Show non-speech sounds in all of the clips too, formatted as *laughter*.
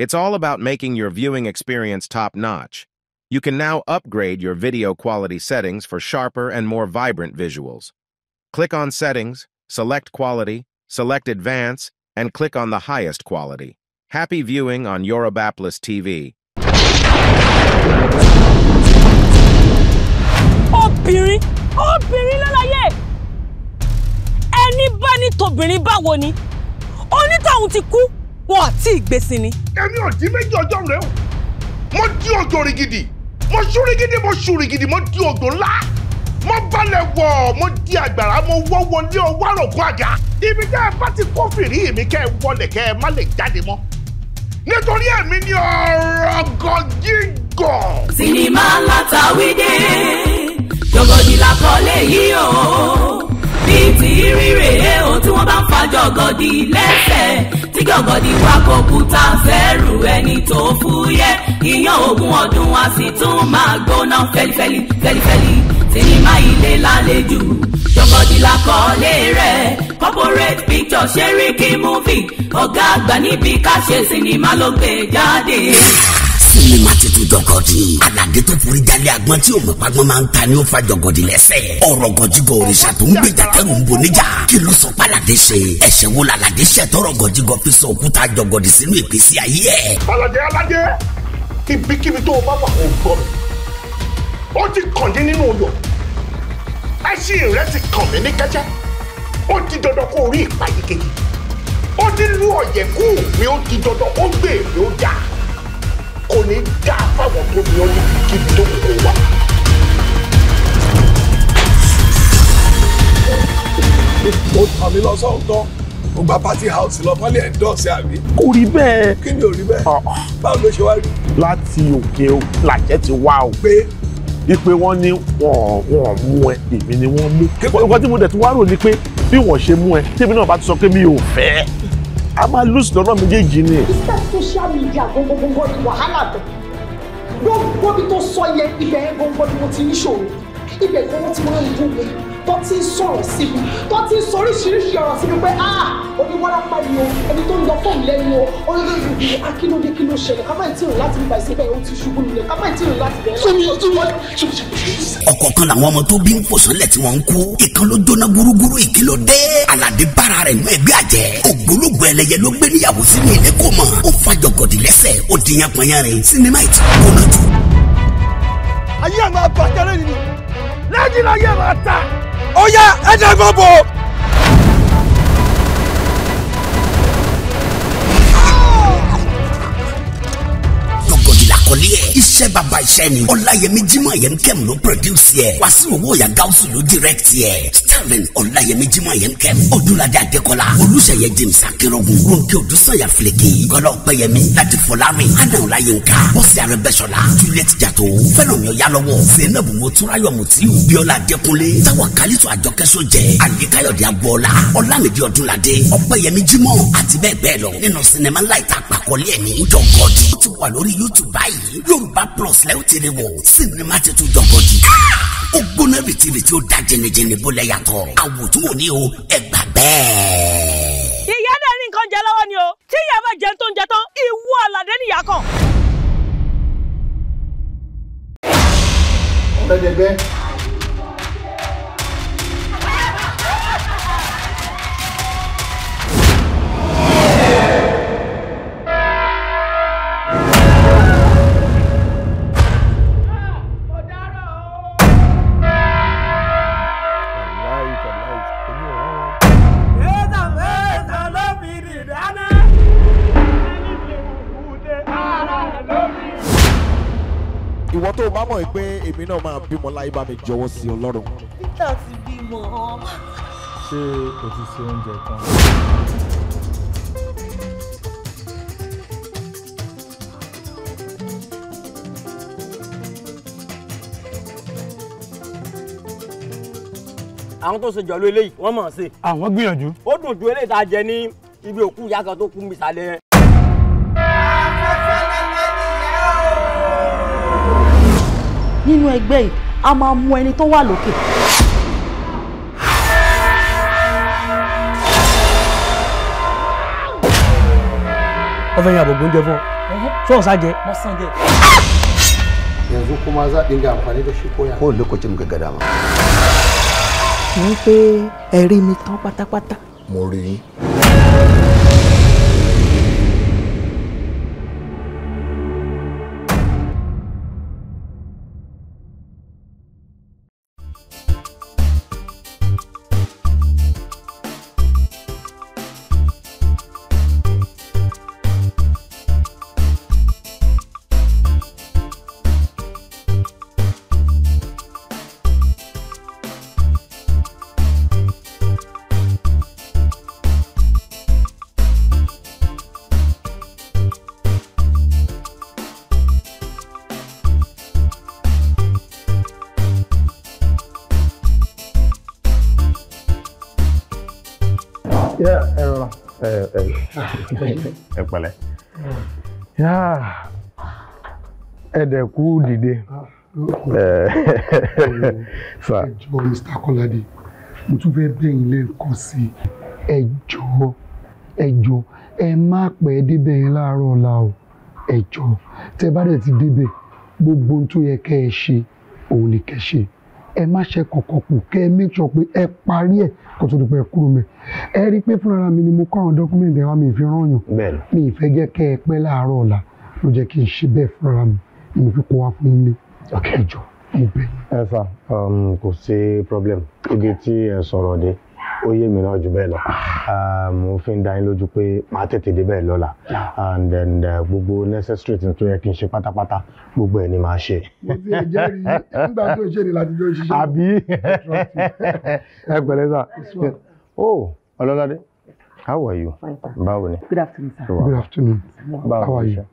It's all about making your viewing experience top-notch. You can now upgrade your video quality settings for sharper and more vibrant visuals. Click on Settings, select Quality, select Advance, and click on the highest quality. Happy viewing on Yorubapolis TV. Obìnrin, obìnrin ló láyé. Ẹni bá ní tobìnrin báwo ni? Onítọ̀hún ti kú. wọn ò tí ì ni. èmi ò méjì ọjọ́ rẹ o mo dín òjò rigidi mo ṣú rigidi mo ṣú rigidi mo dín òjò ńlá mo balẹ̀ wọ̀ mo di àgbàrá mo wọ́ wọlé ọwọ́ àrògùn àga ibi tẹ́ ẹ bá ti kófìrí mi kẹ́ ẹ wọlé kẹ́ ẹ má lè jáde mọ́ nítorí èmi ni ọ̀rọ̀ gọ̀gígọ̀. sinimá látàwídé gbọ̀ngàn ni làkọ́lé yìí o ní ti rírè ehun tí wọ́n bá ń fa jọ̀gọ̀dì lẹ́sẹ̀ tí jọ̀gọ̀dì wa kò kúta fẹ́rù ẹni tó fúyẹ́ ìyàn ogún ọdún wa sì tún máa gbóná fẹ́lifẹ́li fẹ́lifẹ́li sinimá ilé lálejò jọ̀gọ̀dì la kọ́lé rẹ̀ corporate picture ṣẹ́ríkì movie ọ̀gá àgbà níbi ká ṣe sinimá ló gbé jáde. sinimá ti jọgọdì. alade tó forí jalè agbọn tí o mọ̀ pagbọn máa ń ta ni ó fa jọgọdì lẹ́sẹ̀. ọ̀rọ̀ gọjigọ òrìṣà tó ń gbèjà kẹrù ń bo níjà. kí ló sọ pàlàdé ṣe. ẹ̀ṣẹ̀ wo làlàdé ṣẹ̀ tọrọ gọjigọ fi sọ òkúta jọgọdì sínú ìpèsè ayé ẹ̀. alade alade ibikíbi tó o bá wà ó gbọ́ mi ó ti kàn nínú oyò ẹṣin rẹ ti kàn mí ní kẹ́kẹ́ ó ti dandan kó rí ìpàdé kejì ó ti lú ọ̀yẹ̀kú mi ó ti dandan ó gbé mi ó dáa kò ní dá fáwọn tó ní ọdún kíbi tó kò wá. ó tàn mí lọ sọ́ọ̀tàn mo gba party house lọ mọ́lẹ̀ ẹ̀dọ́ọ̀sì àbí. kò rí bẹ́ẹ̀. kí ni ò rí bẹ́ẹ̀. Ah, ah. báwo ló ṣe wá rí. láti òkè làjẹ́ ti wá o. pé ipe wọn ní wọn wọn mú ẹ èmi ni wọn mú. nǹkan tí mo dẹ̀ tún wá rò ni pé bí wọ́n ṣe mú ẹ tèmi náà bá tún sọ pé mi ò fẹ́ a máa lose lọ́nà méjèèjì ni. iṣẹ́ social media gbogbogbò ni wàhálà bẹ̀ gbogbo ibi tó sọ yẹ ibẹ̀ gbogbo ni mo ti ń ṣòro ibẹ̀ gbogbo tí wọ́n ń dùn mí tó ti ń sọ̀rọ̀ sí mi tó ti ń sọ oríṣiríṣi ọ̀rọ̀ sí mi pé ah oníwárápá ni o ẹni tó ń lọ fóònù lẹ́nu o olórí ah, akínódé kí ló ṣẹlẹ̀ ká má ì tíì láti bá ìṣẹ́bẹ̀ o ti ṣubú nílẹ̀ ká má ì tíì láti bẹ̀rẹ̀. sọmi o ti wọ ọ̀kọ̀ọ̀kan làwọn ọmọ tó bí ń pòsánlẹ̀ tí wọ́n ń kú ìkan ló jóná gúrúgúrú ìkìlọ̀ dé aládé bára rẹ̀ nú ẹgbẹ́ àjẹ́ ògbólógbò ẹlẹ́yẹ ló gbé níyàwó sínú ilé kó mọ̀ ó fàjọgọ̀dì lẹ́sẹ̀ ó dìyàn pọ̀nyẹ́rin sinimá ìtì kóná jù. ayé àwọn abàjẹ́ lẹ́yìn ni lẹ́yìn láyé máa ta ó yá ẹ dàgbọ́ bò. àkọlé ẹ̀. iṣẹ́ bàbá iṣẹ́ ni. ọláyẹmí jimoh yẹn kẹ́mu ló produce yẹ. wàsíù owó ọ̀yà gáúsù ló direct yẹ kevin ọ̀làyẹmí jimoh yẹn kevin ọdúnladé adékọlá olùsẹ̀yẹ james akérògùn ronke odúsànyà fìlẹ̀kì gọlọ pẹ̀yẹmí láti fọlárin anáwòlá yẹn ká bọ́sì arẹbẹ́sọ̀la juliet jato fẹ́ràn yọ yálọ́wọ́ zainabu moturayọ mutiu biola adékúnlé táwa kálítọ̀ àjọkẹ́sọ jẹ àlékayọ̀dé agbọ́ọ́lá ọ̀làmídìí ọdúnladé ọ̀pẹ̀yẹmí jimoh àti bẹ́ẹ̀ bẹ́ẹ̀ lọ nínú sinimá láìta àpàkọ́lé ẹ̀mí jọ̀gọ́dì ti wà lórí youtube báyìí yorùbá plus lẹ́yìn tèrè wọ̀ sinimá ti tún ó gbóná rìtìrìtì ó da jẹnijẹni bó lẹ yàtọ̀ àwòtún òní o ẹ gbà bẹ́ẹ̀. ìyá náà ní nǹkan jẹ lọ́wọ́ ni o tí ìyá bá jẹun tó ń jẹ tán ìwọ àlàdé nìyá kan. ọ̀rẹ́dẹ̀gbẹ́ ìwọ tó o bá mọ̀ pé èmi náà máa bímọ láyé bá mi jọ̀wọ́ sí ọlọ́run. Peter ti bímọ. ṣé o ti ṣe oúnjẹ tán. àwọn tó ṣe jọ̀lú eléyìí wọ́n mọ̀ ọ́n ṣe. àwọn ah, gbìyànjú. ó dùn ju eléyìí tá a jẹ ní ibi òkú ìyá kan tó kú mi sálẹ̀ nínú ẹgbẹ́ yìí a máa mú ẹni tó wà lókè. ọfẹ yẹn àbògbó ń jẹ fún ọ fún ọsàn jẹ. yanzu kuma za dinga amfani da shi koya. ko lokacin ga gada ma. mo ń pe ẹ̀rí mi tán pátápátá. mo rí i. ẹ pẹ̀lẹ́ ẹ dẹ̀ kú dìde. ẹjọ Mr. Kọ́ládé mo tún fẹ́ bẹ̀yìn lẹ́ẹ̀kan sí ẹjọ ẹjọ ẹ má pẹ́ débẹ̀ yẹn láàárọ̀ ọ̀la o ẹjọ tẹ bá dẹ̀ ti débẹ̀ gbogbo ohun tó yẹ kẹ́ ẹ ṣe òun ni kẹ́ ṣe ẹ má ṣe kọ̀kọ̀ kù kẹ́ ẹ make sure pé ẹ parí ẹ̀ kó tó dùpẹ́ kúrò mẹ́ ẹ rí i pé fúnra mi ni mo kọ́ àwọn dọ́kúmẹ̀ntì ẹ wá mi fi ràn yàn mi ìfẹ́ jẹ́ kẹ́ ẹ pẹ́ láàárọ̀ ọ̀la ló jẹ́ kí n ṣe bẹ́ẹ̀ fúnra mi mo fi kó wá fún yín ní mo bẹ̀. ẹ sà um, kò sí problem ibi tí ẹ sọ̀rọ̀ dé ó yé mi náà jù bẹ́ẹ̀ lọ ah. Ah, mo fi ń dá yín lójú pé màá tètè dé bẹ́ẹ̀ lọ́la ah. and then eh, gbogbo necessary things tó yẹ kí n ṣe pátápátá gbogbo ẹ̀ ni màá ṣe. mo ti ẹ jẹ́rìí nígbà tó ṣe ni láti jọ àbí ẹ pẹ̀lẹ́ sà oh ọlọ́ládé how are you báwo ni. good afternoon sir. good afternoon how are you.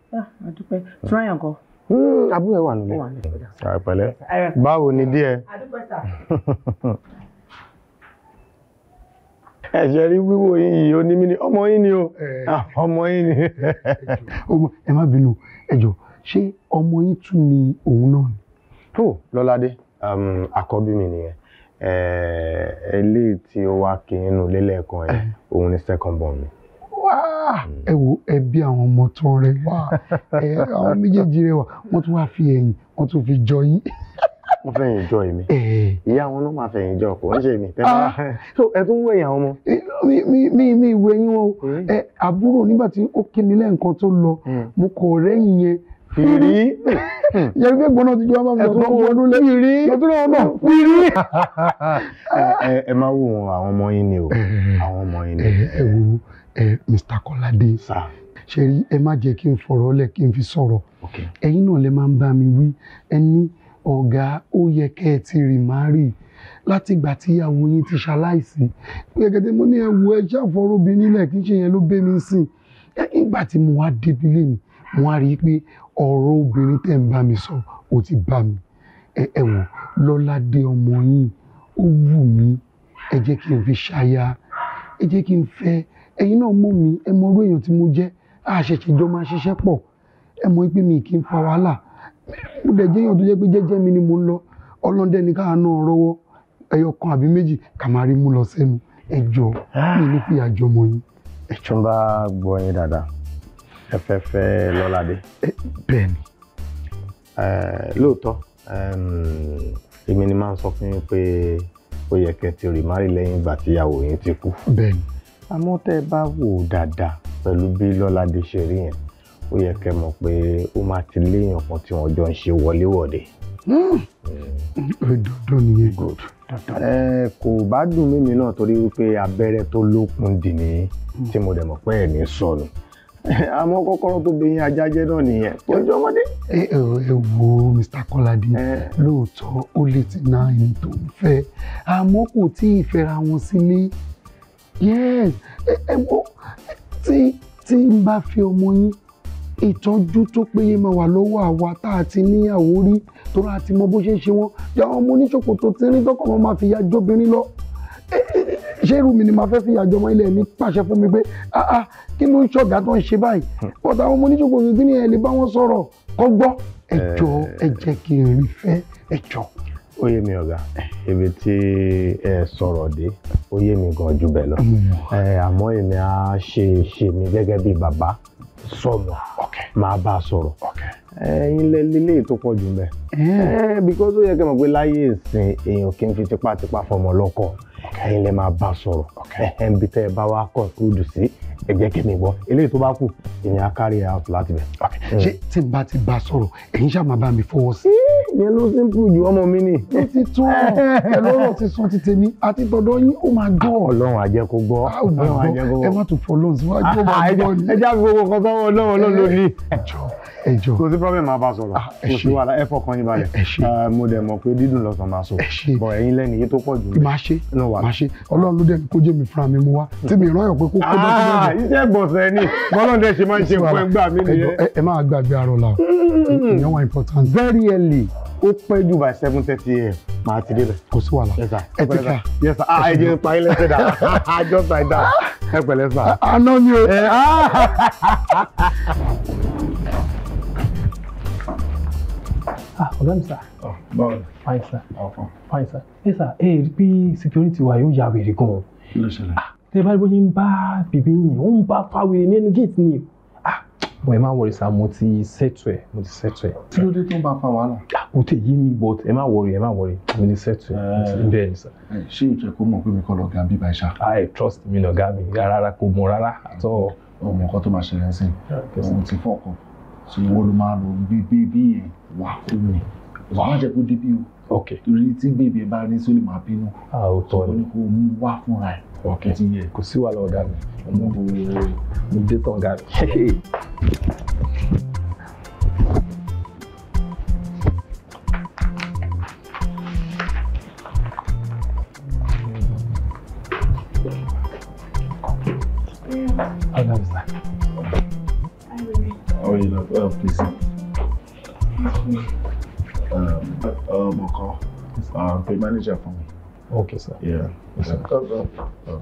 a dúpẹ́ tíráyà nǹkan hmm, àbúrò ẹ wà nílé pẹ̀lẹ́ báwo ni díẹ̀ *laughs* ẹ̀jẹ̀ rí wíwò yín yìí ó ní mí ni ọmọ yín ni o ah, ọmọ yín ni. ẹ má bínú ẹ jọ ṣé ọmọ yín tún ni òun náà ni. tó lọ́ládé um, àkọ́bí mi nìyẹn eléyìí tí ó wá kí inú lélẹ́ẹ̀kan ẹ̀ òun ni second born mi ẹ wo ẹbí àwọn ọmọ tó ń rẹwà àwọn méjèèjì rẹwà wọ́n tún wá fi ẹ̀yìn wọ́n tún fi jọ yín wọ́n fẹ́ yìn jọ èmi ìyá wọn náà máa fẹ́ yìn jọ kò ń ṣe èmi tẹ́lẹ̀ ah. so ẹ tún wẹ̀ yàn ọmọ. mi mi mi ìwé yín o eh. àbúrò nígbà tí ó kí mi lẹ́ǹkan tó lọ hmm. mo kọ̀ rẹ́yìn yẹn fìrí hmm. yẹri pé gbọ́nà ti jọ máa ń lọ gbọ́nú lé fìrí lọ́dún náà náà fìrí. *laughs* ẹ máa wò wọn àwọn ọmọ yín ni o eh, eh, àwọn ọmọ yín ni. ẹ wo Mr. Kọ́ládé ṣe rí ẹ má jẹ́ kí n fọ̀rọ̀ lẹ̀ kí n fi sọ̀rọ̀ ẹ̀yin náà lè máa ń bá mi wí ẹni ọ̀gá ó yẹ kẹ́ ẹ ti rì má rì látìgbà tíyàwó yín ti ṣaláìsí gẹ́gẹ́dẹ́ mo ní ẹ̀wù ẹja àfọ̀rọ̀bì nílẹ̀ kí n ṣe yẹn ló bẹ́ mi sìn nígbà tí mo wá débi lé mi mo wá rí i pé ọ̀rọ̀ obìnrin tẹ̀ ń bá mi sọ ó ti bá mi ẹ̀wọ̀n lọ́ládé ọmọ yín ó wù mí ẹ jẹ́ kí n fi ṣaya ẹ jẹ́ kí n fẹ́ ẹ̀yin náà mọ̀ mí ẹ mọ orú èèyàn tí mo jẹ́ àṣẹ̀ṣẹ̀jọ máa ṣiṣẹ́ pọ̀ ẹ mọ̀ pé mi kì í fa wàhálà mo dẹ̀ jẹ́ èèyàn tó jẹ́ pé jẹ́jẹ́ mi ni mo ń lọ ọlọ́dẹ ni káà náà rọ́wọ́ ẹyọ kan àbí méjì kà máa rí mú lọ sẹ́nu ẹjọ́ mi ló fi àjọ mọ yín. tí n bá gbọ́ yín dáadáa ẹ fẹ́ fẹ́ lọ́ládé. bẹ́ẹ̀ ni. lóòótọ́ èmi ni máa ń sọ fún yín pé ó yẹ kẹ́ ti rì márì lẹ́yìn ìgbà tíyàwó yín ti kú. bẹ́ẹ̀ ni. àmọ́ tẹ́ ẹ bá wò dáadáa pẹ̀lú bí lọ́ládé ṣe rí yẹn ó yẹ kẹ́ mọ̀ pé ó máa ti léèyàn kan tí wọ́n jọ ń ṣe wọléwọ̀de. òdodo hmm. hmm. eh, nìyẹn good. ẹ eh, kò bá dùn mímí náà torí wípé abẹ́rẹ́ tó lókun dì ní hmm. tí mo dẹ̀ mọ̀ pé ẹ̀ ní sọnù *laughs* àmọ́ kọ́kọ́rọ́ tó bẹyìn ajá jẹ náà nìyẹn ojú ọmọdé. ẹ eh, ẹ wo Mr. Kọ́ládé lóòótọ́ ó lè ti na ẹni tó ń fẹ́ àmọ́ kò tí ì fẹ́ra wọn sílé yes ẹ ẹ bó tí tí n bá fi ọmọ yín ìtọ́jú tó péye máa wà lọ́wọ́ àwa tá a ti níyàwó rí torí a ti mọ bó ṣe ń ṣe wọ́n jẹ́ àwọn ọmọ oníṣòkòtò tí ní tọkọ̀ wọn máa fi ya jóbìnrin lọ eh, eh, eh, ṣé irú mi ni màá fẹ́ fi ìyàjọ ọmọ ilẹ̀ mi pàṣẹ fún mi pé áá ah, ah, kí ló ń ṣọ̀gá tó ń ṣe báyìí ọ̀tá hmm. àwọn ọmọ oníṣòkòtò tí ní ẹ̀ lè bá wọn sọ̀rọ̀ kọ́ gbọ́ ẹ jọ̀ọ́ ẹ jẹ́ kí n rí fẹ́ ẹ ó yé mi ọ̀gá ibi tí ẹ sọ̀rọ̀ dé ó yé mi gan jù bẹ́ẹ̀ lọ àmọ́ èmi á ṣe ṣe mi gẹ́gẹ́ bí bàbá sọ̀rọ̀ máa bá a sọ̀rọ̀ ẹ̀yin lélẹ́ tó pọ̀ jù bẹ́ẹ̀ ẹ̀ because ó yẹ kẹ́ mọ̀ pé láyé ìsìn èèyàn kì í fi tipátipá fọmọ lọ́kọ ẹ̀yin lẹ́ máa bá a sọ̀rọ̀ ẹ̀ ẹ̀ ń bi tẹ́ ẹ bá wa kọ̀ kúdù sí ẹ jẹ́ kí mi gbọ́ eléyìí tó bá kù ìyẹn á carry out láti bẹ̀. ṣé tí n bá ti bá sọ̀rọ̀ ẹ̀yin ṣáà máa bá mi fọwọ́ sí. ìyẹn ló simple ju ọmọ mi ni. ó ti tó pẹ̀lú ọ̀rọ̀ ti sọ ti tèmi àti tọ̀dọ̀ yín ó máa gbọ́. ọlọ́run àjẹ́ kó gbọ́ ọlọ́run àjẹ́ kó gbọ́ ẹ má tún fọ lóhùn já ah, ah, gbogbo kan sọ́wọ́ ọlọ́run ọlọ́run ló ní. ẹjọ́ ẹjọ́ kò sí problem máa bá sọ̀rọ̀ ah, kò sí wàhálà ẹ fọkàn yín balẹ̀ mo dẹ̀ mọ̀ pé dídùn lọ́sàn máa sọ bọ̀ ẹ̀yin lẹ́nu iye tó pọ̀ jù. máa ṣe máa ṣe ọlọ́run ló dẹ̀ kó jẹ́ mi fúnra mi mú wá hmm. tí mi rán ẹ̀ pé kó kó dọ́kúmẹ́ntì iṣẹ́ ìgbọ̀nsẹ̀ ni bọ́lọ́dẹ ṣe máa ń ṣe fún ẹgbà mi nìyẹn. ẹ máa gbàgbé arọla hmm. ìyẹn wọn important very early ó pẹ́ jù by seven thirty a.m. màá ti débẹ̀. kò sí wàhálà ẹ ti ká. yes sir ah ẹ pa ilé ṣe dà just like *laughs* that ẹ pẹ̀lẹ́ sir. àná mi o. Eh, ah. *laughs* ah ọ̀gá mi sà. Oh, báwo ni. fine sir. fine sir. ẹ sà ẹ rí i pé security wa yóò ya wèrè gan-an. kí ló ṣẹlẹ̀. Ah, tẹ bá rí bó ṣe ń bá bèbè yẹn ó ń bá fáwèrè nínú gate ni ah, bọ̀ ẹ má wọrí sá mo ti ṣètò ẹ̀ mo ti ṣètò ẹ̀. kí ló dé tó ń bá fa wàhálà. kò ah, tẹ yé mi but ẹ má wọrí ẹ má wọrí mo ti ṣètò ẹ̀ eh. bẹ́ẹ̀ ni sá. Eh, ṣé ìjẹ́ kó mọ̀ pé mi kọ́ lọ ga bí bá ṣá. i ah, trust mi lọ ga mi rárá kò mọ rárá àtọ. ọmọ nǹkan tó máa ṣẹlẹ̀ sí i òun ti fọ́ọ̀kọ̀ ṣe ìwọ ló máa lọ bí bí bí yẹn wà fún mi wà á jẹ́ kó débi o. ok ọkẹ kò sí wàhálà ọ̀gá mi ọmọ mi dé tán ọ̀gá mi. How long is Oh, you love, oh, please. Um, um, Moko, um, pay manager for me okay sir. yeah sir. Um,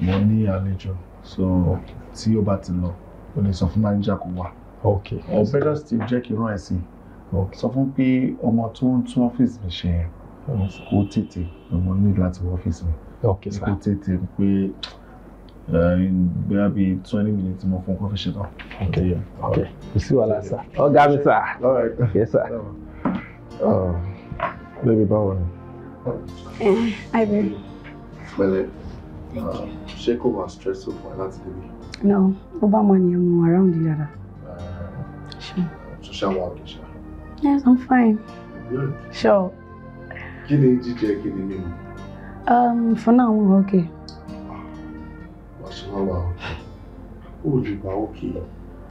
mo ní àlejò so tí ó bá ti lọ o lè sọ fún manager kó wá. okay or better still jẹ́ kí n rán ẹ̀ sí i sọ fún pé ọmọ tó ń tún ọ́fíìsì mi ṣe yẹn kó tètè ọmọ ní láti wọ ọ́fíìsì mi okay sir kó tètè pé eh, bóyá bíi twenty minutes mo fún kọ́fí ṣe tán. okay okay kò sí wàhálà sá ọ̀gá mi sá yes sá. baby power. Eh, Ivory. Pẹ̀lẹ́, uh, ṣé kò was stressful fún ẹ láti débi? No, ó bá máa nìyẹn mu around uh, So shall we ọ̀gẹ̀ ṣá? Yes, I'm fine. Good. Sure. Kí ni jíjẹ kí ni mímu? Um, for now, I'm okay. Wà ṣe wá wà ó. Ó lè wà ókè.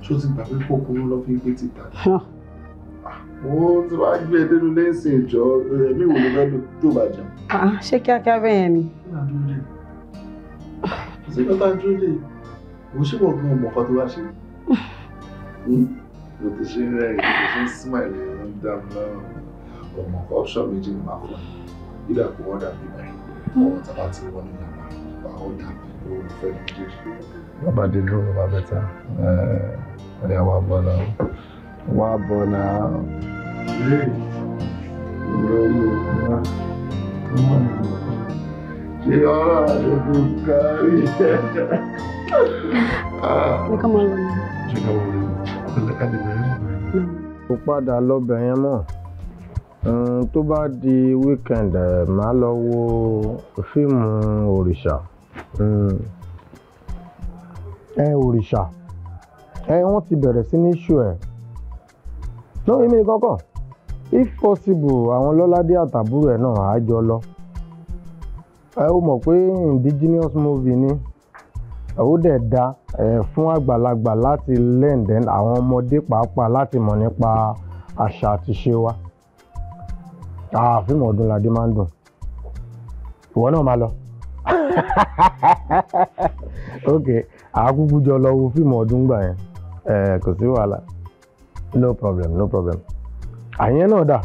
Ṣó ti gbà pé kókó ló fi ń wo tí wàá gbé e dénú lẹ́sìn ìjọ ẹ̀mí wo ló fẹ́ lò tó bá jẹun. ṣé kíákíá bẹ́ẹ̀ yẹn ni. ṣé kọ́tà dúró lè wò ó ṣèwọ̀ gan ọmọ kan tó wá Hmm? *laughs* mo ti ṣe ń rẹ́rìn mo ti ṣe ń smile ẹ̀ ń dá mi lọ́rùn ọmọ kan option méjì ni màá fún mi ìdá kò wọ́n dàbí báyìí ọmọ tàbá ti wọ́n ní yàrá bá ó dàbí olùfẹ́ méjèèjì. bàbá dé dúró bàbá bẹ́ta ẹ̀ẹ́dẹ̀ àwa bọ́lá o wá bọ̀ náà lórí òkúta ṣe ọ̀rọ̀ àdókò kárí ẹ̀. ṣé ká máa lọ ní. ṣé ká máa lọ ní ọ̀lẹ́kàdé bẹ̀rẹ̀ mọ́. kò padà lọ́bẹ̀ yẹn mọ́ tó bá di weekend màá lọ wo fíìmù òrìṣà ẹ òrìṣà ẹ wọ́n ti bẹ̀rẹ̀ sí ní ṣù ẹ̀ náà èmi nìkan kọ̀ if possible àwọn lọ́ládé àtàbúrò ẹ̀ náà á jọ lọ ẹ ó mọ̀ pé indigenous movie ni ó dẹ̀ da fún àgbàlagbà láti learn then àwọn ọmọdé pàápàá láti mọ̀ nípa àṣà àti ṣe wa àfihàn Ọdúnládé máa ń dùn ìwọ náà máa lọ *laughs* ok àkúkú jọ lọ wo fíìmù ọdún gbà yẹn kò sí wàhálà no problem no problem àyẹn náà dà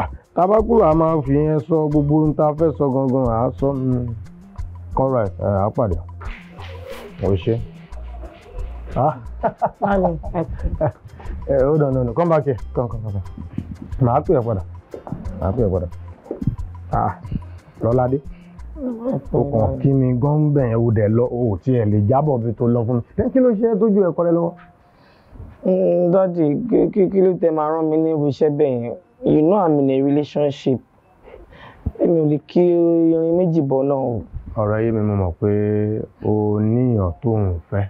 ah, tabakuru a máa fi yẹn sọ gbogbo ohun tá a fẹ́ sọ gangan à á sọ mm, all right à á pàdé o ṣe. Ah. *laughs* Eh, hold on no no come back here come come come màá pè ẹ́ padà màá pè ẹ́ padà ah, lọ́ládé o kàn kí mi gan bẹ̀yẹn o dẹ̀ lọ o tiẹ̀ lè jábọ̀ bí tó lọ fún mi kí ló ṣe é tójú ẹ̀kọ́ rẹ lọ́wọ́. Mm, Daddy, kí kí ló tẹ máa rán mi ní irú you know I'm in a relationship èmi ò lè kí irin méjì bọ̀ náà o. ọ̀rọ̀ yé mi mo mọ̀ pé o níyàn tó ń fẹ́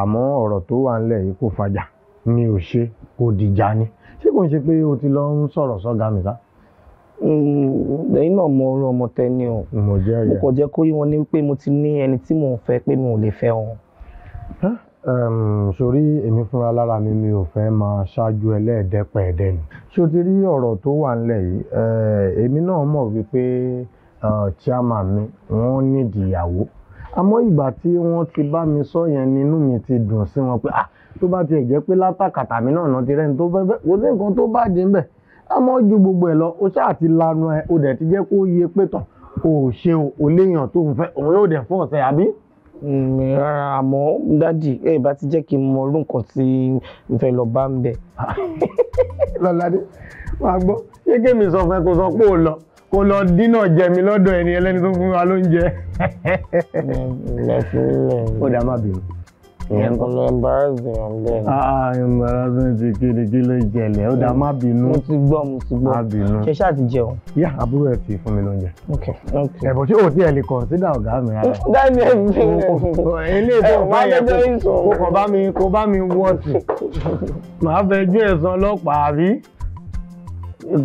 àmọ́ ọ̀rọ̀ tó wà ńlẹ̀ yìí kò fàjà mi ò ṣe kò dìjà ni ṣé kò ń ṣe pé o ti lọ ń sọ̀rọ̀ sọ́gà mi sá. lẹ́yìn mm, náà mo rán ọmọ tẹ́ni o mo kò jẹ́ kó yé wọn ní pé mo ti ní ẹni tí mò ń fẹ́ pé mi ò lè fẹ́ wọn um, sórí èmi fúnra lára mi mi ò fẹ́ máa ṣáájú ẹlẹ́ẹ̀dẹ́pẹ̀ẹ́dẹ́ ni ṣé o ti rí ọ̀rọ̀ tó wà nílẹ̀ yìí ehm, èmi náà mọ̀ wípé chairman mi wọ́n nídìí ìyàwó àmọ́ ìgbà tí wọ́n ti bá mi sọ yẹn nínú mi ti dùn sí wọn pé ah tó bá tiẹ̀ jẹ́ pé látàkàtà mi náà ti rẹ́ni tó fẹ́fẹ́ kò sí nǹkan tó bàjẹ́ ń bẹ̀ àmọ́ ju gbogbo ẹ̀ lọ o ṣáà ti lanu ẹ o dẹ̀ ti jẹ́ kó yẹ pé tán o ò ṣe o léèyàn tó ń fẹ́ òun yóò dẹ̀ fọ́ ọ̀sẹ̀ àbí rárá àmọ́ dádì ẹ bá ti jẹ́ kí n mọ orú nǹkan tí n fẹ́ lọ bá ń bẹ̀. lọ́ládé máa gbọ́ ṣé kémi sọ fún ẹ kó sọ pé ò lọ kó lọ dínà jẹ mi lọ́dọ̀ ẹni ẹlẹ́ni tó fún wa lóúnjẹ. ó dá má bínú ìyẹn kò lọ embarrassing ọ̀hún bẹ́ẹ̀ ni. ah embarrassing ah, ti kéde kí ló jẹlẹ̀ ó dá má bínú. mo ti gbọ́ mo ti gbọ́ má bínú. ṣe ṣáà ti jẹun. yá àbúrò ẹ ti fún mi lóúnjẹ. ok ok. ẹ̀bùn tí o ti ẹ̀ lè consider ọ̀gá mi rárá. dáìní ẹ̀mí eléyìí tó bá yẹ kó kó bá mi kó bá mi wọ́ọ̀tì. màá fẹ́ ju ẹ̀sán ọlọ́pàá àbí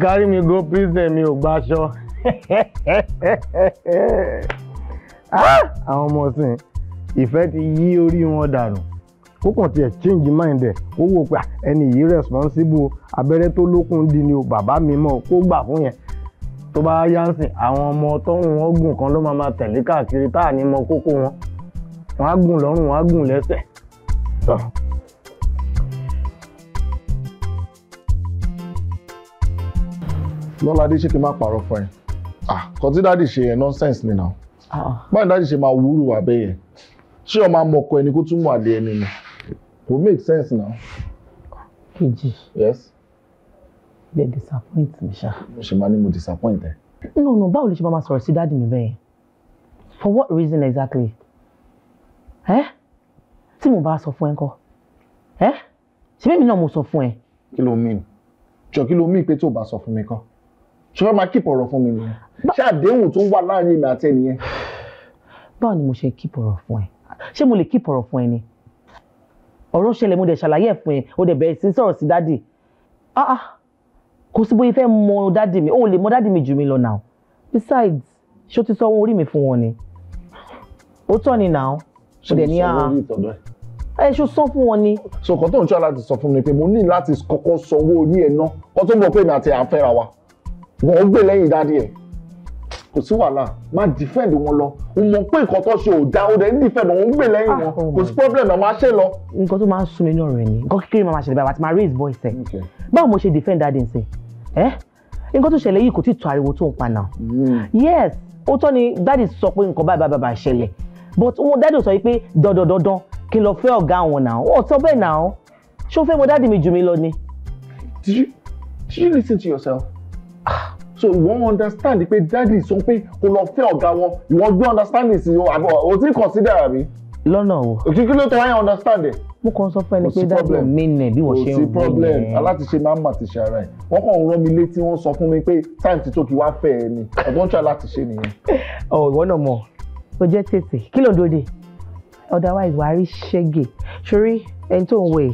carry me go prison mi ò gbaṣọ. *laughs* Ah! àwọn ọmọ sìn ìfẹ́ ti yí orí wọn dànù kó kàn tiẹ̀ change mind ẹ̀ kó wò pé ẹni yìí responsible abẹ́rẹ́ tó lókun di ni o bàbá mi mọ̀ kó gbà fún yẹn tó bá yá ń sìn àwọn ọmọ tọ́hún wọn gùn kan ló máa máa tẹ̀lé káàkiri tá à ní mọ kókó wọn wọn á gùn lọ́rùn wọn á gùn lẹ́sẹ̀ lọ́ládé ṣé kí n má pààrọ̀ fún ẹ ah kọtí dáàdì ṣe yẹn nonsense ni náà ah. báyìí dáàdì ṣe máa wúrù wà bẹ́ẹ̀ yẹn ṣé ọmọ amọ̀kọ ẹni kó túmọ̀ adé ẹni ni kò make sense now. kejì yes. they disappoint me, ṣá. mo ṣe máa ní mo disappoint ẹ. no. ọ̀nà báwo ló ṣe máa sọ̀rọ̀ sí dáàdì mi bẹ́ẹ̀ for what reason exactly Eh? tí mo bá sọ fún ẹ kọ ẹ ṣé bẹ́ẹ̀ mi náà mo sọ fún ẹ. kí ló mean jọ kí ló mean pé tó o bá sọ fún mi kan ṣé wọ́n máa kíp ọ̀rọ̀ fún mi nìyẹn ṣé àdéhùn tó wà láàrin mi àti ẹnìyẹn. *sighs* báwo ni mo ṣe kíp ọ̀rọ̀ fún ẹ ṣé mo lè keep ọ̀rọ̀ fún ẹ ni ọ̀rọ̀ ṣẹlẹ̀ mo dẹ̀ ṣàlàyé ẹ̀ fún ẹ o dẹ̀ bẹ̀rẹ̀ sí sọ̀rọ̀ sí dádì ah ah kò sí bóyá fẹ́ mọ dádì mi o lè mọ dádì mi jù mí lọ now besides ṣé o ti sanwó orí mi fún wọn ni ó tọ́ ni now o dẹ̀ ní a ah. ẹ ṣó sọ fún wọn ni. so kò tó ń ṣọ́ láti sọ fún mi pé mo ní láti kọ́kọ́ sanwó orí ẹ̀ náà kó tó mọ̀ pé mi àti àfẹ́ra wa wọ́n gbé lẹ́yìn dádì ẹ̀ kò sí wàhálà máa defend wọn lọ o mọ̀ pé nǹkan tó ṣe ò da o dẹ̀ ń defend wọn ń gbè lẹ́yìn wọn ah, oh kò sí problem ọ̀ máa ṣe lọ. nǹkan tó máa ń sún mi ní ọ̀rọ̀ ẹ̀ ni nǹkan kékeré máa ṣẹlẹ̀ bàbá àti máa raise voice ẹ̀ báwo mo ṣe defend daddy nsìn ẹ́ nǹkan tó ṣẹlẹ̀ yìí kò tí ì tó ariwo tó ń pa náà hmm. yes ó tọ́ ni daddy sọ pé nǹkan báyìí bàbá ṣẹlẹ̀ but wọn daddy sọ pé dandandandan kí n lọ fẹ́ ọ̀gá wọn náà wọn ò tọ́ bẹ́ẹ̀ náà ṣé o fẹ́ mọ daddy mi jù mí lọ ni. did you did you listen to yourself. Ah so wọ́n understand pé dádì sọ pé kò lọ fẹ́ ọ̀gá wọn ìwọ́n gbé understanding sí o àbọ̀ o ti consider àbí. lọ́nà o. òkìkí ló tọ́ wáyé understand ẹ̀. mo kàn sọ fún ẹni pé dádì ò mí bí wọ́n ṣe ń wọ kò sí problem alátiṣe máa ń mà ti ṣe ara ẹ̀ wọ́n kàn ń rán mi létí wọ́n sọ fún mi pé time ti tó kí wá fẹ́ ẹ ni ẹ̀gbọ́n tí alátiṣe nìyẹn. ọ *laughs* oh, ìwọ náà mọ o jẹ tètè kí ló dòde otherwise wàá rí ṣẹ́gẹ̀ sórí ẹni tó ń wẹ̀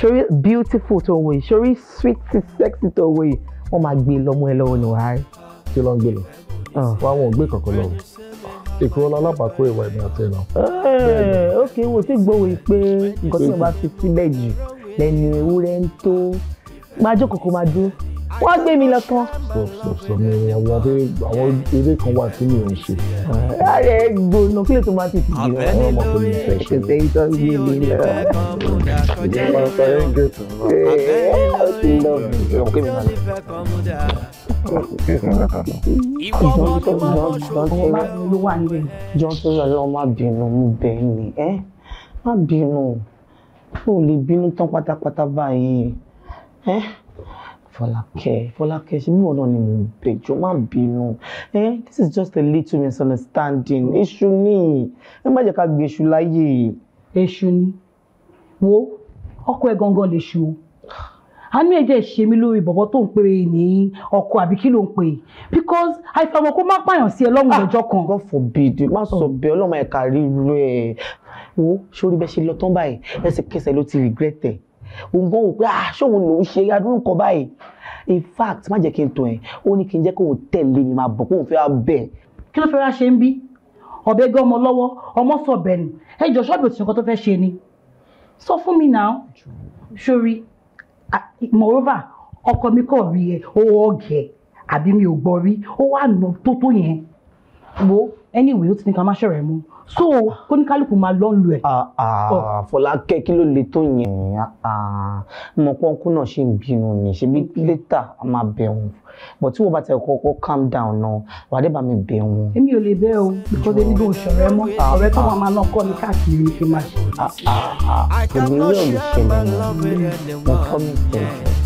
sórí beautiful tó ń wẹ̀ sórí sweet sexy tó ń wẹ̀ wọ́n máa gbé lọ́mọ ẹ lọ́wọ́ ni wàá rí. kí ló ń gbé lọ ah. wá wọn ò gbé kankan lọ ìkúrọ́lá alábàákó ìwà ẹ̀mí àti ẹ̀nà. Eh, ok wo ti gbowó pé nǹkan tí mo bá fi sílẹ̀ jù lẹ́nu ewúrẹ́ ń tó máa jókòó kó máa dúró wọ́n gbé mi lọ kan. sọ̀sọ̀sọ̀ mi àwọn adé àwọn eré kan wà tí mi ò ń ṣe. ààrẹ gbóná kílè tó máa ti fi jìnnà àwọn ọmọ tó ní fẹ́ ṣe ṣe ìtọ́ gbé mi lọ. ìjọba máa ń sọ ẹ́ gé tó ń lọ. ó ti lọ bí ọkọ mi máa lọ. Johnson lọ má bínú mú bẹ́ẹ̀ ni ẹ́ má bínú o lè bínú tán pátápátá báyìí ẹ́. Fọlákẹ́ Fọlákẹ́ ṣe mímọ̀ náà ni mò ń bẹ̀jọ́ má bínú ẹ this is just a little misunderstanding èṣù ni ẹ má jẹ́ ká gbé èṣù láyè. èṣù ni wo ọkọ ẹ gangan lè ṣu àánú ẹ̀jẹ̀ ṣe mí lórí bọ̀bọ̀ tó ń pè é ní ọkọ àbí kí ló ń pè é because àìfọwọ́ kó má pààyàn sí ẹ lọ́rùn ah, lọ́jọ́ kan. God forbid má sọ oh. bẹ́ẹ̀ ọlọ́mọ ẹ̀ka ríru ẹ̀ wo sórí bẹ́ẹ̀ ṣe lọ tán báyìí ẹsẹ̀kẹsẹ̀ ló ti regret ẹ̀ òun gan wò pé ah ṣóun lòún ṣe adúrú nǹkan báyìí in fact má jẹ́ kí n tọ̀ ẹ́ ó ní kí n jẹ́ kóun tẹ̀lé mi máa bọ̀ kóun fẹ́ wá bẹ̀. kí ló fẹ́ wá ṣe ń bí ọ̀bẹ gé ọmọ lọ́wọ́ ọmọ sọ bẹ̀rù ẹ jọ ṣọ́ọ̀bù òtún nǹkan tó fẹ́ ṣe ni sọ fún mi náà sórí moreover ọkọ mi kò rí ẹ ó ọ̀gẹ̀ àbí mi ò gbọ́ rí ó wà nà tó yẹn wo anyway ó ti ní ká má ṣẹ̀rẹ̀ mú so kóníkálùkù máa lọ́n lu ẹ̀. Ah, ah, oh. Fọlákẹ́ kí ló le tó yẹn ah, mọ pọ́nkú náà ṣe ń bínú ni ṣebí létà a máa bẹ̀ wọ́n but tí wọ́n bá ti kọ́kọ́ calm down náà wàá dé bá mi bẹ̀ wọ́n. èmi ò lè bẹ́ o because ebi ló ń ṣọ̀rẹ́ mọ́ ọ̀rẹ́ tó wọn máa lọ kọ́ mi káàkiri ni kí n máa ṣe. èmi yóò lè ṣẹlẹ̀ mọ́ mo promise you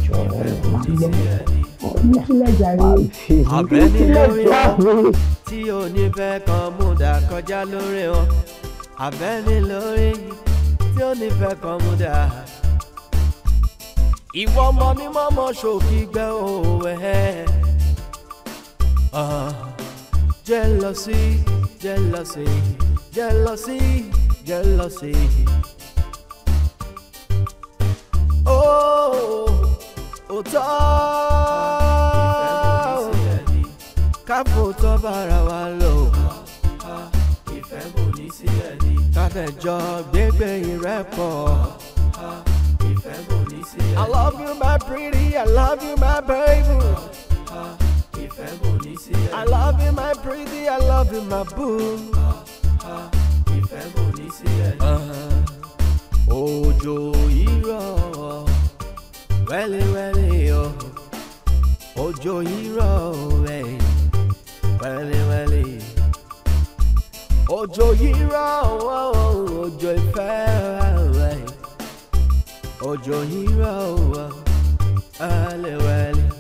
ọ̀bẹ nílé orí tí onífẹ́ kan mú kọjá lórí wọn ọ̀bẹ nílé orí tí onífẹ́ kan mú ìwọ ọmọ ní mọ́mọ́ ṣòkì gbẹ́ òwe ẹ̀ jealousy jealousy jealousy jealousy. Oh òótọ́ káfòótọ́ bára wa lò ìfẹ́ kò ní sílẹ̀ ni. káfẹ́jọ gbégbé ìrẹ́pọ̀. ìfẹ́ kò ní sílẹ̀ ni. I love you my pretty I love you my baby. ìfẹ́ kò ní sílẹ̀ ni. I love you my pretty I love you my boo. ìfẹ́ kò ní sílẹ̀ ni. òjò yìí rọ̀ wẹ́lẹ́wẹ́lẹ́ o òjò yìí rọ̀ ẹ̀ wẹ́lẹ́wẹ́lẹ́ òjò yìí rọ̀ òjò ìfẹ́ ẹ̀ òjò yìí rọ̀ wẹ́lẹ́wẹ́lẹ́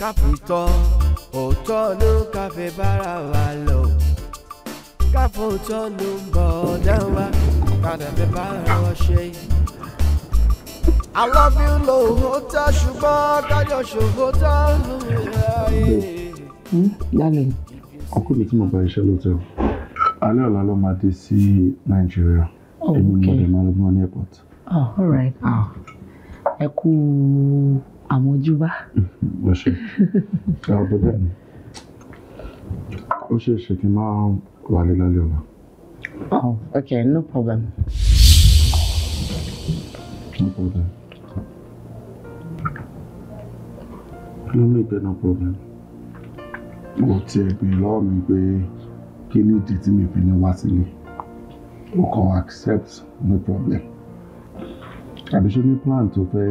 káfíntọ́ òótọ́ ló káfí bára wa lọ káfíntọ́ ló ń bọ̀ ọ̀dá wa kàdàbí bára wa ṣe. I love you, Lohota, Shuba, Kajo, Shogota. Darling, ọkọ mi tí mo bá iṣẹ́ lóòótọ́. Alẹ́ ọ̀la ló máa dé sí Nàìjíríà. Èmi ni mo dẹ̀ máa lọ́gbọ́n ní airport. Oh, all right. Ah, ẹ kú àmójúbá. Mo ṣe. Ọ̀bẹ bẹ́ẹ̀ ni. Ó ṣeé ṣe kí n máa wà lé lálẹ́ ọ̀la. Oh, okay, no problem. No problem. kí ló make no problem mo ti ẹ̀ pè lọ́wọ́ mi pé kí ni ìdí tí mi fi ní wá sílé mo kàn accept no problem àbí ṣe ní plan tó fẹ́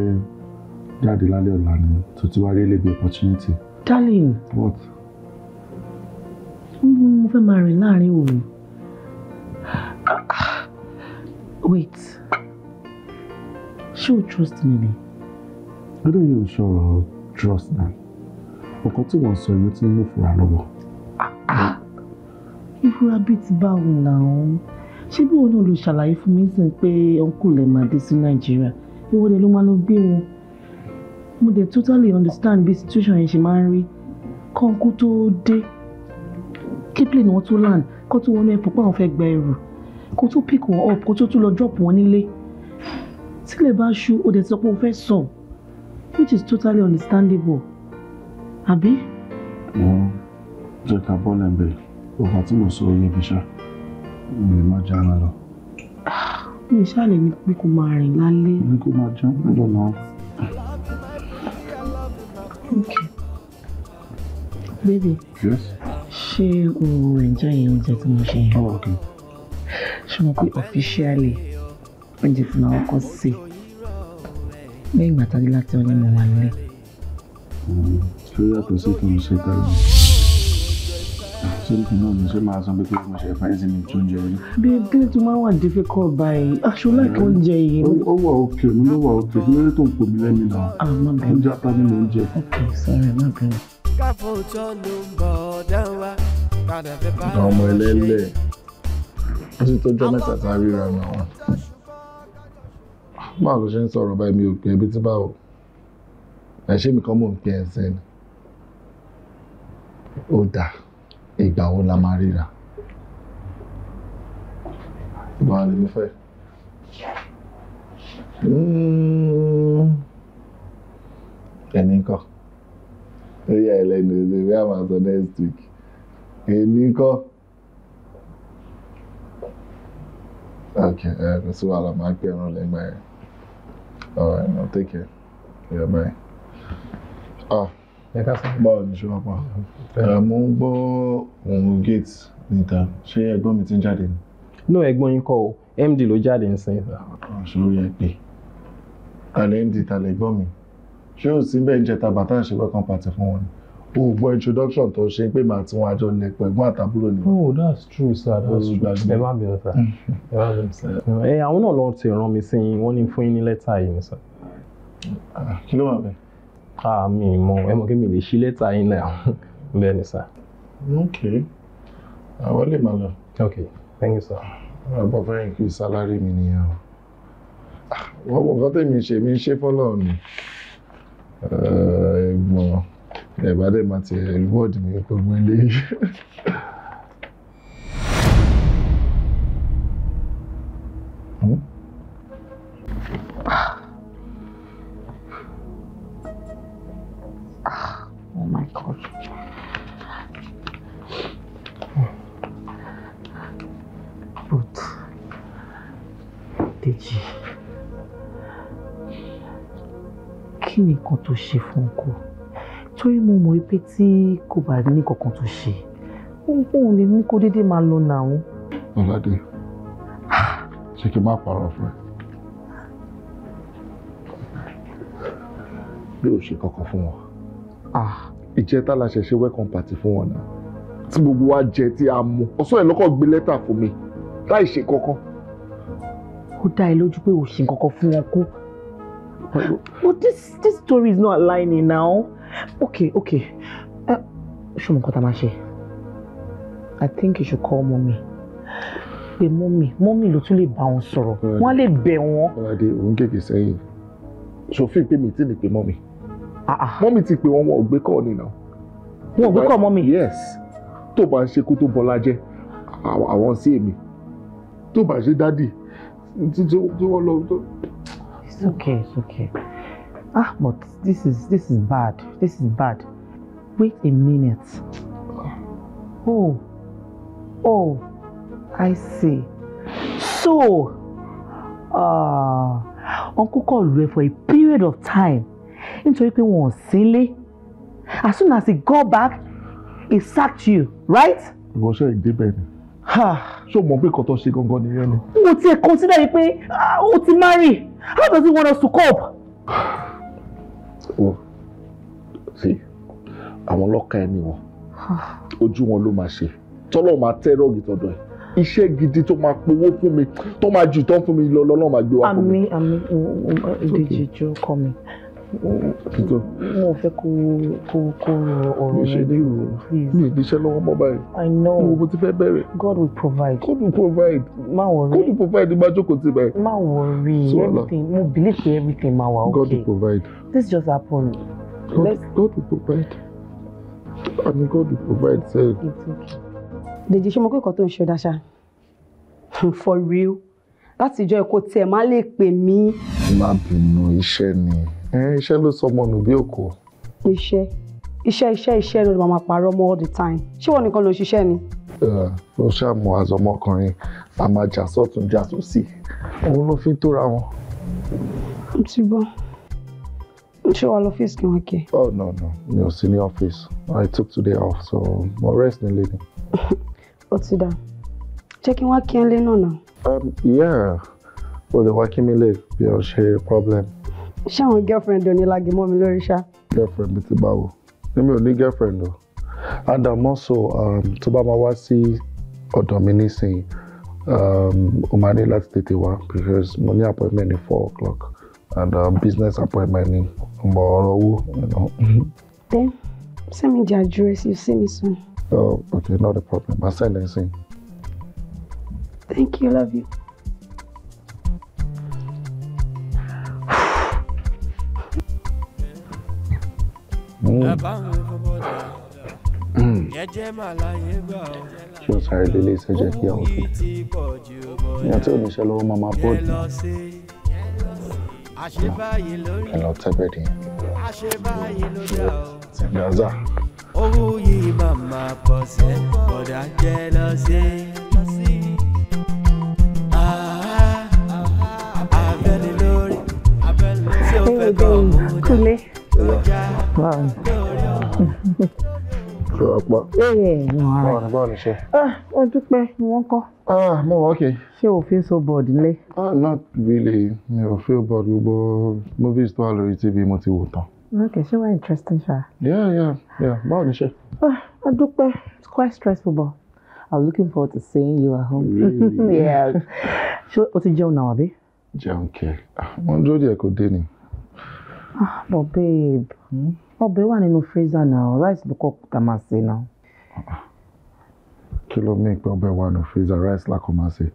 jáde lálẹ́ ọ̀la ni tó ti wá rí lébi opportunity. darling what. mo fẹ́ máa rìn láàrin òru wait ṣé o trust me ni. I don't even sure trust me. nǹkan tí wọ́n sọ yìí ó ti ń mú ìfura lọ́wọ́. ìfura bíi ti báwo làwọn ṣé bí òun náà ló ṣàlàyé mi sìn pé uncle ẹ̀ máa dé sí nàìjíríà ìwọ dẹ̀ ló máa lọ gbé wọn mo dẹ̀ totally understand bí situation yẹn ṣe máa ń rí kọ́ńkú tó dé kíplẹ̀ ni wọ́n tó land kó tó wọnú ẹ̀pọ̀ pé àwọn fẹ́ gba ẹrù kó tó pick wọn up kó to tún lọ drop wọn nílé tílẹ̀ bá ṣú ó dẹ̀ sọ pé ó fẹ́ So which is totally understandable Abi? No, jẹ́ ká bọ́ lẹ́ńbẹ̀ òkà tí mo sọ yé mi ṣá mi má já ara lọ. mi ṣáà lè okay baby. yes. She will enjoy your tí mo oh okay. She will be officially oúnjẹ tí màá kọ́ sí i ní ìgbà tàbí láti ọ ní mo wà nílé. ṣé yàtọ̀ sí kí n ṣe tẹ́lẹ̀ ṣé kí náà mo ṣe máa san bí pé mo ṣe fẹ́ ẹ́ sí mi tó ń jẹ orí. bí kí ni tó máa wà difficult báyìí aṣọ láìka oúnjẹ yìí. ó wà òkè mi ló wà òkè mi lórí tó ń pò mí lẹ́nu náà. àmọ́ ah, bẹ́ẹ̀ oúnjẹ apá mi ló ń jẹ. ok sorry má bẹ́ẹ̀. káfọ́ tó ló ń bọ̀ ọ̀dá wa padà fẹ́ bá. àwọn ọmọ ẹlẹ́lẹ̀ wọ́n ti tọ́jú mẹ́ta tá a ríra náà báwo ló ṣe ń sọ̀rọ̀ báyìí mi ò pè é bí tí báwo ẹ̀ṣẹ́ mi kan mò ń pè é sẹ́ni ó dà ìgbà wo la máa ríra ìgbà wo lèmi fẹ́ hmm. ẹni kọ́ ó yà ẹ lẹ́nu ẹ̀ṣẹ̀ bí àwọn àtọ̀ next week ẹni kọ́. Okay, uh, so I'll make it on the All right, now take care. Yeah, bye. Ah. Báwo ni ṣe wá pa? Mo ń gbọ́ òun gate níta. Ṣé ẹ̀gbọ́n mi ti ń jáde ni? No, ẹ̀gbọ́n yín kọ́ o. MD ló jáde ń sìn. Ah, Ṣòro ẹ pé. Tàlẹ́ MD tàlẹ́ ẹ̀gbọ́n mi. Ṣé ò sí bẹ́ẹ̀ jẹta bàtà ṣe wẹ́kan pàtẹ fún wọn ni? o gbọ́ introduction tó ṣe pé màá tí wọ́n àjọ lẹ̀ pẹ̀gbọ́n àtàbúrò ni. oh that's true sir that's true ẹ má bẹ̀rẹ̀ sir ẹ má bẹ̀rẹ̀ sir. ẹ *laughs* eh, àwọn náà lọ ti ràn mí sí i wọ́n ní fún yín ní lẹ́tà yìí sir. kí ló wà bẹ́ẹ̀. a mi mọ ẹ mọ kí mi lè ṣí lẹ́tà yín náà *laughs* bẹ́ẹ̀ ni sir. ok àwọn lè máa lọ. ok thank you sir. ọ̀pọ̀ fẹ́ increase salary mi nìyẹn o ah, wọ́n mọ̀ nǹkan tẹ̀mí ṣe mi ṣe fọ́lọ́ọ̀ ni ẹ̀gbọ́n ẹ̀ bá dẹ̀ máa tiẹ̀ reward mi kó gbélé pé tí kò bá ní kankan tó ṣe ohunkóhun lè ní kó déédéé máa lọ nà ó. ọ̀làdé ṣé kí n má parọ́ fún ẹ. bí o ṣe kankan fún wọn ah. ìjẹta la ṣẹ̀ṣẹ̀ welcome party fún wọn náà tí gbogbo wa jẹ tí a mú ọ̀sán ẹ̀ lọ́kọ̀ gbé lẹ́tà fún mi láì ṣe kankan. ó dá ẹ lójú pé o ṣe kankan fún wọn kó. but this this story is not aligning now okay okay ah, ṣé mo nǹkan tá a máa ṣe i think you should call mommy pé mommy mọ́mì ló tún lè bá wọn sọ̀rọ̀ wọ́n lè bẹ̀ wọ́n. ọ̀làdé òun kéèké sẹ́yìn sòfin pé mi ti lè pe mọ́mì mommy ah, ah. ti pe one wọn ò gbé kọ́ ni náà. wọn ò gbé kọ́ mọ́mì. yes tó bá ń ṣe kó tó I won't see me. èmi tó bá ń ṣe dádì it's okay it's okay ah but this is this is bad this is bad wait a minute oh oh i see so uh, uncle called rẹ for a period of time nítorí pé wọn ò sílé as soon as he go back he sacked you right. ìwọ sẹ́yìn débẹ̀ ni so mọ̀ pé kọ́tọ́ ṣe gangan nìyẹn ni. mo ti ẹ̀ consider yìí pé ah, ó ti marry how does he want us to cope ó sí àwọn ọlọ́ka ẹni wọn ojú wọn ló máa ṣe tọ́lọ́ máa tẹ́ rọ́ọ̀gì tọ́dọ̀ ẹ̀ iṣẹ́ gidi tó máa powó fún mi tó máa jù tán fún mi lọ́lọ́ máa gbé wá fún mi. àmín àmín ìdíje jọ kọ mi mo fẹ́ kó kó kó ọ̀rọ̀ rẹ lé o please. mi ìdíṣẹ́ lọ́wọ́ mọ́ báyìí. i know mo ti fẹ́ bẹ̀rẹ̀. god will provide. god will provide. má worry. god will provide ní bájókòó ti báyìí. má worry everything mo believe say everything ma wa okay. god will provide. this just happen. god god will provide. i mean god will provide sef. dèjì ṣe mo kó nǹkan tó ń ṣe ọ̀dà *laughs* for real láti ìjọ ẹ̀kọ́ tẹ̀ má lè pè mí. má bínú iṣẹ́ ni iṣẹ́ ló sọ ọmọ nù bí òkú. iṣẹ́ iṣẹ́ iṣẹ́ iṣẹ́ ló máa parọ́ mọ́ all the time ṣé wọ́n nìkan ló ṣiṣẹ́ ni. ló ṣàmù àzọmọkùnrin a máa jà sọ́tún jà sósì òun ló fi tóra wọn. mo ti gbọ́ ṣé wàá lọ ọ́fíìsì kí wọ́n kẹ́. oh no no mi ò sí ní ọ́fíìsì i took today off so mo rest nílé ni. *laughs* ó ti dà jẹ́ kí wọ́n kí ẹ lé náà náà. Um, yeah o lè wá kí mi lè bí o ṣe problem ṣé àwọn girlfriend ò ní lagi mọ́ mi lórí ṣá. girlfriend mi ti báwo èmi ò ní girlfriend o I'm also um, tó bá máa wá sí ọ̀dọ̀ mi nísìnyí um, o máa ní láti tètè wá because mo ní appointment ní four o'clock and uh, business appointment ni mo ọ̀rọ̀ owó. then send me the address you see me soon. oh okay not a problem i send it soon. thank you love you. ṣé o sáré délé ìṣẹ́jẹ́ kí àwọn òfin ìyá tí ò ní ṣe lọ́wọ́ máa máa bọ́ọ̀dù ẹ lọ tẹ́bẹ̀ dì gaza. owó yìí máa pọ̀ sí bọ̀dà jẹ́ lọ́sẹ̀. abẹ́ni lórí abẹ́ni lórí tí báwo ṣe ọ̀pọ̀. bẹ́ẹ̀ ni wọ́n rẹ̀ báwo ni báwo ni ṣe. ó ah, dúpẹ́ ah, o feel so bored nílé. Ah, not really mi ò feel bored gbogbo movies tó wà lórí tv mo ti wò tán. ok ṣé wàá interesting ṣá. yeah yeah yeah báwo ni ṣe. ó dúpẹ́ it's quite stressful but i'm looking forward to seeing you at home. really *laughs* yeah. ṣé o ti jẹun náà àbí. jẹun kẹ wọn dúró díẹ̀ kó dé ni. but babe. Hmm? ọbẹ̀ wà nínú freezer náà rice ló kọ́ ká máa ṣe náà. kí ló mí pé ọbẹ̀ wà nínú freezer rice la kọ́ máa ṣe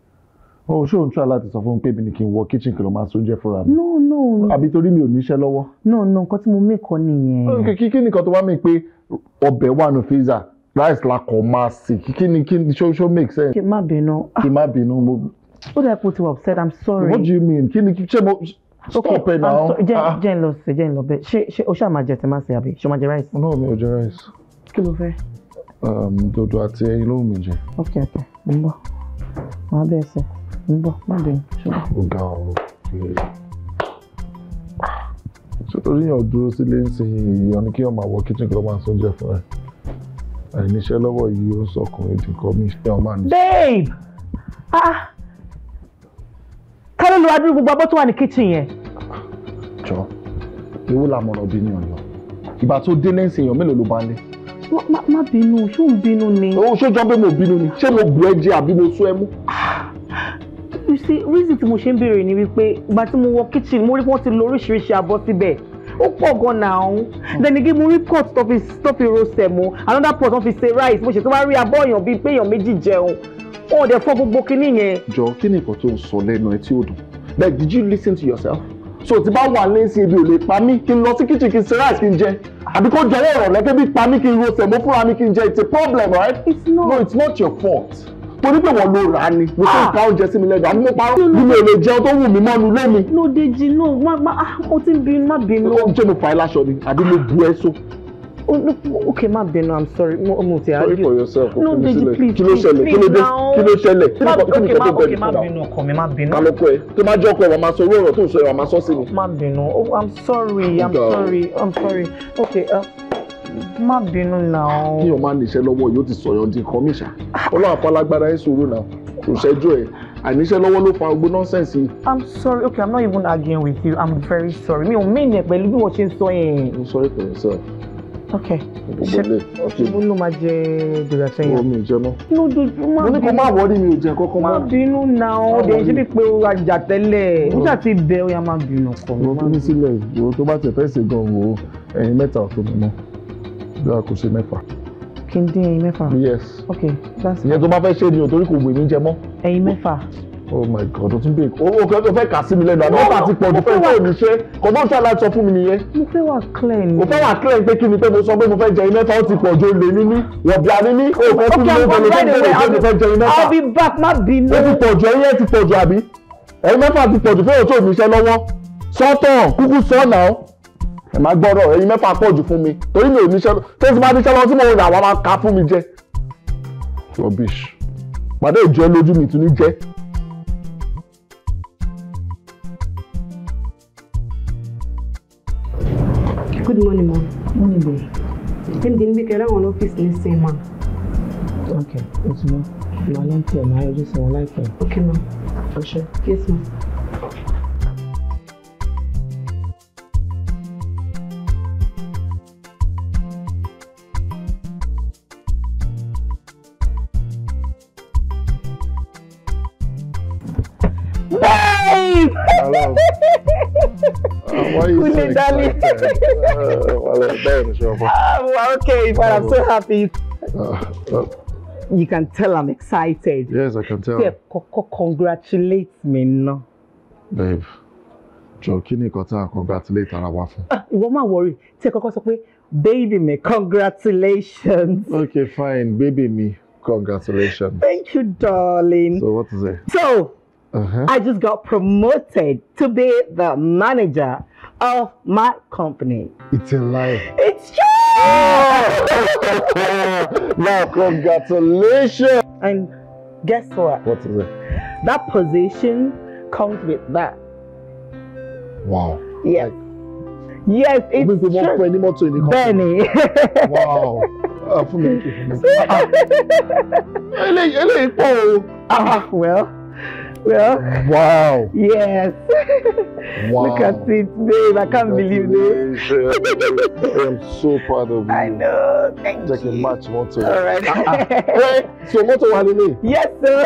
o ṣé òun tún aláàtì sọ fún mi pé mi ni kí n wọ kitchen kí ló máa sóúnjẹ fúnra mi. no no. àbí torí mi ò níṣẹ́ lọ́wọ́. no no nǹkan tí mo mí kọ nìyẹn. kí kí nìkan tó wá mi pé ọbẹ̀ wà nínú freezer rice la kọ̀ máa sè kí ni kí ni ṣó ṣó make sense. kí má bínú. kí má bínú. ó dà i'm sorry. what do you mean kí ni ṣé stop it now. jẹ́ ń ah. lọ sí jẹ́ ń lọ bẹ́ẹ̀ ṣé ṣé o ṣáà máa jẹ tí máa ṣe àbí ṣé jẹ rice. no mi ò jẹ rice. kí ló fẹ́. Um, dodo àti ẹyin ló mi jẹ. ok ok mo ń bọ̀ màá bẹ̀ ẹsẹ̀ mo ń bọ̀ má bẹ̀rẹ̀ ṣùgbọ́n. ó ga ọ̀rọ̀ ṣé torí yàn dúró sílé ń ìyàn ni kí yàn máa wọ kitchen máa sún jẹ fún ẹ àìníṣẹ́ lọ́wọ́ yìí ó ń sọkùnrin dìkọ́ mi ṣé yàn máa babe ah kálí lu adúrú gbogbo abọ́ wà ní kitchen yẹn. jọ ewu la bí ni ọ̀yọ́ ìgbà tó dé lẹ́sìn èèyàn mélòó ló bá lé. má bínú ṣó ń bínú ni. o ṣó jọ pé mo bínú ni ṣé mo bù ẹ jẹ àbí mo sún ẹ mú. you see reason tí mo ṣe ń béèrè ni wípé ìgbà tí mo wọ kitchen mo rí pé wọ́n ti lo oríṣiríṣi abọ́ síbẹ̀ ó pọ̀ gan-an ọ̀hún then again mo rí pot tó fi tó fi roast ẹ̀ mu another pot wọ́n fi ṣe rice mo ṣètò wá rí abọ́ èèyàn bíi pé èèyàn méjì jẹun ó dẹ̀ fọ́ gbogbo kinní yẹn. jọ kí ni nǹkan tó ń sọ lẹ́nu ẹ tí ó dùn like did you listen to yourself so ti bá wà lé sí ebi ò lè pa mí kí n lọ sí kitchen kí n ṣe rice kí n jẹ àbí kó jẹ lẹ́rọ̀ lẹ́kẹ́ bí pa mí kí n ro sẹ̀mó fúnra mi kí n jẹ it's a problem right it's not. no it's not your fault torí pé wọ́n ló rà á ni mo tó ń ka ah. oúnjẹ sí mi lẹ́nu àbí mo parọ́ bí mi ò lè jẹun tó wù mí mọ́nu lómi. no Deji no má má ah, mo ti ń bínú má bínú. ó ń jẹ́ mo fà á láṣọ ni àbí mo bu so. Oh, okay má Beno, i'm sorry mo mo ti argue sorry for yourself no deji please kí ló ṣẹlẹ̀ kí ló dé kí ló ṣẹlẹ̀ kí ló kí ló tó bẹ̀rẹ̀ fún wa bínú ọkọ mi má bínú. kálọ̀ kọ ẹ tó má jọ́ ọkọ ẹ wàá máa sọ irú ọ̀rọ̀ tó ń sọ ẹ wàá máa sọ sí mi. má bínú oh, i'm sorry oh, i'm sorry i'm sorry okay. Uh, má bínú náà. kí o máa níṣẹ́ lọ́wọ́ yóò ti sọ̀yàn di nǹkan mìíràn ọlọ́run àfọlágbára ẹ̀ sòrò náà kò ṣẹ́jọ́ ẹ̀ àníṣẹ́ lọ́wọ́ ló fa ogbó nọ́sẹ̀nsì. i'm sorry okay i'm not even arguing with you i'm very sorry mi ò mí ìnẹ̀ pẹ̀lú bí wọ́n ṣe ń sọ yẹn. i'm sorry for yourself ok ṣebú ló máa jẹ jòlá sẹ́yìn. omi ìjẹ mọ. lójoojúmọ́ àbínú. mo ní kó má wọrí mi ò jẹ kọ́kọ́ má. má bínú na ọ de ṣe bí pé o àjà tẹ́lẹ̀ nígbà tí bẹ ó yà má bínú kọ. mo tún ní sílẹ̀ ìwọ tó bá tẹ̀ fẹ́ ṣe gan wo ẹyin mẹ́ta ọ̀tọ̀ mi mọ́ bí a kò ṣe mẹ́fà. kí n dín ẹyin mẹ́fà. yes ok that's fine. ìyẹn tó bá fẹ́ ṣe ni ò torí kò gbèmí jẹ mọ́. ẹyin mẹ́fà oh my god o tún bẹ o kẹ o fẹ kà sí mi lẹ́nu àná ọ̀tá ti pọ̀ jù fẹ́ fẹ́ mi ṣe kò tó ṣàlàyé sọ fún mi nìyẹn. mo fẹ́ wà clear ni. mo fẹ́ wà clear pé kí ni pé mo sọ pé mo fẹ́ jẹ iná tán ti pọ̀ jù lè mí ní wọ̀bí àní ní òkè tún lè bẹ̀rẹ̀ fẹ́ bẹ̀rẹ̀ fẹ́ mi fẹ́ jẹ iná tán. I'll be back má bínú. ó ti pọ̀ jù ẹyẹ ti pọ̀ jù àbí ẹ̀yin mẹ́fà ti pọ̀ jù fẹ́ òtún òmìṣẹ́ lọ́wọ́ sọ́tọ̀ kúkú sọ́nà ẹ̀ má gbọ́rọ̀ ẹ̀yin mẹ́fà pọ̀ jù fún mi torí mi ò níṣẹ́ tó ti bá níṣẹ́ lọ tí mo rìn àwọn máa ka fún mi jẹ. rubbish pàdé ìjọ lójú mi tún ní jẹ́ good morning ma. morning babe. tẹ́mi ti ní pé kẹrẹ́ office lọ́fíìsì ní sin ma. ok o ti mọ màá lọ́n tiẹ̀ máa yọjú sí wọn láìpẹ́. ok ma. ọṣẹ. yes ma. it, darling. *laughs* ah, okay, but I'm so happy. Ah, you can tell I'm excited. Yes, I can tell. Yeah, congratulate me no? Babe, jọ kí ni nǹkan congratulate our wa fún. Ah, ìwọ má worry, Take a kọ́kọ́ sọ baby Me, congratulations. Okay, fine, baby me, congratulations. Thank you, darling. So what is it? So, uh -huh. I just got promoted to be the manager of my company. It's a lie. It's true! *laughs* now, congratulations! And guess what? What is it? That position comes with that. Wow. Yes. yes, it's true. Benny. *laughs* wow. Uh, for me. Ah, well. well, wow. Yes. Wow. Look at it, babe. I can't believe this. I am so proud of you. I know. Thank Check you. Check match one All right. Ah, ah. so, what do you Yes, sir.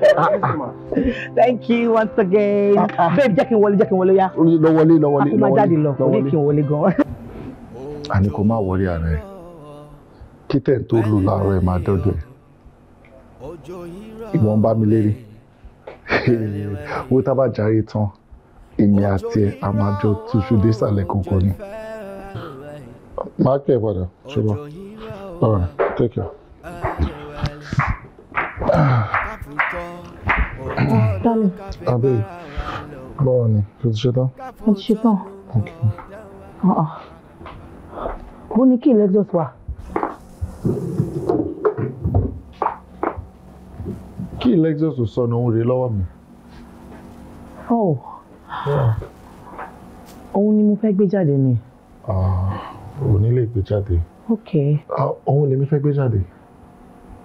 *laughs* Ah, Thank you once again. Babe, jẹ́ kí n wọlé, jẹ́ kí n wọlé yá. Lọ wọlé, lọ wọlé. Àfi máa jáde lọ, kò ní kí n wọlé gan. Àní kò má wọlé ààrẹ. Kí tẹ̀ ń tó lù láàárọ̀ owó tá a bá jàre tán èmi àti ẹ a máa jọ túṣu dé ìsàlẹ̀ kankan ni. máa pè é padà ṣùgbọ́n all right take care. Dami. Abẹ́ báwo ni kò ti ṣe Mo ti ṣe Bó ah, ah. ní kí ilé jọ̀sùn wà? kí Lexus sọnù òun rèé lọ́wọ́ mi. Oh. òun ni mo fẹ́ gbé jáde ni. Ah, òun nílé ìgbé jáde. ok. Ah, òun lèmi fẹ́ gbé jáde.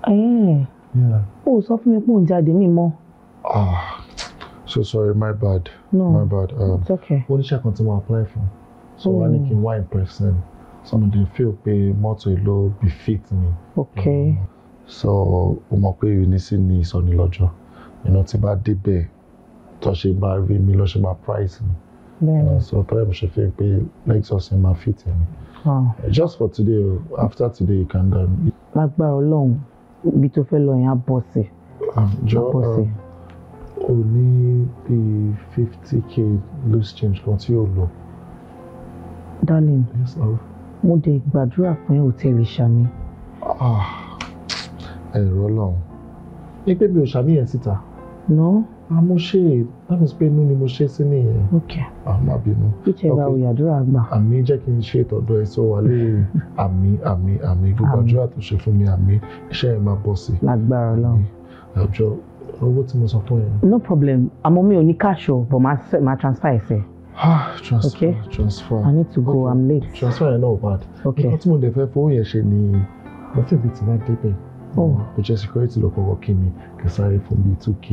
ó eh. sọ fún mi pé òun jáde mi mọ́. Ah, so sorry my bad. no my bad. Um, it's okay. oníṣẹ́ kan tí mo apply fún so wá ní oh. kí n wá in person so mo dey feel pé mọ́tò ìlú be fit me. okay. Um, so o mọ̀ pé ìrínisí ni ìsọnilọ́jọ́ ìnà tí bá débẹ̀ tó ṣe máa rí mi lọ́ ṣe máa price mi so tọ́yọ̀ mo ṣe fi pé lexus ni fit mi just for today after today you can down. lágbára ọlọ́run ibi tó fẹ́ lọ yẹn á bọ̀ sí. Um, jọ um, o ní bíi fifty k loose change kan tí o lò. darling yes, mo de gbàdúrà pé o tẹ̀lé ṣàmì. Ah ẹ̀rọ ọlọ́run ní pé mi ò ṣàníyàn síta. no. àmọ́ ah, ṣe that means pé inú ni mo ṣe sí nìyẹn. ok àmọ́ ah, àbínú. ìtẹ̀ ìgbà òyà àdúrà gbà. àmì jẹ́ kí n ṣe ìtọ́jú ẹ̀ sọ wà lóye àmì àmì àmì gbogbo àdúrà tó ṣe fún mi àmì iṣẹ́ ẹ̀ máa bọ̀ sí. lágbára ọlọ́run. àjọ owó tí mo sọ fún yẹn. no problem àmọ́ mi ò ní káṣọ but máa transfer ẹ̀sẹ̀. Ah, transfer, okay. I need to go, okay. I'm late. Transfer yẹn náà bad. Okay. Nǹkan tí mo dẹ̀ fẹ́ fowó yẹn ṣe ni mo fẹ́ bí tí máa débẹ̀ oh mo jẹ́ security lọ kọ́kọ́ Kimi mi kí sáré fún bíi two k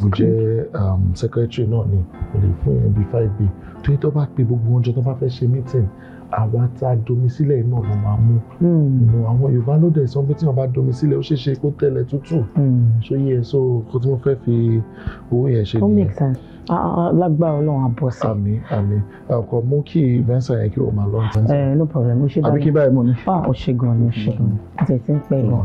mo jẹ́ um, secretary náà ni mo lè fún yẹn bíi five b torí tó bá pe gbogbo oúnjẹ tó bá fẹ́ ṣe meeting àwa tá a domi sílẹ̀ náà ló máa mú ìnù hmm. àwọn yorùbá ló dẹ̀ sọ́n pé tí wọ́n bá domi sílẹ̀ ó ṣeéṣe kó tẹ̀lẹ̀ tútù hmm. so yẹ so kó tí mo fẹ́ fi owó yẹn ṣe nìyẹn. Ah, ah, ah, lágbára ọlọ́run àbọ̀ sí. àmín àmín ọkọ mú kí vẹ́nsà yẹn kí o máa lọ. ẹ eh, no problem o ṣe dáadáa àbí kí báyìí mo ní. a ò ṣe gan ni o ṣe gan ni àti ẹ̀sìn pẹ́ gan.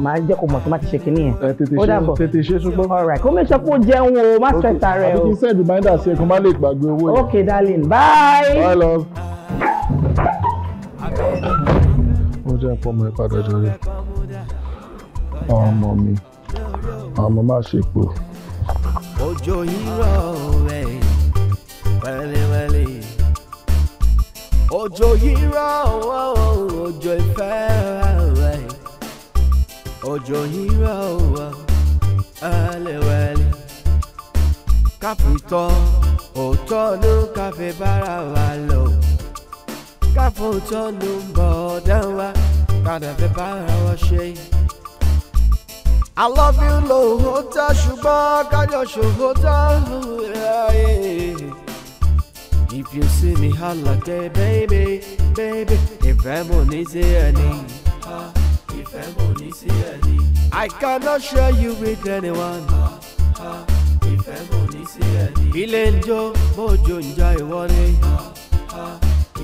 *laughs* màá jẹ́ kó mọ̀ tó má ti ṣe kinní yẹn. ó dàbọ̀ tètè ṣe ṣùgbọ́n. alright kó mi sọ pé ó jẹun o má stress ara ẹ o. àbí kí n send reminder sí ẹ kó má lè gbàgbé owó yẹn. okay darling bye. bye love. ó jẹ́ pọ́nmọ́ ẹ padà jọrí ọmọ mi àmọ́ má ṣe pò. òjò irọ́ rẹ̀ wẹ́lẹ́wẹ́lẹ́ òjò irọ́ òjò ìfẹ́ rẹ̀ òjò irọ́ wẹ́lẹ́wẹ́lẹ́ káfíntọ́ òótọ́ ló káfí bára wa lọ káfíntọ́ ló ń bọ̀ ọ́ dán wa kàdàfẹ́ bára wa ṣe. I love you lóòótọ́ ṣùgbọ́n kájọ ṣòótọ́. If you see me holla ke baby baby ìfẹ́ mo ní sí ẹni. Ìfẹ́ mo ní sí ẹni. I cannot share you with anyone. Ìfẹ́ mo ní sí ẹni. Ilé ń jó bójú ń já ìwọ ni.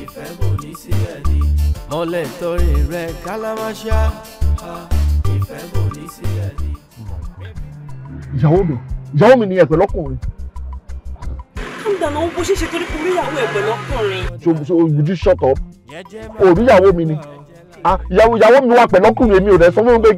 Ìfẹ́ mo ní sí ẹni. Mo torí rẹ̀ kálámáṣá. Ìfẹ́ mo ní sí ẹni ìyàwó mi ìyàwó mi ni ẹ̀pẹ̀ lọ́kùnrin. kàńdà náà bó ṣe ṣe torí kò rí ìyàwó ẹ̀pẹ̀ lọ́kùnrin. so so would you shut up? òrí ìyàwó mi ni. Ah, ìyàwó ìyàwó mi wà pẹ̀lọ́kùnrin mi ò rẹ̀ sọ fún mi pé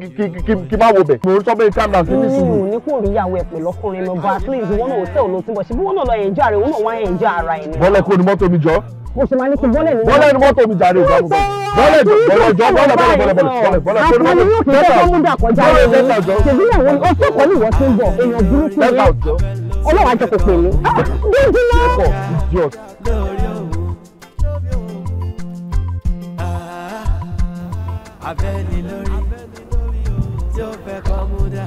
kí n má wo bẹ̀. mo ń sọ pé calm down sí ní sùúrù. mi mm, ò ní kó rí ìyàwó ẹ pẹ̀lọ́kùnrin lọ bá at least wọn náà ò tẹ̀ ọ́ lọ sí bọ̀ ṣe bí wọn náà lọ yẹn jẹ́ ààrẹ wọn náà wá yẹn jẹ́ ara ẹ̀ ni. bọ́lẹ̀ kúrò ní mọ́tò mi jọ mo ṣe máa ní kí bọ́lẹ̀ nínú. bọ́lẹ̀ nínú mọ́tò mi jàre ìgbà mi bọ́lẹ̀ jọ bọ́lẹ̀ jọ bọ́lẹ̀ bọ́lẹ̀ bọ́lẹ̀ bọ́lẹ̀ bọ́lẹ̀ tó ní mọ́tò mi jọ bọ́lẹ̀ tó mú dà kọjá rẹ̀ ṣèbí ẹ̀wọ̀n ni oṣù kan ní ìwọ ti ń bọ̀ èèyàn burúkú ni ọlọ́wà jọ kò pè mí. dídí náà. abẹ́ni lórí tí ó fẹ́ kọ́ mú dà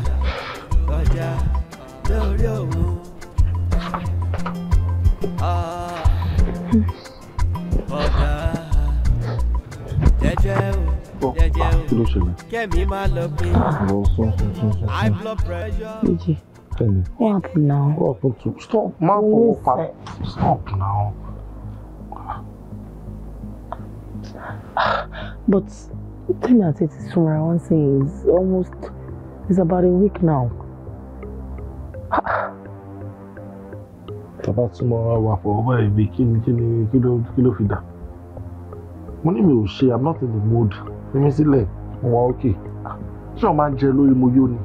kọjá lórí òun. Ah, ọ̀gá jẹ́jẹ́ o jẹ́jẹ́ ah, o kẹ́mi máa lọ pé high blood pressure. What now? Stop, man. Stop now. But Time at it is somewhere I want to say is almost it's about a week now. About tomorrow, mo wà fọ ọba ìbí kí ni kí ni kí ló kí ló I'm not in the mood. Let me see, wà ókè. Ṣé o máa ń jẹ lórí mo yó ni?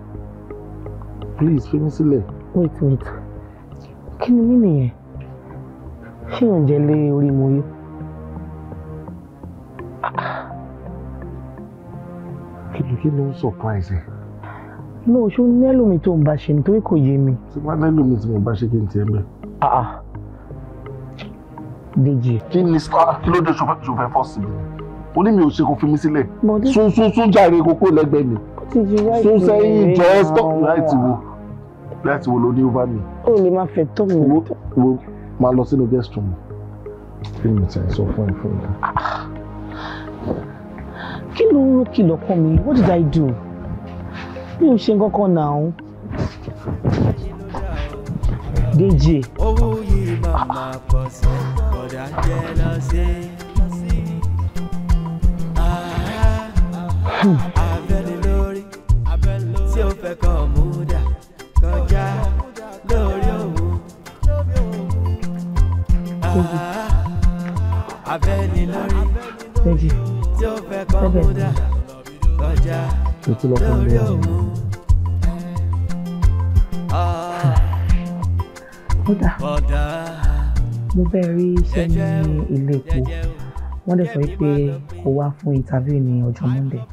Please fi mí sílẹ̀. Wait wait, kí ni mí nìyẹn? Ṣé o ń jẹ mo yó? kí ló ń surprise ẹ. ní oṣù nẹ́lùmí tó ń bá ṣe nítorí kò yé mi. tí wọ́n nẹ́lùmí tí mo bá ṣe kí n tiẹ̀ mẹ́. Ah, ah. Dèjì. kí ni kí ló dé ṣòfẹ́ fọ́ọ̀sì mi ó ní mi ò ṣe kó fi mí sílẹ̀ sún sún sún jàre kókó lẹ́gbẹ̀ẹ́ mi sún sẹ́yìn jọ stop láti wo láti wo ló ní over mi. o lè máa fẹ́ tó mi. wo máa lọ sínú guest room kí ni mo ti sọ fún ẹ fún mi. Ah, kí ló ń ro kí lọ́kàn mi what did I do mi ò ṣe nǹkan kan náà Dèjì hmm. abẹ́nilórí tí ó fẹ́ kọ́ múdà kọjá lórí òwú. abẹ́nilórí fẹ́ kọ́ mú *laughs* ah. dà kọjá lórí òun. kódà mo fẹ́ rí iṣẹ́ ní ilé epo wọ́n dẹ̀ sọ pé kò wá fún interview ní ọjọ́ Monday.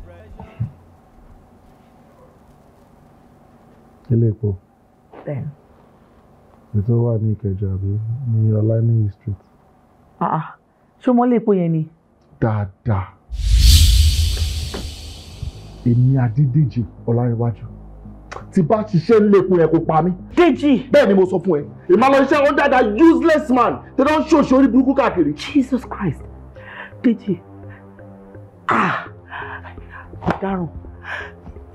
ilé epo. bẹ́ẹ̀. ètò wà ní Ìkẹjà àbí ní Ọláníyì street. Ah, ah. ṣé o mọ̀ ilé epo yẹn ni. dáadáa èmi Adédèjì Ọláníwájú tí bá ṣiṣẹ́ ńlẹ̀kùn yẹn kò pa mí. Dèjì. bẹ́ẹ̀ ni mo sọ fún ẹ èmi àlọ́ iṣẹ́ wọn dáadáa useless man tí wọ́n ń ṣòṣe orí burúkú káàkiri. Jesus Christ Dèjì ah ọ̀daràn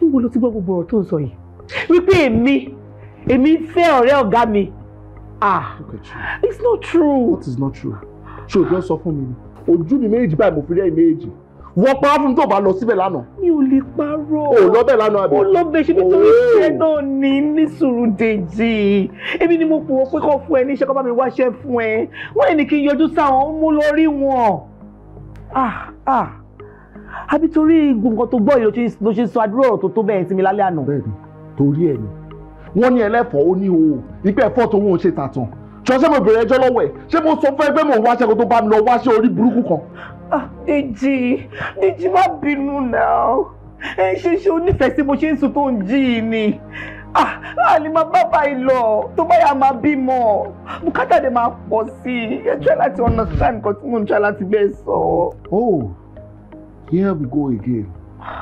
níbo ló ti gbọ́ gbogbo ọ̀rọ̀ tó ń sọ yìí wípé èmi èmi ń fẹ́ ọ̀rẹ́ ọ̀gá mi ah it's not true. what is not true? ṣé òjò sọ fún mi ni ojú mi méjì báyìí mo fi rí ẹ̀ méjì wọ́n pa fún tó bá lọ síbẹ̀ lánàá. mi ò lè parọ́. o lọ bẹ́ẹ̀ lánàá àbí. o lọ bẹ́ẹ̀ ṣe nítorí iṣẹ́ náà ní ní sùúrù dèjì èmi ni mo pò ó pé kó fún ẹ níṣẹ́ kó bá mi wáṣẹ́ fún ẹ wọ́n ní kí n yọjú sáwọn ó mú lórí wọn. ah ah àbí torí nǹkan tó gbọ́ yìí ló ṣe sọ àdúrà ọ̀rọ̀ tó tó bẹ́ẹ̀ sí mi lálẹ́ àná. bẹ́ẹ̀ni torí ẹ ni wọ́n ní ẹlẹ́fọ̀ọ́ ó ní òwò ìpẹ́ ẹ̀fọ́ tó wọ́n ṣe tàtàn ṣọṣẹ́ mo bèrè ẹjọ́ lọ́wọ́ ẹ̀ ṣé mo sọ fún ẹgbẹ́ mò ń wáṣẹ́ kó tó bá mi lọ wáṣẹ́ orí burúkú kan Dèjì, ah, Dèjì má bínú náà. Ẹ ṣe ṣe onífẹ̀ẹ́ sí bó ṣe ń sùn tó ń jí i ni. Àní ah, máa bá báyìí lọ, tó bá yà máa bímọ. Bùkátà dẹ̀ máa pọ̀ sí i. Ẹ try láti understand nǹkan tí mò ń try láti bẹ́ẹ̀ sọ. Oh, here we go again.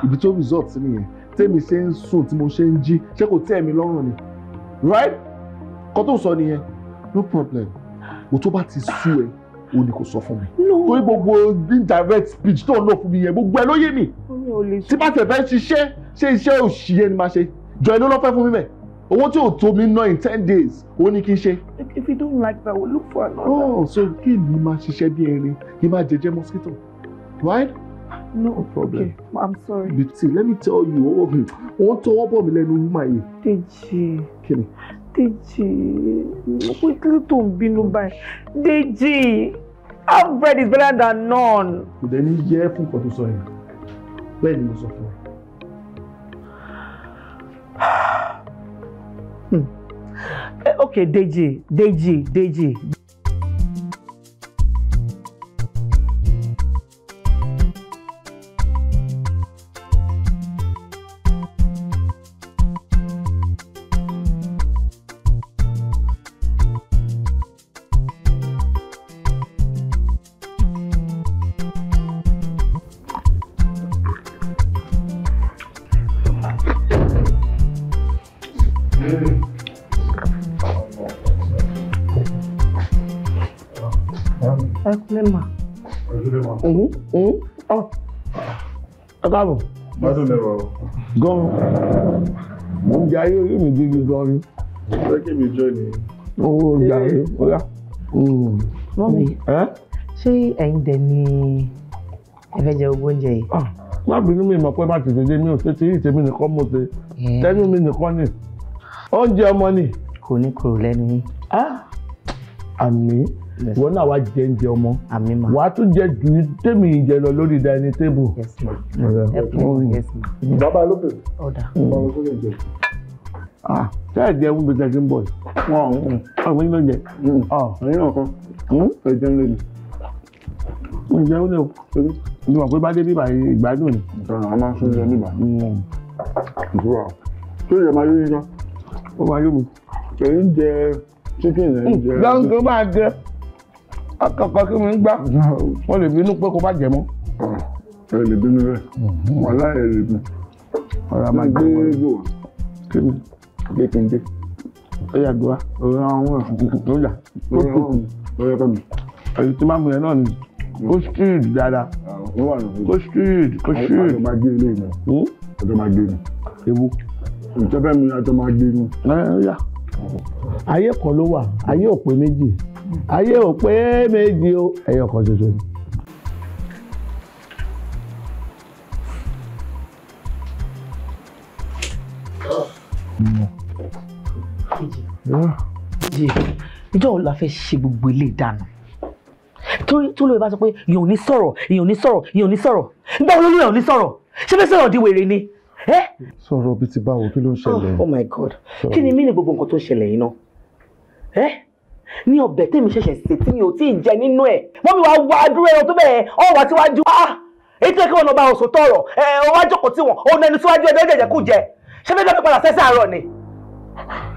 Ibi tó resort nìyẹn. Tẹ́mi ṣe ń sùn tí mo ṣe ń jí, ṣé kò tẹ́ mi lọ́rùn ni? Right? Kọ́ tó sọ nìyẹn. No problem. Mo tó bá ti sú ẹ ó ní kò sọ fún mi. torí gbogbo indirect speech tó ń lò fún mi yẹn gbogbo ẹ ló yé mi. tí bá tẹ̀ fẹ́ ṣiṣẹ́ ṣé iṣẹ́ òṣì yẹn ni máa ṣe jọ ẹ ló lọ́ fẹ́ fún mi bẹ́ẹ̀ owó tí ò tó mi ná in ten days ó ní kí n ṣe. if you don't like that we'll look for another. oh so kí ni máa ṣiṣẹ́ bí erin kí máa jẹjẹ mosquito right. no, no problem okay. i'm sorry. bitti let me tell you ohun tó wọ́n bọ̀ mí lẹ́nu wúmà yìí. deji. kí ni. Deji, we kí ló tó ń bínú Deji, our bread is better than none. Then dẹ̀ ní jẹ́ fún nǹkan tó sọ yẹn. Bẹ́ẹ̀ *sighs* hmm. eh, Okay, Deji, Deji, Deji. Oh. ẹ káàbọ̀. mọ́tò lẹ́wọ̀ o. gan-an mo ń jẹ ayé orí mi gidi gan-an ni. ṣé kí mi jó ni. owó gbàgbé ó yá. mọ́mí ṣé ẹ̀yin dẹ̀ ni ẹ fẹ́ jẹ gbogbo oúnjẹ yìí. Ah, má bínú mi mọ̀ pé má tètè dé mi ò ṣe ti rí tèmi nìkan mo ṣe tẹ́nu mi nìkan ni oúnjẹ ọmọ ni. kò ní kúrò lẹ́nu yín. Ah. àmì ìwọ náà wá jẹ oúnjẹ ọmọ wà á tún jẹ ju tèmi ìjẹ lọ lórí dining table. bàbá ló bèrè bàbá ló bèrè jẹ. Ah, ṣé ẹ̀jẹ̀ ń gbèsè kí n bọ̀ wọn ọ̀hún ọ̀hún ló jẹ ọ̀hún náà kan ẹ̀jẹ̀ ń lè lè. ǹjẹ́ ó lè o ní wọn pé bá dé bíbà ìgbádùn ni. ìtọ́nà a máa ń sún jẹ bíbà. ìtura tó yẹ máa yó yín kan. ó máa yó mi. èyí ń jẹ chicken ẹ̀ ń jẹ. lọ́nkọ́ máa jẹ akọ̀kọ̀ kí mi ń gbà *laughs* wọ́n lè bínú pé kó bá jẹ mọ́. ẹ lè bínú rẹ wọn láyé lè bínú. ọ̀rọ̀ máa gbé gbò wá. kí ni gbé kí n dé. ó yà gbé wa. òun àwọn ọmọ ẹ̀ ló yà. ó yà kọ́ mi. ó yà kọ́ mi. èyí tí máa mú yẹn náà ni mm. kó street dáadáa. kó street kó street. àjọ máa gé ilé mi. àjọ máa gé mi. ewu. ìjọba mi àjọ máa gé mi. ayé kan ló wà ayé òpè méjì ayé ò pé méjì o ẹyọ kan ṣoṣo ni. ìjọ wo la fẹ́ ṣe gbogbo ilé ìdáná tó lóye bá sọ pé èèyàn ò ní sọ̀rọ̀ èèyàn ò ní sọ̀rọ̀ èèyàn ò ní sọ̀rọ̀ nígbà wo ló ní èèyàn ò ní sọ̀rọ̀ ṣé fẹ́ sọ̀rọ̀ di wèrè ni. sọ̀rọ̀ bíi ti báwo kí ló ń ṣẹlẹ̀. oh, oh my god kí ni mí ni gbogbo nǹkan tó ń ṣẹlẹ̀ yìí náà ní ọbẹ̀ tèmi ṣẹ̀ṣẹ̀ sè tí mi ò tí ì jẹ nínú ẹ̀ wọ́n mi wá wá dúró ẹran tó bẹ́ẹ̀ ọ̀hún wá síwájú wá ah, ah. èyí tó yẹ kí wọn bá oṣù tọrọ ẹ ọ wá jókòó tí wọn òun ẹni síwájú ẹjọ́ jẹjẹ kú jẹ ṣé fẹẹ fẹẹ padà sẹsẹ àárọ̀ ni.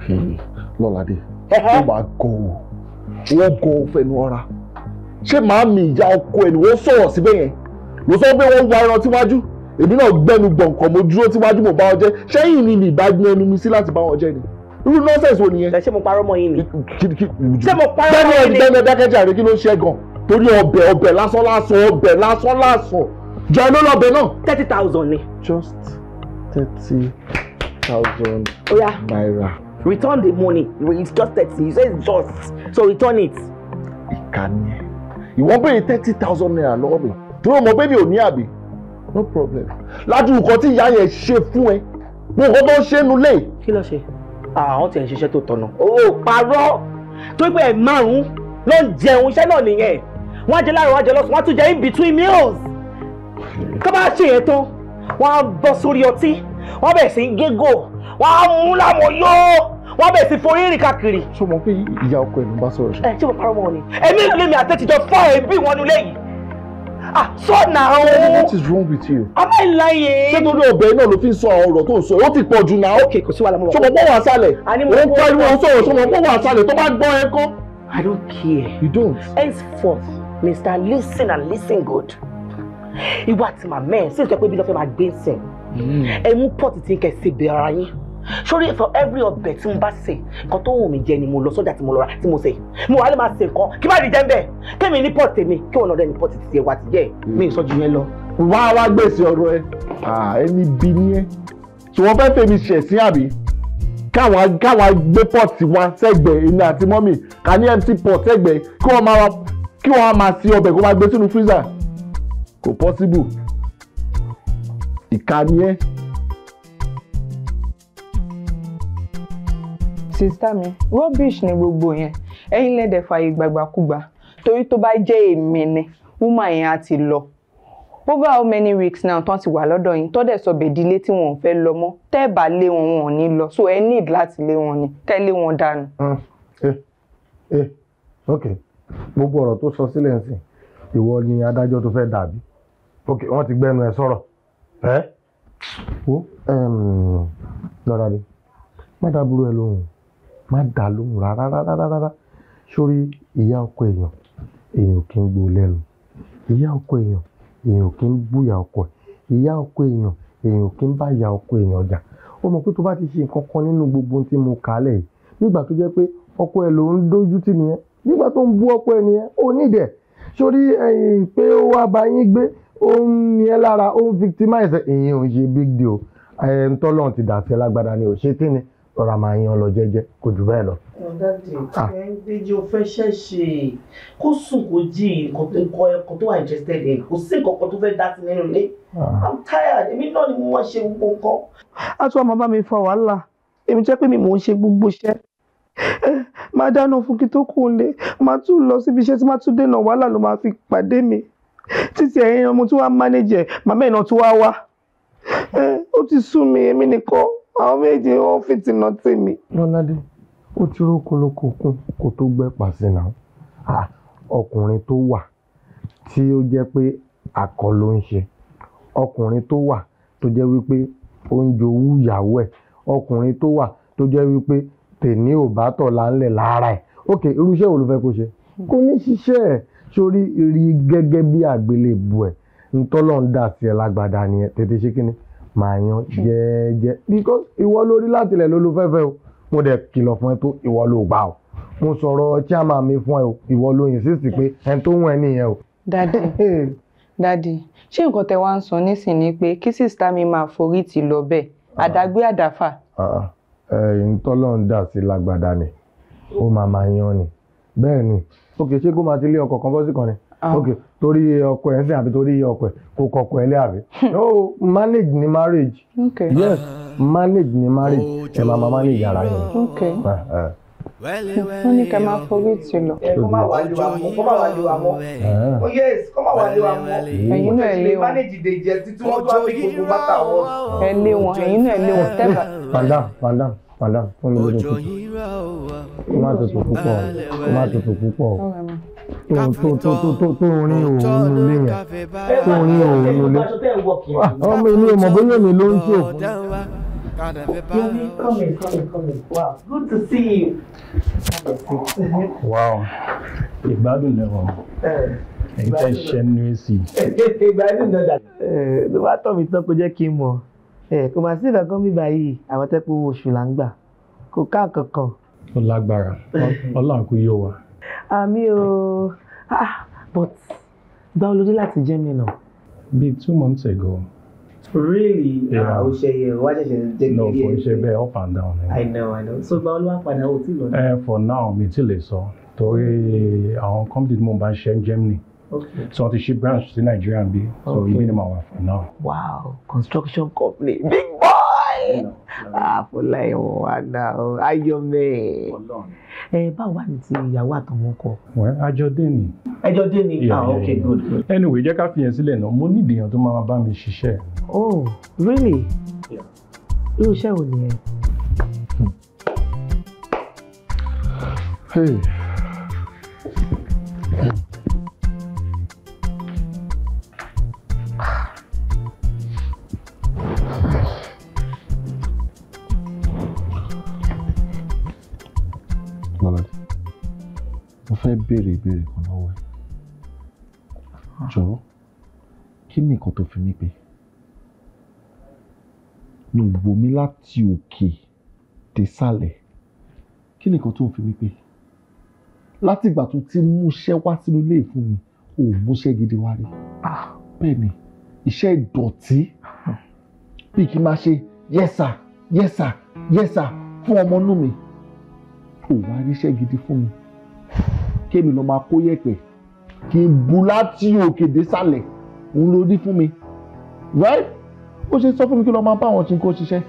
Hmm. lọ́ládé ó máa gọ o wọ́n gọ o fẹnu ọ̀ra ṣé màá mi ìyá ọkọ ẹ̀ ni wọ́n sọ̀rọ̀ síbẹ̀ yẹn ló sọ pé wọ́n wá ẹran síwájú èmi náà gbẹnu gbọ̀ǹkan mo dúró síwájú mo bá wọn jẹ ṣẹ́yìn ni ìbá ẹnu mi sí láti bá wọn jẹ ni irú nọ́ọ̀sẹ̀sì wo nìyẹn. ṣé mo parọ́ mọ́ yín ni. ṣé mo parọ́ mọ́ yín ni. bẹ́ẹ̀ni ẹ̀dákẹ́jà rẹ kí ló ń ṣe gan torí ọbẹ̀ ọbẹ̀ lásán lásán ọbẹ̀ lásán lásán jọ iná lọ́bẹ̀ náà. thirty thousand ni. just thirty thousand naira. return the money it's just thirty you say it's just so return it. ìkànnì ìwọ́n bèrè thirty thousand naira lọ́wọ́ mi torí ọmọ bẹ́ẹ̀ mi ò ní àbí no problem ládùúkọ tí ìyá yẹn ṣe fún ẹ gbogbo tó ń ṣe nulẹ̀. kí ló ṣe àwọn tiẹ̀ ń ṣiṣẹ́ tó tọ̀nà. ó parọ́ tó gbé ẹ̀ márùn-ún ló ń jẹun iṣẹ́ náà nìyẹn wọ́n á jẹ láàárọ̀ wọ́n á jẹ lọ́sùn wọ́n á tún jẹ in between meals. tó bá ṣe yẹn tán wọ́n á bọ́ sórí ọtí wọ́n bẹ̀rẹ̀ sí gégò wọ́n á mú láwọn yóò wọ́n bẹ̀rẹ̀ sí forí rìn káàkiri. ṣé o mọ̀ pé ìyá ọkọ ẹ̀ ló ń bá sọ̀rọ̀ ṣe. ẹ ṣé mo parọ́ mọ́ ọ ni. èmi ìlú mi àtẹ́tìjọ fọ́ ẹ̀ bí ìwọ́nulẹ́yìn ah sọ náà o. what is wrong with you. am I lying. ṣé torí ọbẹ̀ náà ló fi ń sọ àwọn ọ̀rọ̀ tó ń sọ ó ti pọ̀ jù náà. ok kò sí wàhálà mo wà. sọmọ bọ́ wà sálẹ̀. òun pariwo ń sọ̀rọ̀ sọmọ bọ́ wà sálẹ̀ tó bá gbọ́ ẹ kọ́. I don't care. you don't. henceforth Mr. listen and listen good. ìwà àti màmá ẹ̀ sì ń sọ pé bí lọ́ọ́ fẹ́ máa gbé ń sìn. Mm. ẹ mú pọ́ọ̀tì tí ń kẹ́ sí ibi ara yín sórí for every ọbẹ̀ tí mo bá sè nǹkan tó wù mí jẹ ni mo lọ sọ́jà tí mo lọ ra tí mo sè mo wà á lè máa sè nǹkan kí bá rí jẹ́ bẹ́ẹ̀ kémi ní pọ́ọ̀tì tèmi kí wọn ọ̀dọ́ ní pọ́ọ̀tì títí ẹ̀ wá ti jẹ́ mi ì sọ́jú yẹn lọ. wá wá gbèsè ọ̀rọ̀ ẹ ẹni bí ni ẹ tí wọ́n fẹ́ẹ́ fèmi ṣẹ̀ sí àbí káwọn káwọn gbé pọ́ọ̀tì wa sẹ́gbẹ̀ẹ́ èmi àti mọ́mì ká ní empty pot sẹ́gbẹ̀ẹ́ kí wọ́n máa kí wọ́n máa sí ọbẹ̀ kó máa gbé sínú freezer kò possible ìkànnì ẹ sista mi rubbish ni gbogbo yẹn ẹ̀yin lẹ́dẹ̀ fààyè gbàgbàkúgbà torí tó bá jẹ́ èmi ni woman yẹn á ti lọ over how many weeks now tán ti wà lọ́dọ̀ yín tọ́dẹ̀ sọ bèdílé tí wọn ò fẹ́ lọ mọ́ tẹ́ bá lé wọn wọn ò ní lọ so ẹ need láti lé wọn ni kẹ́ lé wọn dànù. ẹ mm. ẹ eh, eh, ok gbogbo ọ̀rọ̀ tó sọ sílẹ̀ ń sìn ìwọ ni adájọ́ tó fẹ́ dàbí ok wọ́n ti gbẹ́nu ẹ sọ̀rọ̀ ẹ eh? wo lọ́dà ni burú ẹ lóhùn má dá lóhùn rárá rárá rárá sórí ìyá ọkọ èèyàn èèyàn kì í gbó lẹ́nu ìyá ọkọ èèyàn èèyàn kì í búyà ọkọ ìyá ọkọ èèyàn èèyàn kì í bá ìyá ọkọ èèyàn jà ó mọ̀ pé tó bá ti ṣe nǹkan kan nínú gbogbo tí mo kà á lẹ̀ yìí nígbà tó jẹ́ pé ọkọ ẹ̀ ló ń dójú tì nìyẹn nígbà tó ń bú ọkọ ẹ̀ nìyẹn ó nídẹ̀ sórí ẹ̀yìn pé ó wá bá yín gbé ó ń ní ẹ lára ó ń victimize ẹ̀yìn ò ṣe big deal ẹ̀ ń tọ́lọ́run ti dàtí ẹ lágbára ni ò ṣe kí ni rọra máa yan lọ jẹ́jẹ́ kò jù bẹ́ẹ̀ lọ. ọ̀dàdì ah. ẹ̀ ń gbéjì o fẹ́ ṣẹ́ ṣe kó sùn kó jí nǹkan ẹ̀kọ́ tó wà interested in kò sí nǹkan kan tó fẹ́ dá sí ah. a tún àmọ́ bá mi fa wàhálà èmi jẹ́ pé mi mò ń ṣe gbogbo iṣẹ́ eh, máa dáná fún kí tó kù lé máa tún lọ síbi iṣẹ́ tí máa tún dènà wàhálà ló máa fi pàdé mi títí ẹ̀yìn ọmọ tí wàá mánéjẹ̀ màmá ẹ̀ náà tún wá eh, ó ti sú mi èmi nìkan àwọn méje wọn fìtìnà tèmi. lọ́ládé ó ti rókolóko kún kó tó gbẹ́ pàṣẹ náà ọkùnrin tó wà tí ó jẹ́ pé akọ ló ń ṣe ọkùnrin tó wà tó jẹ́ wípé ó ń jowú ìyàwó ẹ̀ ọkùnrin tó wà tó jẹ́ wípé tèmi ò bá tọ̀ láńlẹ̀ lára ẹ̀ ok irúṣẹ́ wo ló fẹ́ kó ṣe kó ní ṣiṣẹ́ ẹ̀ sórí rí gẹ́gẹ́ bí àgbélébù ẹ̀ ntọ́lọ́ ń dà sí ẹ lágbádá nìyẹn tètè ṣe kínní máa yan jẹ́ẹ́jẹ́ because ìwọ lórí láti ilẹ̀ ló lo fẹ́fẹ́ o mo dẹ̀ kìlọ̀ fún ẹ tó ìwọ ló gbà o mo sọ̀rọ̀ chairman mi fún ẹ o ìwọ ló insist pé ẹni tó wọ̀n ẹ nìyẹn o. dadi *laughs* dadi ṣé nǹkan tẹ wá ń sọ nísìn ni pé kí sista mi máa forí ti lọ bẹ́ẹ̀ ah. àdágbé àdáfà. ìtọ́lọ́ ah, ah. eh, ń dà sí lágbàdá ni ó máa máa yan ni bẹ́ẹ̀ ni ó kì í ṣe kó máa ti lé ọkọ̀ kan bọ́ sí kan ni. Ah. ok torí ọkọ ẹ̀ ń àbí torí ọkọ kò kọkọ ẹ̀ hmm. no manage ni marriage okay. yes ah. manage ni marriage Ẹ máa máa manage ara yẹn. Ah, wọ́n ní ká máa ti lọ. ẹ kó àmọ́ kó oh, yes kó àmọ́ ẹ̀yin náà lé wọn manage jẹ títí wọ́n gbogbo bàtà wọn ẹ̀yin náà wọn tẹ́lá. fún mi tó tó tó tó tó tó ń òun nílé yẹn tó ń òun nílé ọmọ ilé ọmọ bóyá èmi ló ń tí òkú. Come in, come in, come in. Wow, good to see you. Wow, ìgbádùn lẹ́wọ̀n. Èyí tẹ́ ṣe ní èsì. Ìgbádùn náà *laughs* dà. Ló bá tọ̀ mí tán kó jẹ́ kí n mọ̀. Kò máa sí ìkankan bíbá yìí, àwọn tẹ́pọ̀ owó oṣù là ń gbà. Kò ká kankan. Ó lágbára, *laughs* Ọlọ́run kú yóò wá àmì um, o ah but gbáwo ló dé láti Germany náà. bíi two months ago. Really? Yeah. Uh, Osheye, why did you take No, for Osheye, up and down. Yeah. I know, I know. So, báwo ló wá padà ó ti lọ? Eh, for now, mi ti lè sọ. Torí àwọn company tí mo bá ṣe ní Germany. Okay. So, wọ́n ti ṣí branch sí Nigeria bí. So, okay. ibi ni màá wà for now. Wow, construction company. Big Ah, àfọláyẹwò wa náà ayọmẹ ẹ báwo wà ní ti ìyàwó àtọmọ kọ. àjọ dé ni. ẹjọ dé ni ah ok good. anyway jẹ́ ká fi yẹn sílẹ̀ náà mo ní ìdèyàn tó máa bá mi ṣiṣẹ́. oh really irú iṣẹ́ wo nìyẹn. Hmm. fẹ́ béèrè ìbéèrè kan lọ́wọ́ ẹ̀ ah. jọ̀ọ́ kí ni nǹkan tó fi mí pè mi ò wò mí láti òkè dé sàlẹ̀ kí ni nǹkan tó fi mí pè látìgbà tó ti múṣẹ́ wá sínú ilé fún mi ò múṣẹ́ gidi wá rí ah. bẹ́ẹ̀ ni iṣẹ́ ìdọ̀tí hmm. bí kí n máa ṣe yẹ́sà yẹ́sà yẹ́sà fún ọmọ inú mi ò wá ríṣẹ́ gidi fún mi kémi lọ máa kó yẹ̀pẹ̀ kí n bu láti òkè désàlẹ̀ òun ló dí fún mi right ó ṣe sọ fún mi kí lọ máa bá àwọn chinko ṣiṣẹ́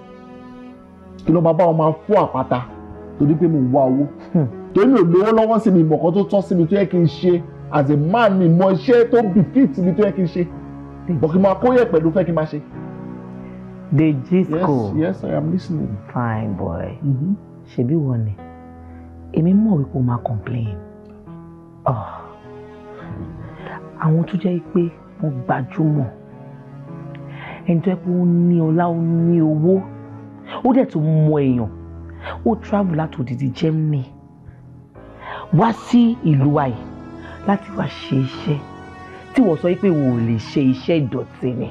kí lọ máa bá wọn máa fọ́ àpáta torí pé mo wá owó hmm. torí mi ò lówó lọ́wọ́ sí mi ìmọ̀kan tó tọ́ sí mi tó yẹ kí n ṣe as a man mi mọ iṣẹ́ tó befit mi tó yẹ kí n ṣe bọ̀ kí n máa kó yẹ̀pẹ̀ ló fẹ́ kí n máa ṣe. Dejisco. Yes, yes, I am listening. Fine boy. Mm-hmm. Ṣebí wọ ni, èmi mọ̀ wípé o máa complain. Ah. àwọn tó jẹ́ pé wọ́n gbajúmọ̀ ẹni tó jẹ́ pé ó ní ọlá ó ní owó ó dẹ̀ tún mọ èèyàn ó travel láti òdìdí Germany wá sí ìlú wa yìí láti wá ṣe iṣẹ́ tí wọ́n sọ pé wò ó lè ṣe iṣẹ́ ìdọ̀tí ni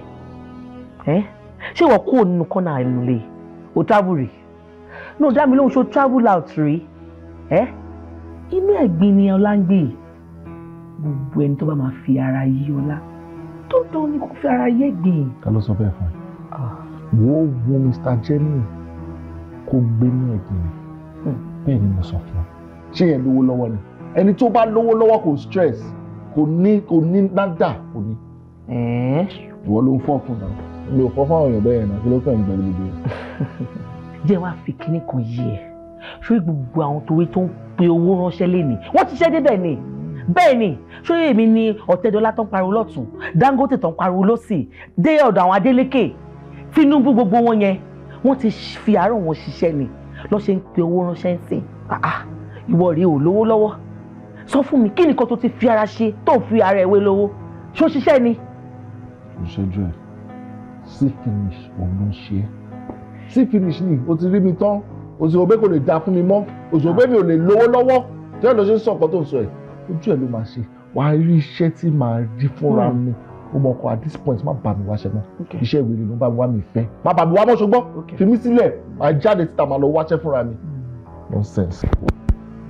ṣé wọ́n kó nínú kọ́nà àìlè ó travel rè no dá mi lóhùn ṣó travel out rè ẹ́. Eh? inú ẹ̀gbin ni ọlá ń gbé gbogbo ẹni tó bá máa fi ara yí ọlá tó tó ní kó fi ara yé gbìn. ta ló sọ bẹ́ẹ̀ fún ẹ wọ́n wo Mr. Jenny kó gbé ní ẹ̀gbin hmm. bẹ́ẹ̀ ni mo sọ fún ẹ ṣé yẹn lówó lọ́wọ́ ni ẹni tó bá lówó lọ́wọ́ kò stress kò ní kò ní nádà kò ní. ìwọ ló ń fọ́ fún mi mi ò fọ́ fún àwọn èèyàn bẹ́ẹ̀ náà kí ló fẹ́ mi pẹ̀lú gbogbo yẹn. jẹ́ wàá fi kíní kan yí ẹ̀ ṣé gbogbo àwọn tòwe tó ń pe owó ránṣẹ́ lé ní wọ́n ti ṣe débẹ̀ ni bẹ́ẹ̀ ni ṣé èmi ni ọ̀tẹ́dọ́lá tó ń pariwo lọ́tún Dangote tó ń pariwo lọ́sì dé ọ̀dọ̀ àwọn Adeleke Tinubu gbogbo wọn yẹn wọ́n ti fi àárọ̀ wọn ṣiṣẹ́ ni lọ́ ṣe ń pe owó ránṣẹ́ ń sìn ìwọ rèé ò lówó lọ́wọ́ sọ fún mi kí nìkan tó ti fi ara ṣe tó fi ara ẹ̀wé lówó ṣó ṣiṣẹ́ ni. kò ẹ̀ sí finish òun ló ń ṣe é sí finish ni o ti rí mi tán òṣùwọ̀n pé kò lè da fún mi mọ́ òṣùwọ̀n pé mi ò lè lówó lọ́wọ́ tí wọ́n lọ ṣe ń sọ nǹkan tó ń sọ ẹ̀ ojú ẹ̀ ló máa ṣe wà á rí iṣẹ́ tí màá rí fúnra hmm. mi ó mọ̀ ọkọ̀ at this point má bà mí wá ṣẹ́ mọ́ iṣẹ́ ìwé ló bá mi wá mi fẹ́ má bà mí wá mọ́ ṣùgbọ́n fi mí sílẹ̀ màá jáde síta màá lọ wáṣẹ́ fúnra mi hmm. nonsense.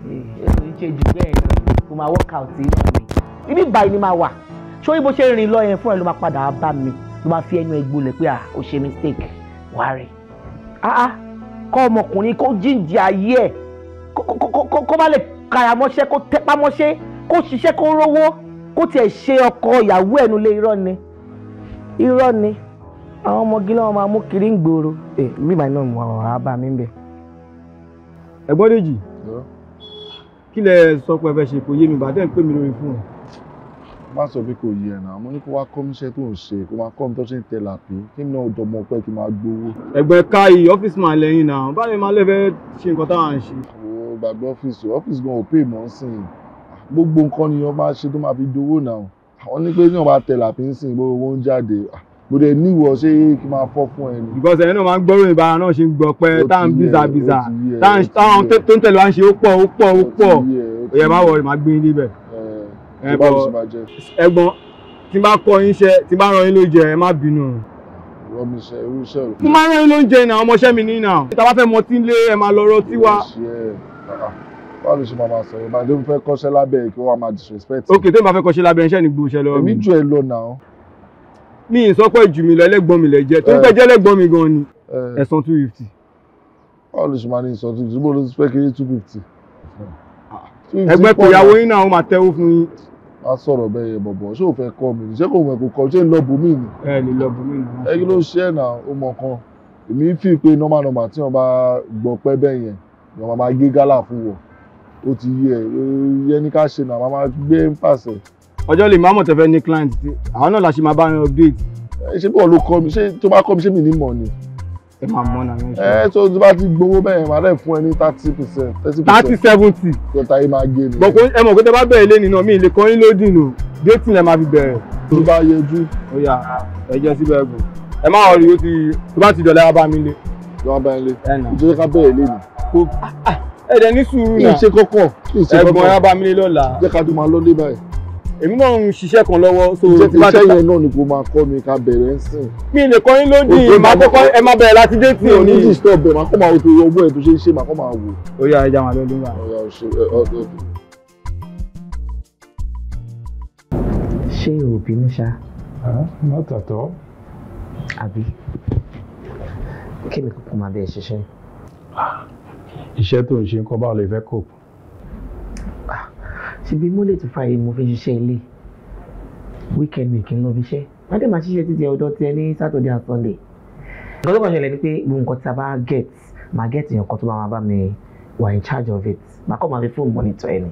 Eh, èso ìṣe jù bẹ́ẹ̀ lọ kò máa work out inú mi ibi báyìí ni máa wà sórí bó ṣe rìn lọ yẹn fúnra ló máa padà bá mi ló máa fi ẹnu ẹgbó lẹ pé ah o ṣe mistake wàá rí ah ah kọ́ ọmọkùnrin kó jíǹde ayé ẹ̀ kó má lè kára mọ́ṣẹ́ kó tẹ́pá mọ́ṣẹ́ kó ṣiṣẹ́ kó rówó kó tiẹ̀ ṣe ọkọ ìyàwó ẹ̀ nulẹ̀ irọ́ ni irọ́ ni àwọn ọmọge náà máa mú kiri ń gbòòrò ẹ bí màá náà wà wà bá mi bẹ. ẹ̀gbọ́n Dèjì kí lẹ sọ pé ẹ fẹ́ ṣe kò yé mi bàtẹ́ ń pè mí lórí fún ọ má sọ pé kò yẹ ẹ̀nà àmọ́ ní kó wá kọ́ níṣẹ́ tó ń ṣe kó máa kọ́ mi tó ṣe ń tẹ̀lé àpè kí ni ọ̀dọ̀ ọmọ ọpẹ́ kí n máa gbowó. ẹgbẹ́ ká yìí ọ́fíìsì máa lẹ́yìn náà báyìí máa lẹ́fẹ́ ṣe nǹkan táwọn ń ṣe. o gbàgbé ọ́fíìsì ọ́fíìsì gan ò pè mọ́ sìn gbogbo nǹkan ni wọ́n máa ṣe tó máa fi dowó náà àwọn ní pé ní ọba tẹ̀lé àpè ń sìn gbogbo wọn jáde mo dẹ̀ ní ìwọ ṣé kí n máa fọ́ fún ẹ ni. because ẹni náà máa ń gbọ́ròyìn ìbára náà ṣe ń gbọ́ pé táwọn bíza bíza táwọn tó ń tẹ̀lé wá ń ṣe ó pọ̀ ó pọ̀ ó pọ̀ òye máa wọ̀ ọ́ máa gbé yín níbẹ̀ ẹ̀gbọ́n tí bá kọ́ yín ṣe tí bá rán yín ló jẹ ẹ má bínú rọmíṣẹ́ irúṣẹ́ òkú. mo máa ń rán yín lóúnjẹ ìnà ọmọọṣẹ́ mi nínà. ìta bá fẹ́ mọ tí ń lé ẹ máa lọ rọ tí wa. wọ́n lè ṣe máa máa sọ̀rọ̀ ìbàdí mo fẹ́ kọ́ṣẹ́ lábẹ́ ẹ̀ kí wọ́n máa disrespect. ok tó ń bá fẹ́ kọ́ṣẹ́ lábẹ́ iṣẹ́ ni gbòòṣẹ́ lọ. èmi jù ẹ lọ nà ó. mi ì sọ pé jù mí lọ ẹlẹ́gbọ́n mi lẹ jẹ́ tó ń fẹ́ jẹ́ ẹlẹ́gbọ́n mi gan ni eh. ẹ̀sán two fifty. wọ́n lè ṣe máa ní ìsọ̀tún ìdúgbò ló ti fẹ́ kiri two fifty. ẹgbẹ́ kò yàwó yín náà ó máa tẹ́wó fún yín a sọ̀rọ̀ bẹ́ẹ̀ yẹn bọ̀bọ̀ ṣé o fẹ́ kọ́ mi ṣé kò mọ̀ kò kọ́ ṣé ń lọ bùnmí ni. ẹ ní lọ bùnmí ni. ẹ kí ló ń ṣe ẹ̀nà ọmọ kan èmi fi pé normal normal tí wọn bá gbọ́ pẹ́ bẹ́ẹ̀ yẹn ni wọn máa gé gálà fún wọn ó ti yẹ yẹ ní ká ṣe náà wọn máa gbé ń pàṣẹ. ọjọ́ lè má mọ̀ tẹ́fẹ́ ní client àwọn náà la ṣe máa bá yẹn update. ṣé bí wọn ló kọ́ mi ṣé tó bá kọ́ mi ṣé mi ní mọ̀ ni ẹ máa mọ náà yẹn. ẹ tó eh, tó bá ti gbowó bẹ́ẹ̀ máa dẹ̀ fún ẹ ní thirty percent thirty percent thirty seventy. yìí máa gé ni. bọ̀kú ẹ mọ̀ pé tẹ bá bẹ̀rẹ̀ lé nínú mi ìlẹ̀kọ́ yín ló dìnnà dating lẹ máa fi bẹ̀rẹ̀. tó bá yẹjú. ó yá ẹ jẹ́ síbẹ̀ gùn ẹ má wọ̀ o ti tó bá ti dọ̀lẹ́ abá mi lé. lọ́wọ́ bá yín lé ìjọba ká bẹ̀rẹ̀ lé ni. Ah, ah, ẹ dẹ̀ ní sùúrù náà. kí n ṣe kọ́kọ́ kí èmi náà ń ṣiṣẹ́ kan lọ́wọ́. iṣẹ́ yẹn náà ni kò máa kọ́ mi ká bẹ̀rẹ̀ ń sìn. mi lè kọ́ yín lódì màá kọ́kọ́ ẹ máa bẹ̀rẹ̀ láti dé tì ní. mi ò ní disturb ẹ màá kọ́ máa wo ọgbọ́n ẹ̀ tó ṣe é ṣe màá kọ́ máa wò. ó yà ẹja màá lọ́dún wa. ṣé o bínú ṣá. látàtọ̀. àbí kí ni kókó máa bẹ̀ ṣiṣẹ́. Ah, iṣẹ́ tó ń ṣe ń kọ́ báwo lè fẹ́ kò ti bí monday to friday mo fi ṣiṣẹ́ ilé weekend mi kì í lọ fi ṣẹ́ wọ́n dẹ̀ máa ṣiṣẹ́ títí ọjọ́ tiẹ̀ ní saturday and sunday nǹkan tó kàn ṣẹlẹ̀ ni pé gbogbo nǹkan tí a bá get máa get nǹkan tó bá máa bá mi wà in charge of it máa kọ́ máa fi fóònù monitor ẹni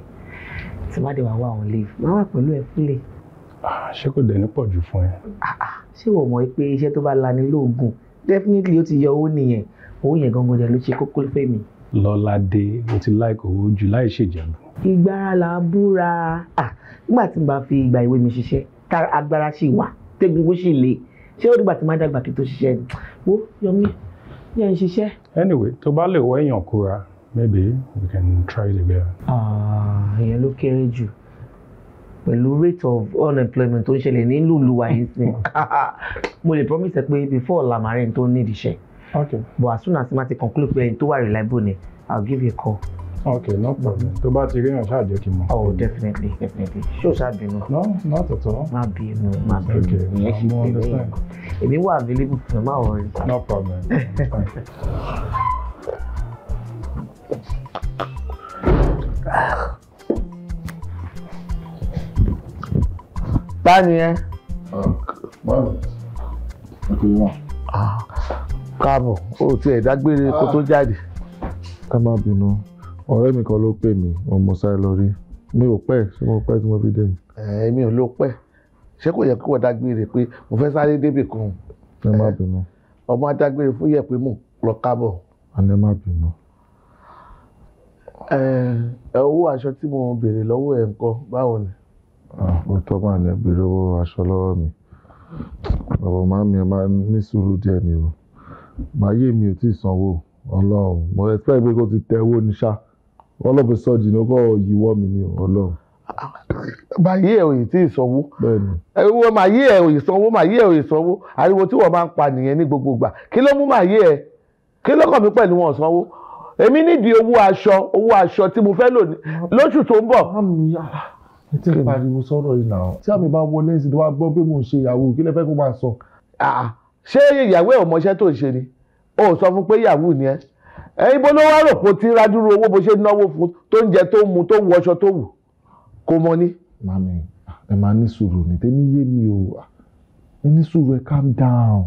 tí má dé wàá wà on leave máa wà pẹ̀lú ẹ fúnlé. Ah, ṣé kò dẹ̀ ní pọ̀ jù fún ẹ. Ah, ah, ṣé wọ́n mọ̀ pé iṣẹ́ tó bá lani lóògùn definitely ó ti yọ owó nìyẹn owó yẹn gangan jẹ ló ṣe kókó fẹ́ mi. lọ́ládé o ti láìkò owó jù láì ṣèjẹ̀bù ìgbára là búra nígbà tí n bá fi ìgbà ìwé mi ṣiṣẹ́ tá agbára sì wà tẹ́gun bó sì le ṣé ó dìgbà tí má dàgbà kí n tó ṣiṣẹ́ ni wo Yomi yẹn ń ṣiṣẹ́. anyway tó bá lè wọ èèyàn kóra maybe we can try it again. ìyẹn ló kéré jù pẹ̀lú rate of unemployment tó ń ṣẹlẹ̀ nílùú ìlú wa yìí sìn *laughs* mo lè promise pé before ọ̀la màá rẹ̀ ń tó ní ìdíṣẹ́ okay but as soon as ma ti conclude pé ẹni tó wà reliable ni I'll give you a call. Okay, no problem tó bá ti ríyàn ṣáà jẹ́ kí n mọ̀. oh definitely definitely ṣó ṣàbínú. no not at all. má bínú má bínú ìyẹn ṣì tẹ̀lé yẹn èmi wà available fún má wọrí. no problem. Báni ẹ. Báwo? Ẹ kò yẹ wá. Káàbọ̀, o tiẹ̀ dágbére kó tó ah. jáde. Ká má bínú ọ̀rẹ́ mi kan ló pè mí òun mo sáré lọ rí mi ò pẹ́ ṣé mo pẹ́ tí mo fi dé ni. èmi ò ló pẹ́ ṣé kò yẹ kí wọ́n dágbére pé mo fẹ́ sáré débì kan. ẹ má bínú. ọmọ adágbére fún yẹ pé mo lọ kábọ̀. ẹ má bínú. ẹ owó aṣọ tí mo béèrè lọ́wọ́ ẹ̀ ńkọ́ báwo ni. ó tọ́ máa ní béèrè owó aṣọ lọ́wọ́ mi bàbá máa mi máa ní sùúrù díẹ̀ ni o màá yé mi ò tí ì sanwó ọlọ́run mo expect pé kó ti tẹ owó ní ṣáà all of a sudden ó kọ́ yíwọ́ mi ni ọlọ́run. màyí ẹ̀ ò yìí tí ì sanwó ẹ̀wọ́ màyí ẹ̀ ò yìí sanwó màyí ẹ̀ ò yìí sanwó ariwo tí wọ́n máa ń pa nìyẹn ní gbogbo ìgbà kí ló mú màyí ẹ̀ kí lọ́kàn mi pẹ̀lú wọn sanwó èmi nídìí owó aṣọ owó aṣọ tí mo fẹ́ lò lóṣù tó ń bọ̀ ẹ ti pariwo sọ̀rọ̀ yìí náà tí àmì bá wọlé ẹ̀sìn tó wá gbọ́ pé mò ń ṣe ìyàwó kí lẹ fẹ́ kó máa sọ. ṣé ìyàwó ẹ̀ ò mọṣẹ́ tó ń ṣe ni o ò sọ fún pé ìyàwó ni ẹ ẹ̀yin bó ló wá rò pé tí rádúró owó bó ṣe náwó fún tó ń jẹ tó mu tó ń wọṣọ tó wù kó mọ ní. mami ẹ máa ní sùúrù ní tẹ́mi yé mi o ẹ ní sùúrù ẹ calm down.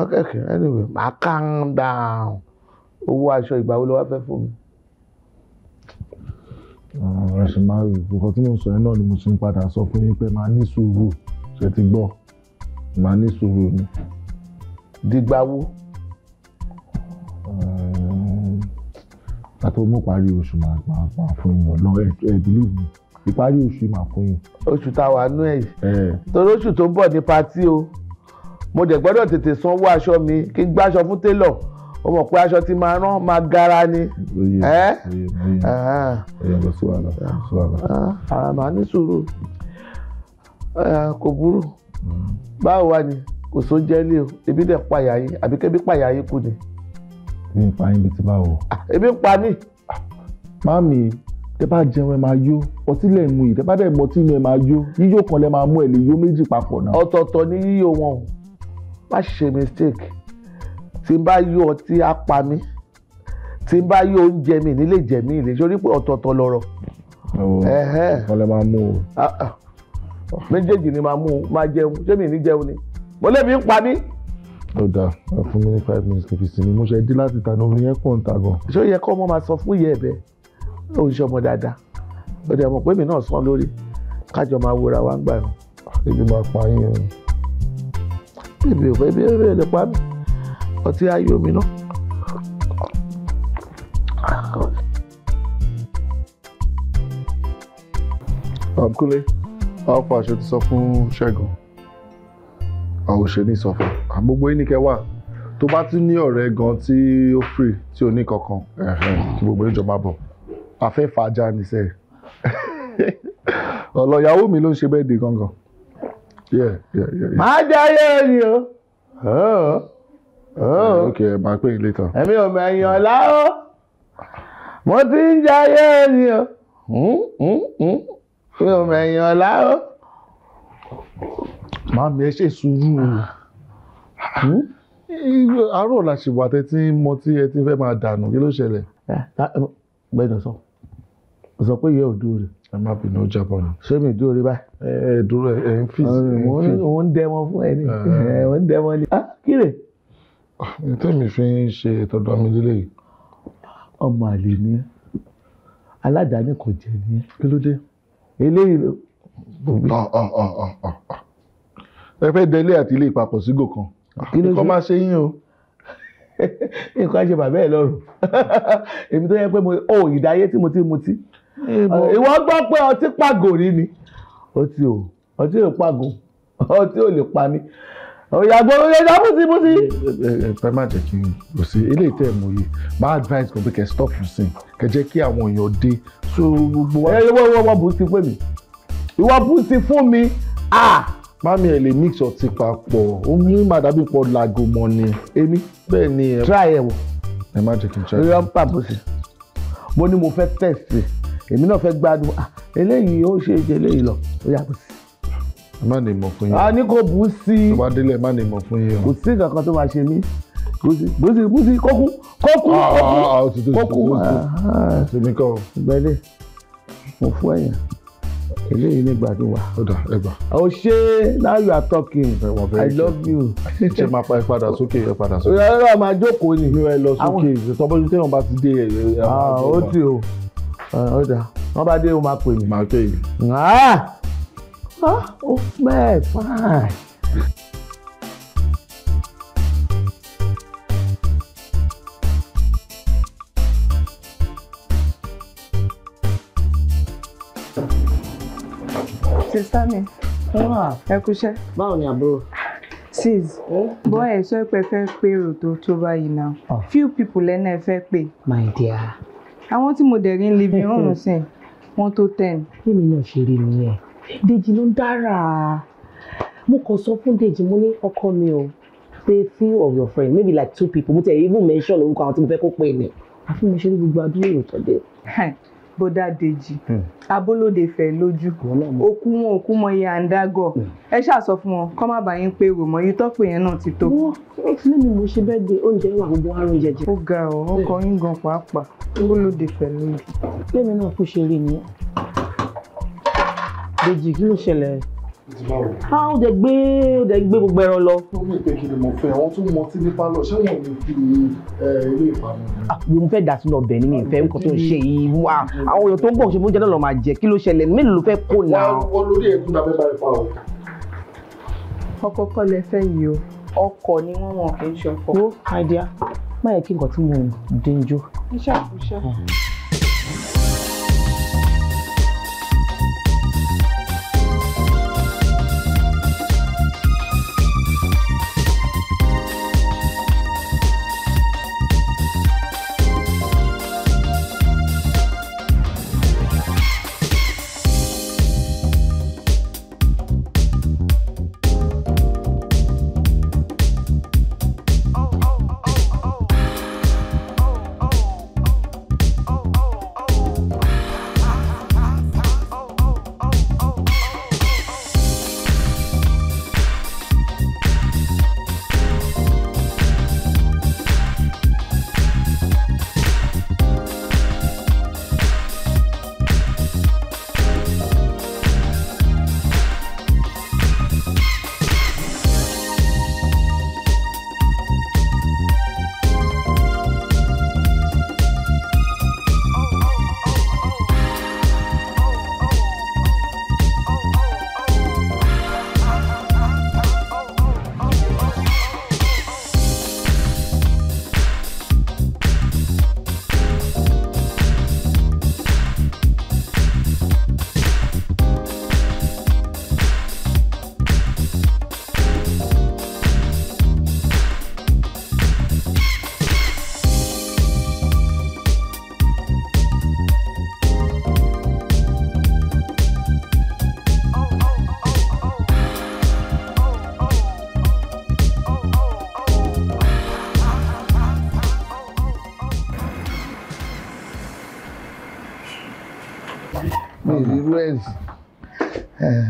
okay okay anyway máa calm down owó aṣọ ìgbà wo ló wá fẹ́ fún mi. ẹ ṣe máa rí nǹkan tí mo sọ yẹn náà ni mo ṣe ń padà sọ fún yín pé máa ní sùúrù ṣe ti gbọ́ máa ní sùúrù ni. dìgbà wo pàtó mú parí oṣù máa máa fún yín ọ̀nà ẹ believe me ìparí oṣù máa fún yín. oṣù táwa nú ẹ̀ torí oṣù tó ń bọ̀ ní patí o mo dẹ̀ gbọ́dọ̀ tètè sanwó aṣọ mi kí n gbáṣọ fún télọ̀ o mọ̀ pé aṣọ tí máa rán máa gara ni. ara màá ní sùúrù kò burú mm. báwo wá ni kò sóúnjẹ lé o ebi dẹ̀ pààyà yín àbí kébí pààyà yín kù ni ebi ah, ń pa yín bíi ti ah, báwo. ebi ń pa ní. mami tẹ bá jẹun ẹ máa yó ọtí lẹ mú yìí tẹ bá dẹ mọ ọtí inú ẹ máa yó yíyó kan lẹ máa mú ẹ lè yó méjì papọ̀ náà. ọ̀tọ̀ọ̀tọ̀ ni yíyó wọn o má ṣe mistake tí n bá yó ọtí á pa mí tí n bá yó oúnjẹ mi nílé jẹ mí ìlé sórí pé ọ̀tọ̀ọ̀tọ̀ lọ̀rọ̀. ọ̀kan lẹ máa mú o. Ah, méjèèjì ni máa mú o máa jẹun ṣé mi ní jẹun ni mọ̀lẹ́bí ń pa mí ọ̀dà fún mi ní five minutes kò fi sinmi mo ṣe dé láti ta ní orin yẹn kò ń ta gan. ṣé ó yẹ kó ọmọ máa sọ fún ìyá ẹ bẹ́ẹ̀ ó ń ṣe ọmọ dáadáa ó dẹ̀ mọ̀ pé èmi náà sán lórí kájọ máa wúra wá ń gbà nù. ebi máa pa yín o. bèbè ò bèbè èrè lè pa mí ọtí ayé omi náà. Kúnlé, àwọn aṣọ ti sọ fún Ṣẹ́gun ọ̀hùnṣe ní a gbogbo yín ní kẹ́ wà tó bá ti ní ọ̀rẹ́ gan tí ó free tí ò ní kankan kí gbogbo yín jọ máa bọ̀ àfẹ́ fàájà nìṣẹ́ *laughs* ọ̀lọ́yàwó mi ló ń ṣe bẹ́ẹ̀ di gangan. máa jayé ni o. ok máa pè é later. èmi ò mẹ̀yàn láwọ́ mo ti ń jayé ni o. Hmm? Hmm? Hmm? mi ò mẹ̀yàn láwọ́ màámi ẹ ṣe sùúrù ah. àárọ̀ la ṣì wà tẹ́tí mọ tí ẹ ti fẹ́ máa dànù kí ló ṣẹlẹ̀. Eh. gbẹ́dọ̀ sọ sọ pé ìyá ò dúró rẹ̀. ẹ má bínú ó jábọ̀ ni. ṣé mi dúró rí báyìí. ẹ ẹ dúró ẹ ń fi. òun ń dẹmọ fún ẹ ní eh. eh, òun ń dẹmọ ní. Ah, kí lè. Ah, tẹ́mi fi ń ṣe ìtọ́jú àmì líle yìí. ọmọ àlè ni ẹ aládàáni kò jẹ ni ẹ. kí ló dé. eléyìí ló ẹ fẹ́ délé àti ilé ìpapọ̀ sígò kan ah, nǹkan máa ṣe yín o. *laughs* nǹkan ṣe bàbá ẹ lọ́rùn *laughs* èmi tó yẹ pé o ìdáyé tí mo ti mutí eh, ìwọ gbọ́ pé ọtí pàgò rí ni ọtí o ọtí ò pàgò *laughs* ọtí ò lè pa mí òyàgbọ́ òyàgbọ́ bùsibùsi. ẹ má jẹ́ kí n kò sí eléyìí tẹ́ ẹ̀ mú yìí my advice kò bí kẹ́ stop using kẹ́ jẹ́ kí àwọn èèyàn dé. so gbogbo wa. ẹ eh, wọ́n wọ́n bù ú sí pé mi ìwọ bù ú sí fún mi ah mami ẹ lè mix ọtí papọ̀ ó ní màdàbí pọ̀ làgò mọ̀ ni èmi bẹ́ẹ̀ ni ẹ. try ẹ wò. ẹ má jẹ́ kí n try. ẹ pa pàbó sí mo ní mo fẹ́ test èmi náà fẹ́ gbádùn ah, eléyìí ó ṣe é jẹ eléyìí lọ ó yàtọ̀ sí má ní mọ̀ fún yín. a ní kò bú sí. tó bá délé má ní mọ̀ fún yín. kò sí kankan tó máa ṣe mí bùsí bùsí bùsí kókú kókú ah, kókú ah, kókú. ọ̀sùn mi kọ́. mo fún ẹ̀yàn eléyìí ní gbàdúrà. ọ̀dà ẹgbà. o ṣe now you are talking i love you. *laughs* ṣe máa pa ẹ padà sókè ẹ padà sókè. ìyá máa jókòó ni. mi ò lọ sókè ìtọ́bọ́jú tẹ́wọ̀n bá ti dé ẹ̀ ẹ̀ máa ah, jókòó. ó ti o ọ̀dà ah, wọ́n bá dé o máa pè mí. máa pè yìí. Ah! ó fẹ́ fine. sista mi. ẹ kúṣẹ́. báwo ni àbúrò. sis bọ́ ẹ sọ pé fẹ́ pé ròtò tó báyìí náà few people lẹ́nà ẹ fẹ́ pé. my dear. àwọn tí mo dẹ̀ rí ń libi rọrùn sí wọn tó ten. èmi náà ṣe rí nìyẹn Dèjì ló ń dára mo kàn sọ fún Dèjì mo ní ọkọ mi o pé few of your friends maybe like two people mo tẹ̀ even mention orúkọ àwọn tí mo fẹ́ kó pè ní àfi mo ṣe ní gbogbo àdúrà ìròtọ́dẹ. *laughs* bódà dèjì hmm. abólóde fẹ lójú òkú wọn òkú mọ iye àǹdágọ hmm. ẹ ṣáà sọ fún wọn kọ má bàa yín pé ròmọ yìí tọpẹ yẹn náà ti tó. ní mi mo ṣe bẹ́ẹ̀ de oúnjẹ wà gbogbo àrùn jẹjẹ. ó ga ọ ọkọ yín gan pàápàá abólóde fẹ lójú. lẹ́mi náà kú ṣe rí ni dèjì kí ló ṣẹlẹ̀ a ó dẹ̀ gbé ó dẹ̀ gbé gbogbo ẹran lọ. ó mú ìpè kí ni mo fẹ́ àwọn tó mọ tí ní pálọ̀ ṣé wọ́n mi fi ilé ìpamọ́. Ah, mo fẹ́ dà sínú ọbẹ̀ ni mi fẹ́ nǹkan tó ń ṣe yìí wá àwọn èèyàn tó ń bọ̀ ṣe fún jẹ́ náà lọ́ọ́ máa jẹ kí ló ṣẹlẹ̀ mélòó ló fẹ́ kó náà. wọ́n lórí ẹ̀kú náà fẹ́ bá ipa o. ọkọ kọ́ lẹ fẹ́ yìí o ọkọ ni wọ́n wọ̀n kì í ṣọkọ. ó àìdíá yẹ kí nǹkan tí mo dé jó. iṣẹ́ àkúṣe.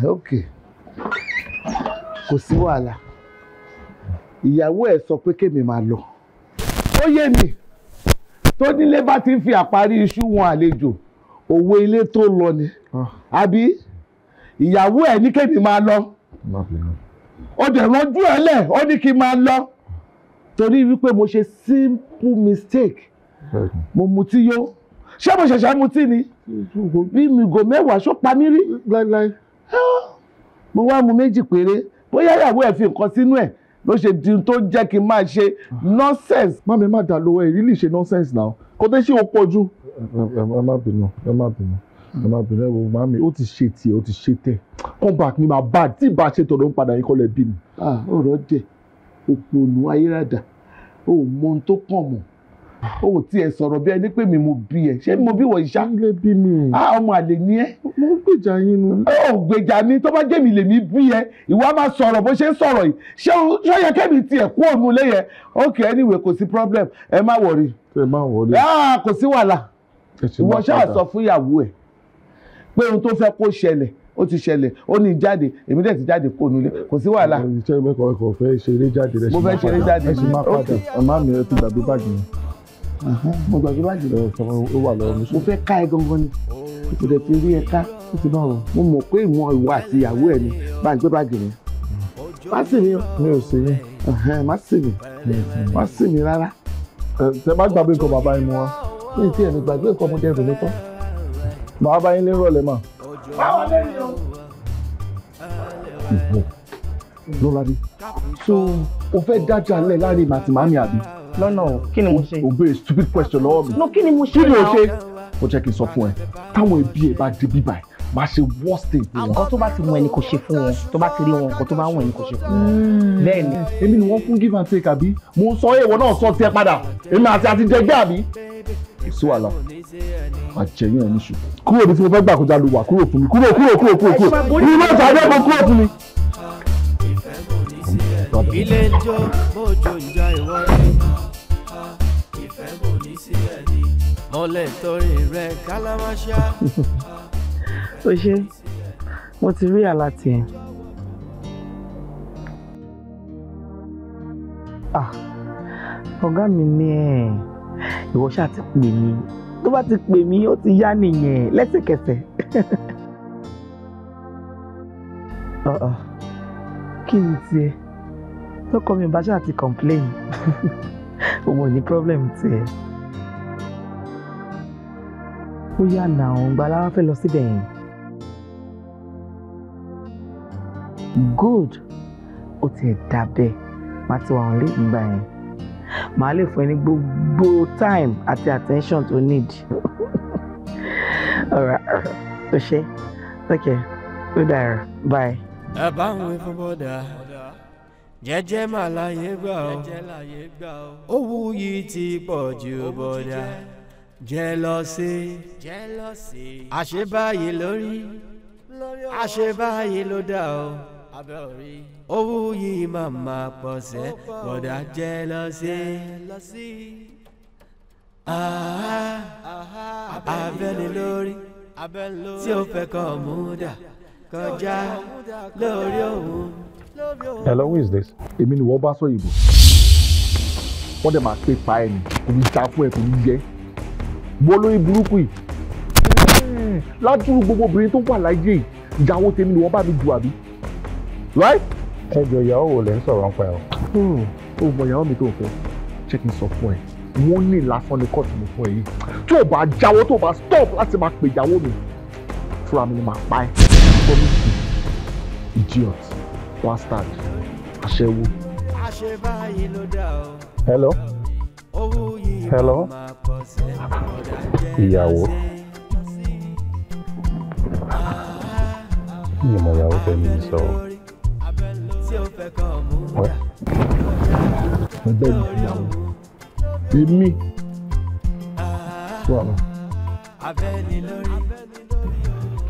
ok kò sí wàhálà ìyàwó ẹ̀ sọ pé kémi máa lọ ó yé mi tó nílé bá ti ń fi àparí iṣu wọn àlejò òwe ilé tó lọ ni ah. àbí ìyàwó ẹ̀ ní kémi máa lọ ó dẹ̀ ránjú ẹ̀ lẹ̀ ó ní kí n máa lọ torí wípé mo ṣe simple mistake mo mutí yó ṣé mo ṣẹ̀ṣẹ̀ mutí ni bí mi gò mẹ́wàá ṣó pa mí rí mo wá mu méjì péré bóyá ìyàwó ẹ̀ fi nǹkan sínú ẹ̀ ló ṣe di tó jẹ́ kí n máa ṣe nonsense. má mi má dà lówó ẹ̀ really ṣe nonsense náà kò tẹ́ ṣe ó pọ̀ jù. ẹ má bínú ẹ má bínú ẹ má bínú ẹ wo màmí ó ti ṣe tiẹ̀ ó ti ṣe tẹ̀ come back mi máa bá a tí ìbá ṣe tọ̀dọ̀ ń padà yín kọ́lẹ̀ bí mi. Ah, ọ̀rọ̀ jẹ́ òpònú ayérádà ò mọ ohun tó kàn mọ́ o ò tiẹ̀ sọ̀rọ̀ bí ẹni pé mi mo bí ẹ ṣé mo bí wọ ìṣá. ilé bí mi. a ọmọ àlè ni ẹ. mo ń gbèjà yín nu. ó gbèjà mi tó bá jẹ́ mi lèmi bí ẹ ìwà máa sọ̀rọ̀ bó ṣe ń sọ̀rọ̀ yìí ṣé ó yẹ kẹ́mi tiẹ̀ kú òun léyẹ ok anyway kò sí problem ẹ má wọrí. ẹ má wọrí. kò sí wàhálà ìwọ ṣáà sọ fún ìyàwó ẹ pé ohun tó fẹ́ kó ṣẹlẹ̀ ó ti ṣẹlẹ̀ ó ní jáde èmi dẹ̀ ti jáde kó nulẹ̀ kò sí wàhálà. mo fẹ́ ṣeré jáde rẹ̀ ṣì máa padà ẹ̀ máa mi ẹ ti gbàgbé báàgì mi mo gbàgbé báàgì lọ́wọ́ kan ó wà lọ́wọ́ mi. mo fẹ́ ká ẹ gangan ni kò dẹ̀ ti rí ẹ ká ó ti dọ̀rùn mo mọ̀ pé ìmọ̀ ìwà àti ìyàwó ẹ ni bá ń gbé báàgì mi. má sì mi o. mi ò sí yín. má sì mi má sì mi rárá. ṣe má gbàgbé nǹkan bàbá yín mu wá. mi ì tiẹ̀ ní gbàgbé nǹkan mo dẹ̀rù nítọ́. màá bá yín lé rọ̀lẹ́ mà. báwo lè ní o. ìbò lọ́ládé so o fẹ́ dájà lẹ̀ láàrin màtìmáàmì àbí lọ́nà o kí ni mo ṣe. o béèrè stupid question lọ́wọ́ mi. no kí ni mo ṣe náà. kí ni o ṣe. mo jẹ́ kí n sọ fún ẹ táwọn ẹbí ẹ bá dé bíbá ẹ máa ṣe worst thing fún wọn. nǹkan tó bá ti mú ẹni kò ṣe fún wọn tó bá ti rí wọn nǹkan tó bá wù ẹni kò ṣe fún wọn. Hmm. bẹ́ẹ̀ni. èmi ni wọ́n fún give and take àbí mo sọ èèwọ̀ náà sọ tiẹ̀ padà èmi àti àti jẹgbẹ́ àbí. kò sí wàhálà àjẹyìn ẹ̀ níṣu kúrò ní tí mo fẹ́ gbà kọjá lu wà kúrò fún mi kúrò kúrò kúrò kúrò kúrò kúrò náà tàbí ẹ̀kọ́ kúrò fún mi. ilé ń jó bójú ń já ìwọ́ra. ọlẹ torí rẹ kálàmáṣá. *laughs* o ṣe mo ti rí àlá tiẹ̀. Ah, ọ̀gá mi ní ẹ̀ ìwọ ṣáà ti pè mí tó bá ti pè mí ó ti yá nìyẹn lẹ́sẹ̀kẹsẹ̀. *laughs* Ah, ah. kí ni tiẹ̀ lọ́kọ mi ò bá ṣáà ti complain *laughs* òun ò ní problem tiẹ̀ ó yà nà ọ̀hún gba lára fẹ́ lọ síbẹ̀ yẹn. good ó tiẹ̀ dà bẹ́ẹ̀ má ti wà wọn lé ìgbà yẹn màá lè fún ẹ ní gbogbo time àti attention tó need. ọ̀rọ̀ ó ṣe ok ó dára bye. ẹ bá àwọn ẹfọ bọ́dà gbà ó owó yìí ti pọ̀ jù bọ́dà jealousy jealousy àṣebáyé lórí àṣebáyé ló dá o owó yìí máa ma pọ̀ sẹ́ bọ̀dá jealousy abẹ́ni lórí tí ó fẹ́ kọ́ mú dà kọjá lórí òun. hello who is this? èmi ni wọ́n bá sọ ìbò wọ́n dẹ̀ máa pè pa ẹni kò ní ta fún ẹ kò ní yẹ wọ́n lórí burúkú yìí hmm, ládùúrú gbogbo obìnrin tó wà láyé yìí ìyàwó tèmi ni wọ́n bá mi jù àbí. ẹjọ ìyàwó wo lè ń sọ̀rọ̀ nípa ẹ o. Hmm, o mọ ìyàwó mi tó ń fẹ́ ṣé kí n sọ fún ẹ wọ́n ní lásán ní kóòtù mi fún ẹ yìí tí ò bá jáwọ́ tó bá stop láti máa pè ìyàwó mi fúra mi ni màá pa ẹ. idiot bastard aṣẹ́wó. àṣebáyé ló dá o. hello. hello hello ìyàwó ìmọ̀ ìyàwó tẹ̀lé mi sọ wẹ́ ẹgbẹ́ mi ìyàwó èmi wà lọ. abẹ́ni lórí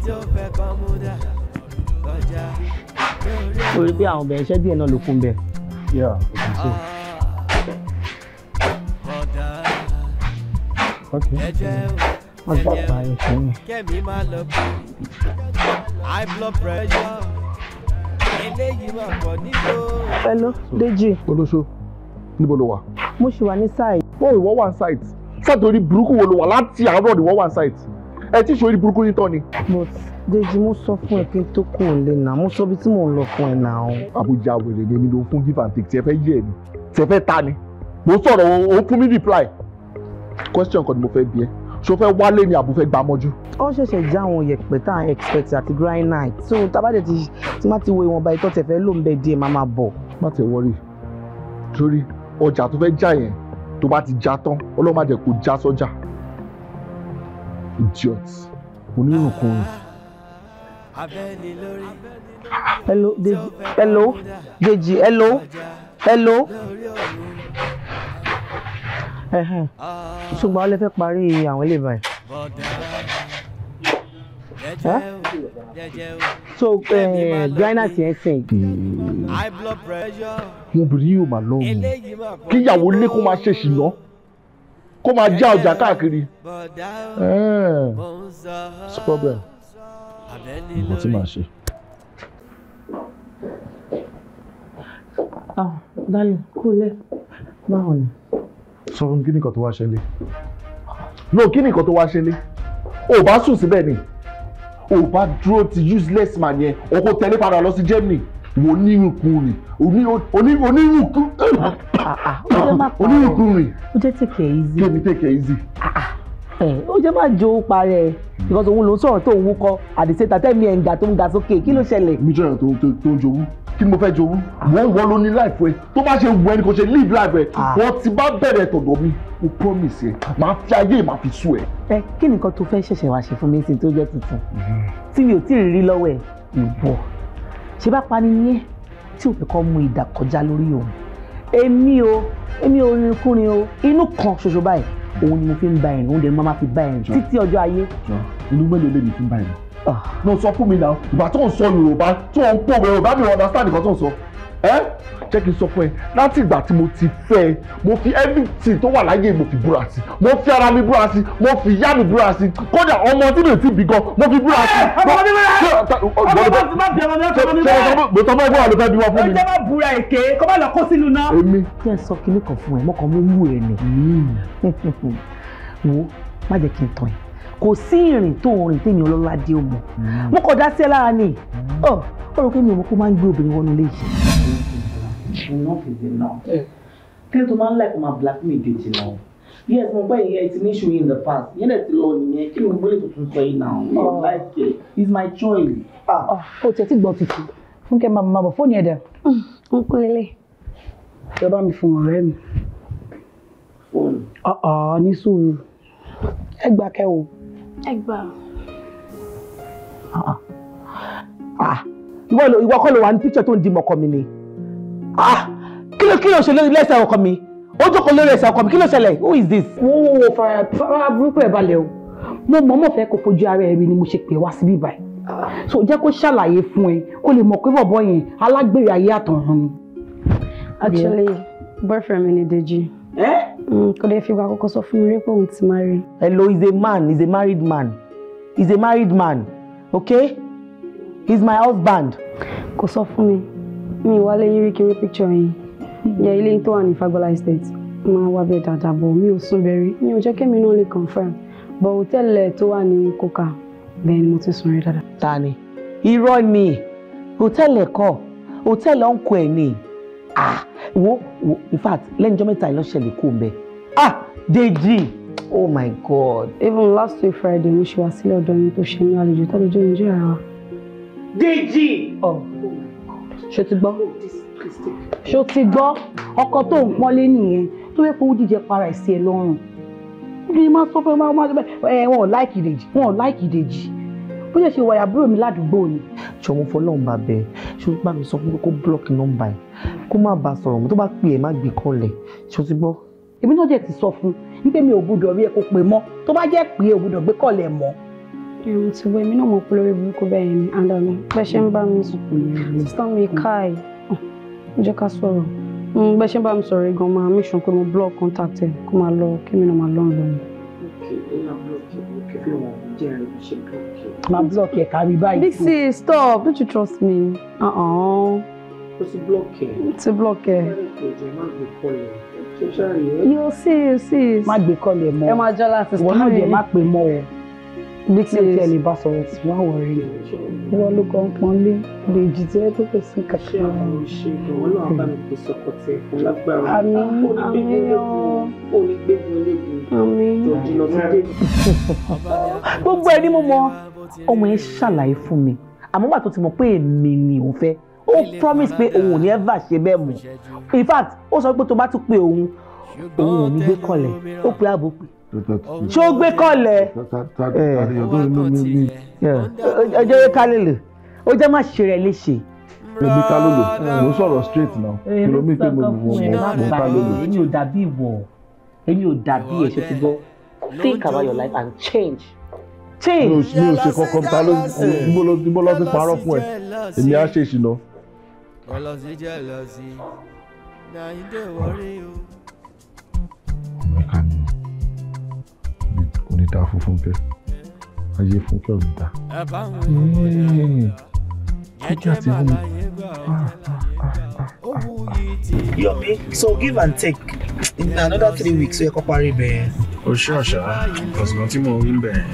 tí ó fẹ́ kọ́ mú dá kọjá. orí pé àwọn ọbẹ̀ iṣẹ́ díẹ̀ náà ló kún bẹ́ẹ̀. Okay. What's that by thing? Get me my High blood pressure. Hello, Deji. Olóṣó, ni bolowa. wà? Mo ṣì wà ní site. Wọ́n wo wà site. Sátòrí burúkú wo ló wà láti àárọ̀ ni wọ́n wà site. Ẹ tí ìṣòrí burúkú yìí tán ni. But Deji mo sọ fún ẹ pé tó kò lè nà mo sọ bí tí mò ń lọ fún ẹ nà o. Àbújá wèrè ni èmi ló fún give and take tí ẹ fẹ́ yé ni tí ẹ fẹ́ ta ni mo sọ̀rọ̀ o fún mi reply question kan ni mo fẹ́ bi ẹ́ ṣo fẹ́ wálé ni àbò gbà mọ́jú. ó ṣẹ̀ṣẹ̀ já àwọn yẹ̀pẹ̀ tá à ń expect àti granite so tábàdé ti ti má ti wo ìwọ̀nba ìtọ́ tẹ̀ fẹ́ ló ń bẹ díẹ̀ má máa bọ̀. má tẹ wọrí torí ọjà tó fẹ́ já yẹn tó bá ti já tán ọlọ́run má jẹ́ kó já sọ́jà idiot onírùn kan rìn. hello Deji hello Deji hello. hello? ṣùgbọ́n ó lè fẹ́ parí àwọn ilé ìbáyìí. so grinder ti ẹ sìn. obìnrin yóò máa lọ́wọ́ kíyàwó lé kó máa ṣèṣì lọ kó máa já ọjà káàkiri. it's problem mo ti máa ṣe. ah dalẹ̀ kúlẹ̀ báwo ni sọ fún mi kí nìkan tó wá ṣẹlẹ̀ no kí nìkan tó wá ṣẹlẹ̀ ò bá sùn síbẹ̀ ni ò bá dúró ti useless man yẹn o kò tẹ̀lé padà lọ sí Germany wo onírúkú ni onírúkú onírúkú ni. o ah, ah, ah. jẹ́ take it easy. kí ni take it easy ó jẹ́ máa jó parẹ́ because òun ló ń sọ̀rọ̀ tó ń wúkọ́ àdìsẹ́ tàtẹ́mi ẹ̀ ń ga tó ń ga sókè kí ló ṣẹlẹ̀. mi jọ̀rọ̀ tó tó jowú kí ni mo fẹ́ jowú wọ́n wọ́n ló ní láìpẹ́ ẹ tó bá ṣe wù ẹ́ kò ṣe live life ẹ wọ́n ti bá bẹ̀rẹ̀ tọ̀dọ̀ mi mo promise ẹ máa fi ayé máa fi sú ẹ. ẹ kí nìkan tó fẹ́ ṣẹ̀ṣẹ̀ wá ṣe fún mi sin tó jẹ́ tuntun tí mi ò tí ì rí lọ́wọ́ ẹ̀ ìwọ ṣe bá pa nìyẹn tí òfin kan mú lórí òun èmi o èmi ò rin kúrin o inú kan ṣoṣo báyìí òun ni mo fi ń ba ẹ̀rìn òun dẹ̀ ni mo máa fi ba ẹ̀rìn títí ọjọ́ ayé. inú mélòó lèmi fi ń ba ẹ̀rìn. no sọ fún mi náà ìgbà tó ń sọ yorùbá tó ń pòwe yorùbá mi understand nǹkan tó ń sọ ẹ́ jẹ́ kí n sọ fún ẹ láti ìgbà tí mo ti fẹ́ ẹ mo fi everything tó wà láyé mo fi búra sí mo fi ara mi búra sí mo fi ìyá mi búra sí kódà ọmọ tí mi ò tí bí gan mo fi búra sí. ọmọ mi bẹ̀rẹ̀ ọmọ bá ti má bí ọmọ mi ọmọ mi bẹ̀rẹ̀. mo tọ́ bá ẹgbẹ́ wà ló fẹ́ bí wọ́n fún mi. ọjọ́ bá búra èké kó má lọ kó sínú náà. èmi kí ẹ sọ kinní kan fún ẹ mọ́kàn mo wú ẹ nì. *laughs* wo má jẹ́ kí n tán ẹ kò sí ìrìn tó rìn tèmi Ọlọ́ládé ò mọ̀ hmm. mo kọ̀ dá sí ẹ lára ni hmm. ọ ó rò pé mi ò mọ̀ kó máa ń gbé obìnrin wọnú ilé yìí. enough is enough eh. kí ló tó máa ń láìpẹ́ máa black me kejì náà yes mo gbọ́ ìyẹn ti ní ṣu in the past yẹn lè ti lọ nìyẹn kí ni mo gbọ́dọ̀ tuntun sọ yìí náà mi ò like it it's my choice. Ah. o tẹ̀ tí gbọ́ tuntun fúnkẹ́ máa máa bọ̀ fóònù ẹ̀ dẹ̀. n hmm, kún lélẹ̀. ìjọba mi fún ọ̀rẹ́ mi. fóònù. ọ̀ọ́ ní sùúrù ẹ gbà kẹ́ ẹ gbà. Ah, ah. ìwọ kọ́ ló wà ní píṣọ̀ tó ń di mọ̀kọ́ mi ni ah, kí ló kí ló ṣe lórí lẹ́sẹ̀ ọkọ mi ó jókòó lórí ẹsẹ̀ ọkọ mi kí ló ṣẹlẹ̀ who is this. wo wo wo fara fara burúkú ẹ balẹ̀ o mo mọ̀ mọ̀ fẹ́ kó fojú ara ẹ rí ni mo ṣe pè wá síbí báyìí so jẹ́ kó ṣàlàyé fún ẹ kó lè mọ̀ pé bọ̀bọ̀ yẹn alágbèrè ayé àtọ̀run ni. actually boyfriend mi ni Deji. Eh? kò dé fìgbà àkọ́kọ́ sọ fún mi rí pé òun ti máa rí. hello he's a man he's a married man he's a married man okay he's my husband. kò sọ fún mi mi wálé yín rí kiri picture yẹn yẹ ilé tó wà ní Fagbọ́lá estate máa wá bẹ́ẹ̀ dáadáa bọ̀ mi ò sún bẹ̀rẹ̀ mi ò jẹ́ kémi náà lè confirm but hòtẹ́ẹ̀lì tó wà ní Coca bẹ́ẹ̀ ni mo ti sùn rí dáadáa. ta ni irọ́ ni hòtẹ́ẹ̀lì ẹ̀kọ́ hòtẹ́ẹ̀lì ọ̀nkọ́ ẹ̀ ni ah wo wo in fact lẹ́njọ́ mẹ́ta ìlọ́ṣẹ̀lẹ̀ kò mbẹ́ ah Deji oh my god. even last week friday mo ṣe wá sílẹ̀ ọ̀dọ̀ yín tó ṣe ní àlejò tọ́lẹ́jọ́ yẹn jẹ́ ara. Deji oh, oh ṣé ti gbọ́ oh, ṣé ti gbọ́ ọkọ tó ń pọ́nlé nìyẹn tó yẹ kó jíjẹ para ẹ̀ sí ẹ lọ́rùn bí má sọ fún má má ẹ wọn ò láìkì Deji wọn ò láìkì Deji bó ṣe ṣe wà àbúrò mi ládùúgbò ni. jọ̀wọ́ fọlọ́run bá bẹ ṣùgbọ́n bá mi sọ fún mi kó búlọ́ọ̀kì nọ́mbà yìí kó má bàa sọ̀rọ̀ mọ́ tó bá pè é má gbé kọlẹ̀ ṣó ti gbọ́. èmi náà jẹ́ ti sọ fún un pé mi ò gbúdọ̀ rí ẹ kó pè mọ́ tó bá jẹ́ pé ò gbúdọ̀ gbé kọlẹ̀ mọ́. ẹ̀rù ti wọ èmi náà mọ̀ pé lórí burúkú bẹ́ẹ̀ ni àdàlù bẹ́ ṣe ń bá mi sùn sísan mi káì jẹ́ ká sọ̀rọ̀ bẹ́ ṣe ń block contact ẹ̀ block ẹ̀ kárí báyìí. big sis stop don't you trust me. Uh -uh ó ti block ẹ. ó block ẹ. yóò sí sí. má gbé kọ́lẹ̀ mọ́ ẹ máa jọ láti sáré wọn náà dẹ̀ má pè mọ́ ọ bí tí tí ẹ lè bá sọ̀rọ̀ tí wọ́n wọ̀ rí wọ́n ló kọ́ ń pọn lé lè jì tí ẹ tó kò sí kàkà. ṣé àwọn òṣèlú wọn náà bá mi pèsè ọkọ tí lágbára àmì àmì àmì. gbogbo ẹni mo mọ ọmọ yẹn ṣàlàyé fún mi àmọ́ bàtò ti mọ̀ pé èmi ni òun fẹ́ ó promise pé òun ò ní ever ṣe bẹ́ẹ̀ mọ́ in fact ó sọ pé tó bá tún pé òun òun ò ní gbé kọlẹ̀ ó pé ààbò pé ṣé ó gbé kọlẹ̀ ọjọ́ yẹ kálẹ̀ lè ó jẹ́ má ṣe rẹ̀ léṣe. èmi ká ló lò mo sọ̀rọ̀ straight now kìlómí pé mo mọ̀ mọ̀ ká ló lò. èmi ò dàbí ìwọ̀ èmi ò dàbí ẹ̀ṣẹ̀ ti gbọ́ think about your life and change change. mi ò ṣe kankan ta ló ń bọ́ lọ́sí parọ́ fún ẹ èmi á ṣe ìṣìná jealousy jealousy na you dey worry o. Oh. ayé fúnkẹ́ onídàá. ẹ ah, ah, ah, Yomi so give and take in another three weeks ó yẹ kó parí bẹ́ẹ̀. o ṣe ọ̀ṣà ọ̀sán tí mo ń bẹ̀ ẹ́.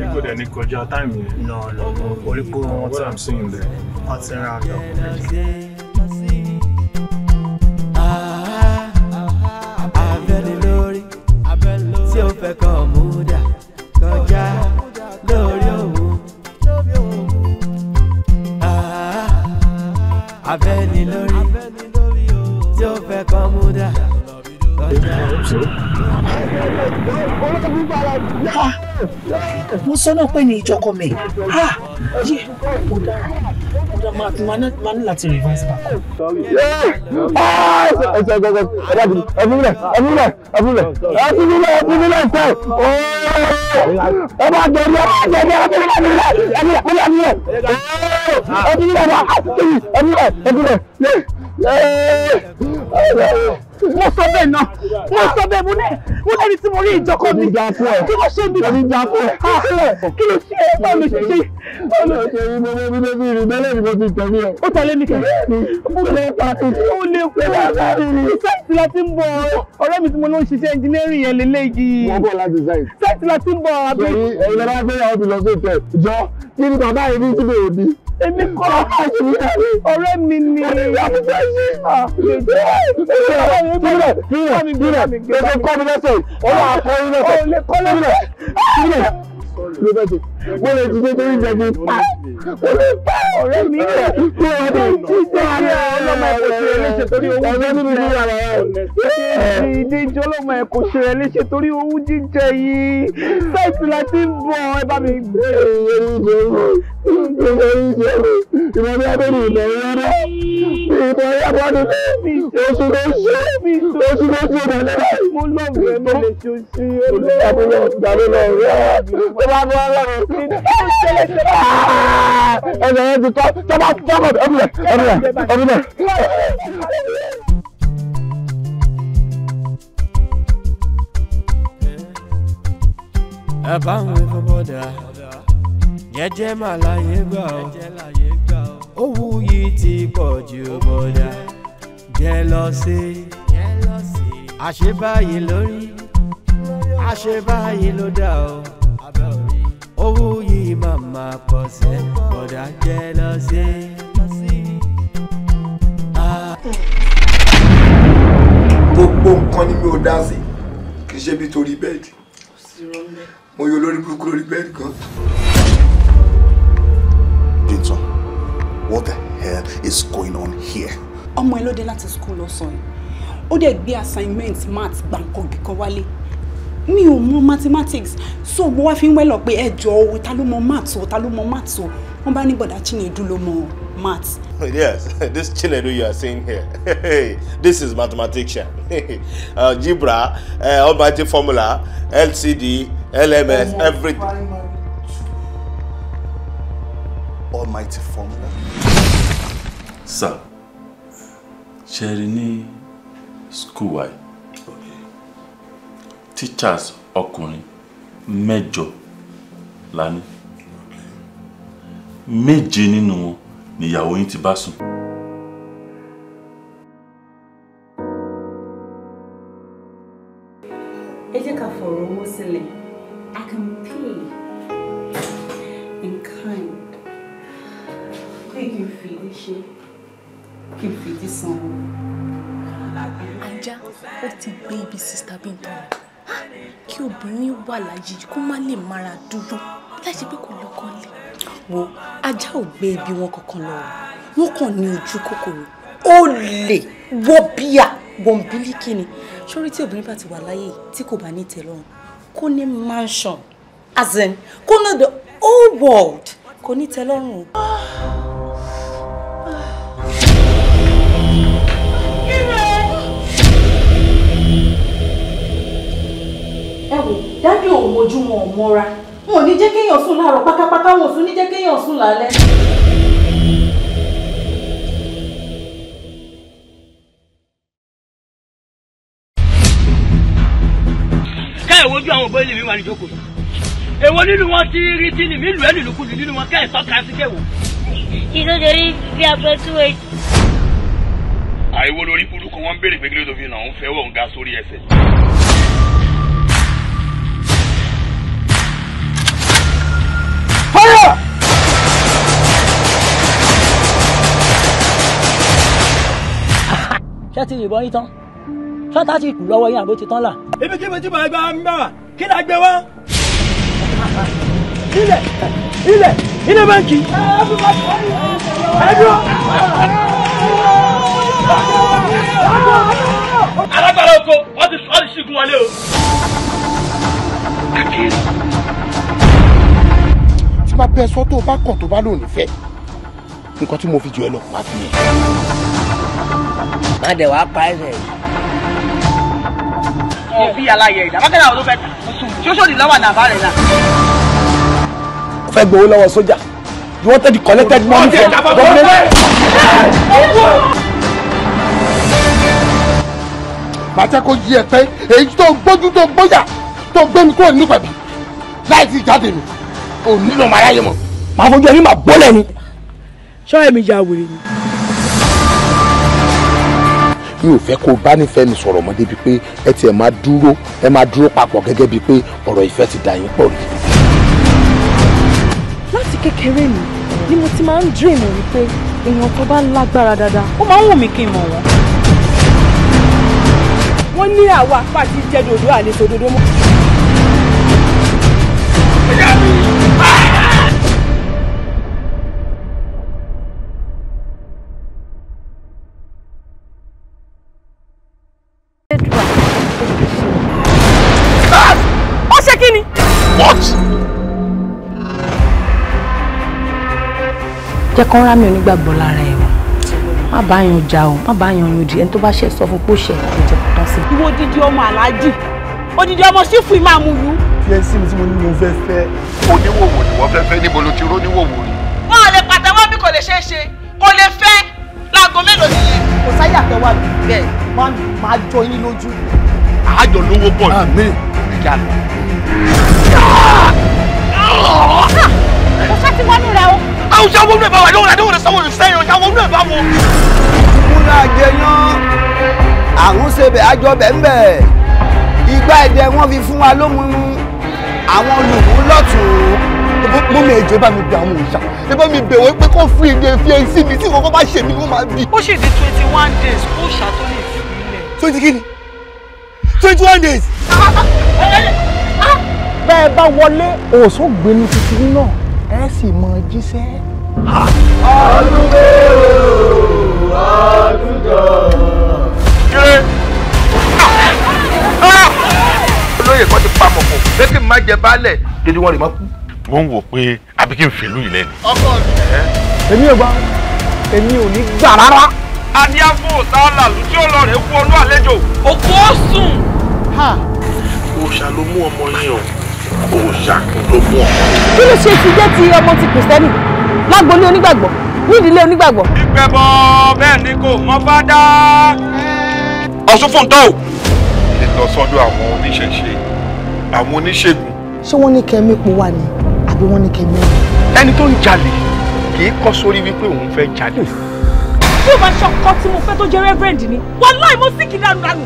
o kò dẹ̀ ní kọjá táìmù yẹn. no no orí kó wọn tí i'm seeing there party round up. abẹ́ni lórí tí ó fẹ́ kọ́ múdà kọjá lórí òun. abẹ́ni lórí tí ó fẹ́ kọ́ múdà kọjá lórí òun. mo sọ náà pé ní ìjọkọ mi. ó ah, dára máa ní láti reverse back. ẹsẹ̀ gbọ́dọ̀ ẹ̀dá bìí ẹ̀fúnlẹ̀ ẹ̀fúnlẹ̀ ẹ̀fúnlẹ̀ ẹ̀fúnlẹ̀ ẹ̀fúnlẹ̀ ẹ̀fẹ̀ ọba jẹbi ọba jẹbi ẹ̀fúnlẹ̀ ẹ̀fúnlẹ̀ ẹ̀fúnlẹ̀ ẹ̀fúnlẹ̀ ẹ̀fúnlẹ̀ ẹ̀fúnlẹ̀ ẹ̀fúnlẹ̀ ẹ̀fúnlẹ̀ ẹ̀fúnlẹ̀ mo sọ bẹ́ẹ̀ náà mo sọ bẹ́ẹ̀ mo lẹ́ni tí mo rí ìjọkọ mi kí ló ṣe mi kí ló ṣe é báwo ló ṣe ṣe báwo ló ṣe rí mo rí mo rí mẹ́lẹ̀ ni mo fi tẹ̀lé ẹ̀. ó tẹ̀lé mi kẹ́ mo lè pàtó ó lè pẹ́ sẹ́ẹ̀tì la ti ń bọ̀ ọ̀rẹ́ mi tí mo lọ ń ṣiṣẹ́ engineering yẹn lélẹ́yìí. wọ́n bọ̀ láti sẹ́ẹ̀tì. sẹ́ẹ̀tì la ti ń bọ̀ abẹ́. ẹ̀yin lọ́wọ́ fẹ́ yà ọ́ fi lọ sí ìtẹ̀ jọ kí ni bàbá yìí ní síbi òbí èmi kọ́ ọ̀rẹ́ mi ni. ọ̀rẹ́ mi ni. bílẹ̀ bílẹ̀ bílẹ̀ kọ́ mi lẹ́sẹ̀ yìí ọlọ́ àkọ́yìn lẹ́sẹ̀ bílẹ̀ bílẹ̀ bílẹ̀ mo lè jíjẹ torí ìjẹbi pa mo pa ọ̀rẹ́ mi rẹ mi ò lè jíjẹ rẹ ọlọmọ ẹkọ ṣe léṣe torí owó jíjẹ rẹ ìdíje ọlọmọ ẹkọ ṣe léṣe torí owó jíjẹ yìí sáìtì la ń bọ̀ ẹ bá mi gbé. ìmọ̀ ní abẹ́rẹ́ ìmọ̀ rárá ìmọ̀ ní abọ́dún oṣù tó ṣe oṣù tó ṣe ìmọ̀lẹ́ báyìí. mo lọ rẹ mo lè ṣe oṣù olóòwò àbúrò ìgbàlódé rẹ tó bá bọ́ ọlọ́run mi ní. ẹ̀rọ yẹn ti kọ́ tọ́ba tọ́ba ọ̀bùnẹ̀ ọ̀bùnẹ̀ ọ̀bùnẹ̀. ẹ bá ń wé fún bọ́dà jẹ́jẹ́ mà láyé gbà ó owó yìí ti pọ̀ ju bọ́dà jẹ́ lọ sí àṣebáyé lórí àṣebáyé ló dá o mama pọ̀sẹ̀ bọ̀dá jẹ́ lọ sí. gbogbo nǹkan ni mi ò dá sí kì í ṣe bí torí bẹ́ẹ̀dì mo yọ lórí burúkú lórí bẹ́ẹ̀dì kan. Bintan, what the hell is going on here? ọmọ ẹ ló dé láti school lọ́sàn-án ó dẹ̀ gbé assignment math gbàǹkan bìkan wálé mi ò mọ mathematics so mo wá fi ń wẹ́lọ̀ pé ẹ jọ o ta ló mọ maths o ta ló mọ maths o wọ́n bá ní bọ̀dá Chinedu ló mọ maths. yes *laughs* this Chinedu you are seeing here *laughs* this is mathematician algebra *laughs* uh, uh, almighty formula LCD LMS everything. almighty formula. sir ṣe rí ní school wáyé teachers ọkùnrin mẹ́jọ la ní méje nínú wọn níyàwó yín ti bá sùn. ẹ jẹ́ ká fọ̀rọ̀ owó I can pay in kind pé kí n fìdí ṣe kí n fìdí sanwó. ajá ó ti gbé ibi sísá bí n tọrọ kí obìnrin wà láyé kó má lè mara dúró láti pé kò lọ́kàn lẹ̀. wo ajá ò gbé ibi wọn kankan lọ wọn kàn ní ojú kòkòrò ó lè wọ bíà bọ̀m̀bílíkì ni sórí tí obìnrin bá ti wà láyé tí kò bá ní tẹ̀lọ́rùn kó ní mansion as in kó ná the whole world kò ní tẹ̀lọ́rùn o. wò dájú òun mojú wọn ò mọ́ra wọn ò ní jẹ́ kéèyàn sùn láàárọ̀ pátápátá wọn ò tún ní jẹ́ kéèyàn sùn lálẹ́. káyọ̀ wojú àwọn ọ̀bọ ilé mi wà ní ìjókòó yìí èwo nínú wọn ti rí tí nìmí lù ẹ́ nìlúkulù nínú wọn káyọ̀ tọ́ka sí kẹwò. ìdójẹ́rí bí agbẹ́ tún wẹ̀ àìwo lórí burúkú wọn ń béèrè pé kí ló tó fi hàn ń fẹ́ wọ̀ ń ga sórí ẹsẹ̀. Fire! Ṣé ti yìnbọn yín tán? Ṣọ́tà ti kù lọ́wọ́ yín àbó ti tán là. Ibi kí mo ti máa gba mi bá kí ni a gbé wá? Ilẹ̀ ilẹ̀ ilẹ̀ báńkì. Alágbára oko, wọ́n ti ṣígun wọlé o bá bẹ sọ tó o bá kàn tó bá lò nífẹ̀ẹ́ nǹkan tí mo fi jù ẹ lọ máa fi yẹn. má dẹ̀ wá pa ẹsẹ̀ yìí. ṣé bí aláyẹ ìdá mákàlá wo tà ṣóṣó ni lọ́wọ́ nàbà rẹ̀ la. fẹ́ gbowó lọ́wọ́ sójà you wanted the collected money from government. bàtẹ́ kó yí ẹ pé èyí tó gbójú tó gbóyà tó gbé mi kúrò nípàbí láì sí jáde mi o nílò màá ráyè mọ̀ màá fojú ẹni màá bọ́lẹ̀ ni. sọ́yà mi ya wèrè ni. mi ò fẹ́ kó o bá nífẹ̀ẹ́ mi sọ̀rọ̀ mọ́ débi pé ẹ tiẹ̀ máa dúró ẹ máa dúró papọ̀ gẹ́gẹ́ bíi pé ọ̀rọ̀ ìfẹ́ ti dà yín pọ̀ rí. láti kékeré mi ni mo ti máa ń dream wípé èèyàn tó bá lágbára dáadáa ó máa ń wù mí kí n mọ̀ wọ́n. wọ́n ní àwa pàtí jẹ́ dòdò àlejò dòdò mọ́ jẹ́ kán rá mi ò ní gbàgbọ́ lára ẹ̀ má bá yan ọjà o má bá yan ọyọdì ẹni tó bá ṣe sọ fún pé ó ṣe ìjẹ kó tán sí. ìwọ odidi ọmọ aláàjì odidi ọmọ sífù ìmáàmù yìí yẹn sí mi tí mo ní mo fẹ́ fẹ́. oníwòwò ni wọ́n fẹ́ fẹ́ níbo ló ti rọ́ níwòwò ni. wọn ò lè pàtẹ́wọ́ bí kò lè ṣeé ṣe kò lè fẹ́ láago mélòó nìyẹn. kò sáyé àtẹwà bí bẹ́ẹ̀ máa jọ yín lójú. àjọ lówó pọ̀ ní. àmín. ìjà lọ. kò sá wọnú rẹ o. àwọn wọnú ẹ̀ bá wà lóhùn àdéhùn rẹ̀ sanwó-ẹ̀ sẹ́yìn ọjà wọnú ẹ̀ bá wọ. ìkúnlẹ̀ àjẹyàn àrùn ṣe bẹ̀ àjọ bẹ̀ ń bẹ̀ ìgbà ẹ̀dẹ̀ wọn fi fún wa lómùú àwọn olùkú lọ́tùn-ún mú mi ẹjọ́ bá mi bẹ àwọn òòṣà ẹ bá mi bẹ̀ pé kó fún ìdí fi ẹyin sí mi tí kòkó bá ṣe mí kó máa bí. ó ṣe di twenty one days kó ṣàtó lè fi ilẹ̀. twenty kí ni twenty one days. bẹ́ẹ̀ bá wọlé òṣògbénu tuntun náà ẹ sì mọ jíṣẹ́. ọdún mélòó ọdún jọ. olóyè kan ti pa mọ̀kọ̀ pé kí n má jẹ baálẹ̀ dédé wọn rè má kú. mo wò pé àbí kí fèlú yìí lẹ́nu. ọkọ rẹ. èmi ò gbà èmi ò ní gbà rárá. adiafo sàálà lùtí ọlọrẹ wọnú àlejò òkú ó sùn. òòṣà ló mú ọmọ yẹn o òòṣà ló mú ọmọ yẹn. kí ló ṣe ti jẹ́ ti ọmọ ti kìrìsìtẹ́nì lágbolé onígbàgbọ́ nídìílé onígbàgbọ́. gbígbẹ́bọ bẹ́ẹ̀ ni kò mọ bá dá. ọ̀ṣun fún un tó. ìlọsọdọ̀ àwọn oníṣẹ̀ṣe àwọn oníṣègùn. ṣé wọ́n ní kẹ́mi po wá ni àbí wọ́n ní kẹ́mi wá. ẹni tó ń jalè kì í kọ́ sórí wípé òun fẹ́ jalè. bí o bá ṣọkọ tí mo fẹ́ tó jẹ́ rẹ́bẹ̀rẹ̀ndì ni wọ́n láì mọ́ síkì dànù dànù.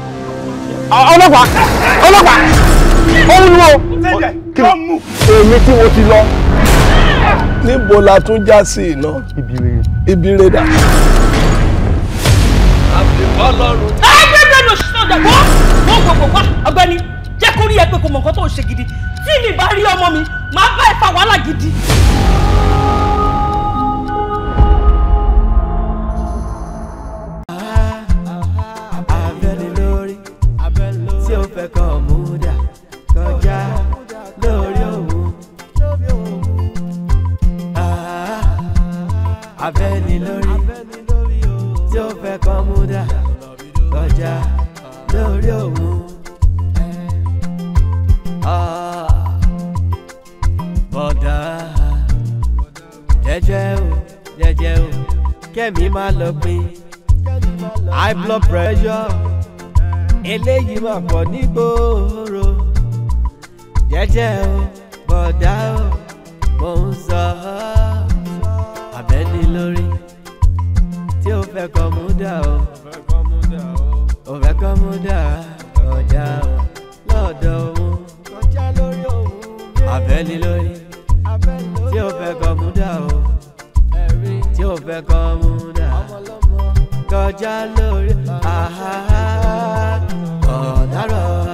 ọlọ́pàá ọlọ́pàá òun ni o. èmi tí mo ti lọ. níbo la tún já sí iná ibi rédà. àbẹ̀bọ̀ lọ́rùn. ẹgbẹ́ bẹ́ẹ̀ lọ sí ọ̀dà wọ́n wọ́n gbọ̀gbọ̀ wá ọgbẹ́ni jẹ́ kó rí ẹ pé kò mọ̀ nǹkan tó ṣe gidi tí mi bá rí ọmọ mi máa bá ẹ fa wàhálà gidi. kẹ́mi máa lọ pin high blood pressure eléyìí máa pọ̀ nígboro jẹ́jẹ́ o bọ̀dá o mò ń sọ ọ́ abẹ́ni lórí tí o fẹ́ kọ́ mú dà o o fẹ́ kọ́ mú dà ọ̀dà o lọ́dọ̀ òun abẹ́ni lórí tí o fẹ́ kọ́ mú dà o ò fẹ́ kọ́ mú dà kọjá lórí ọ̀dàrọ̀.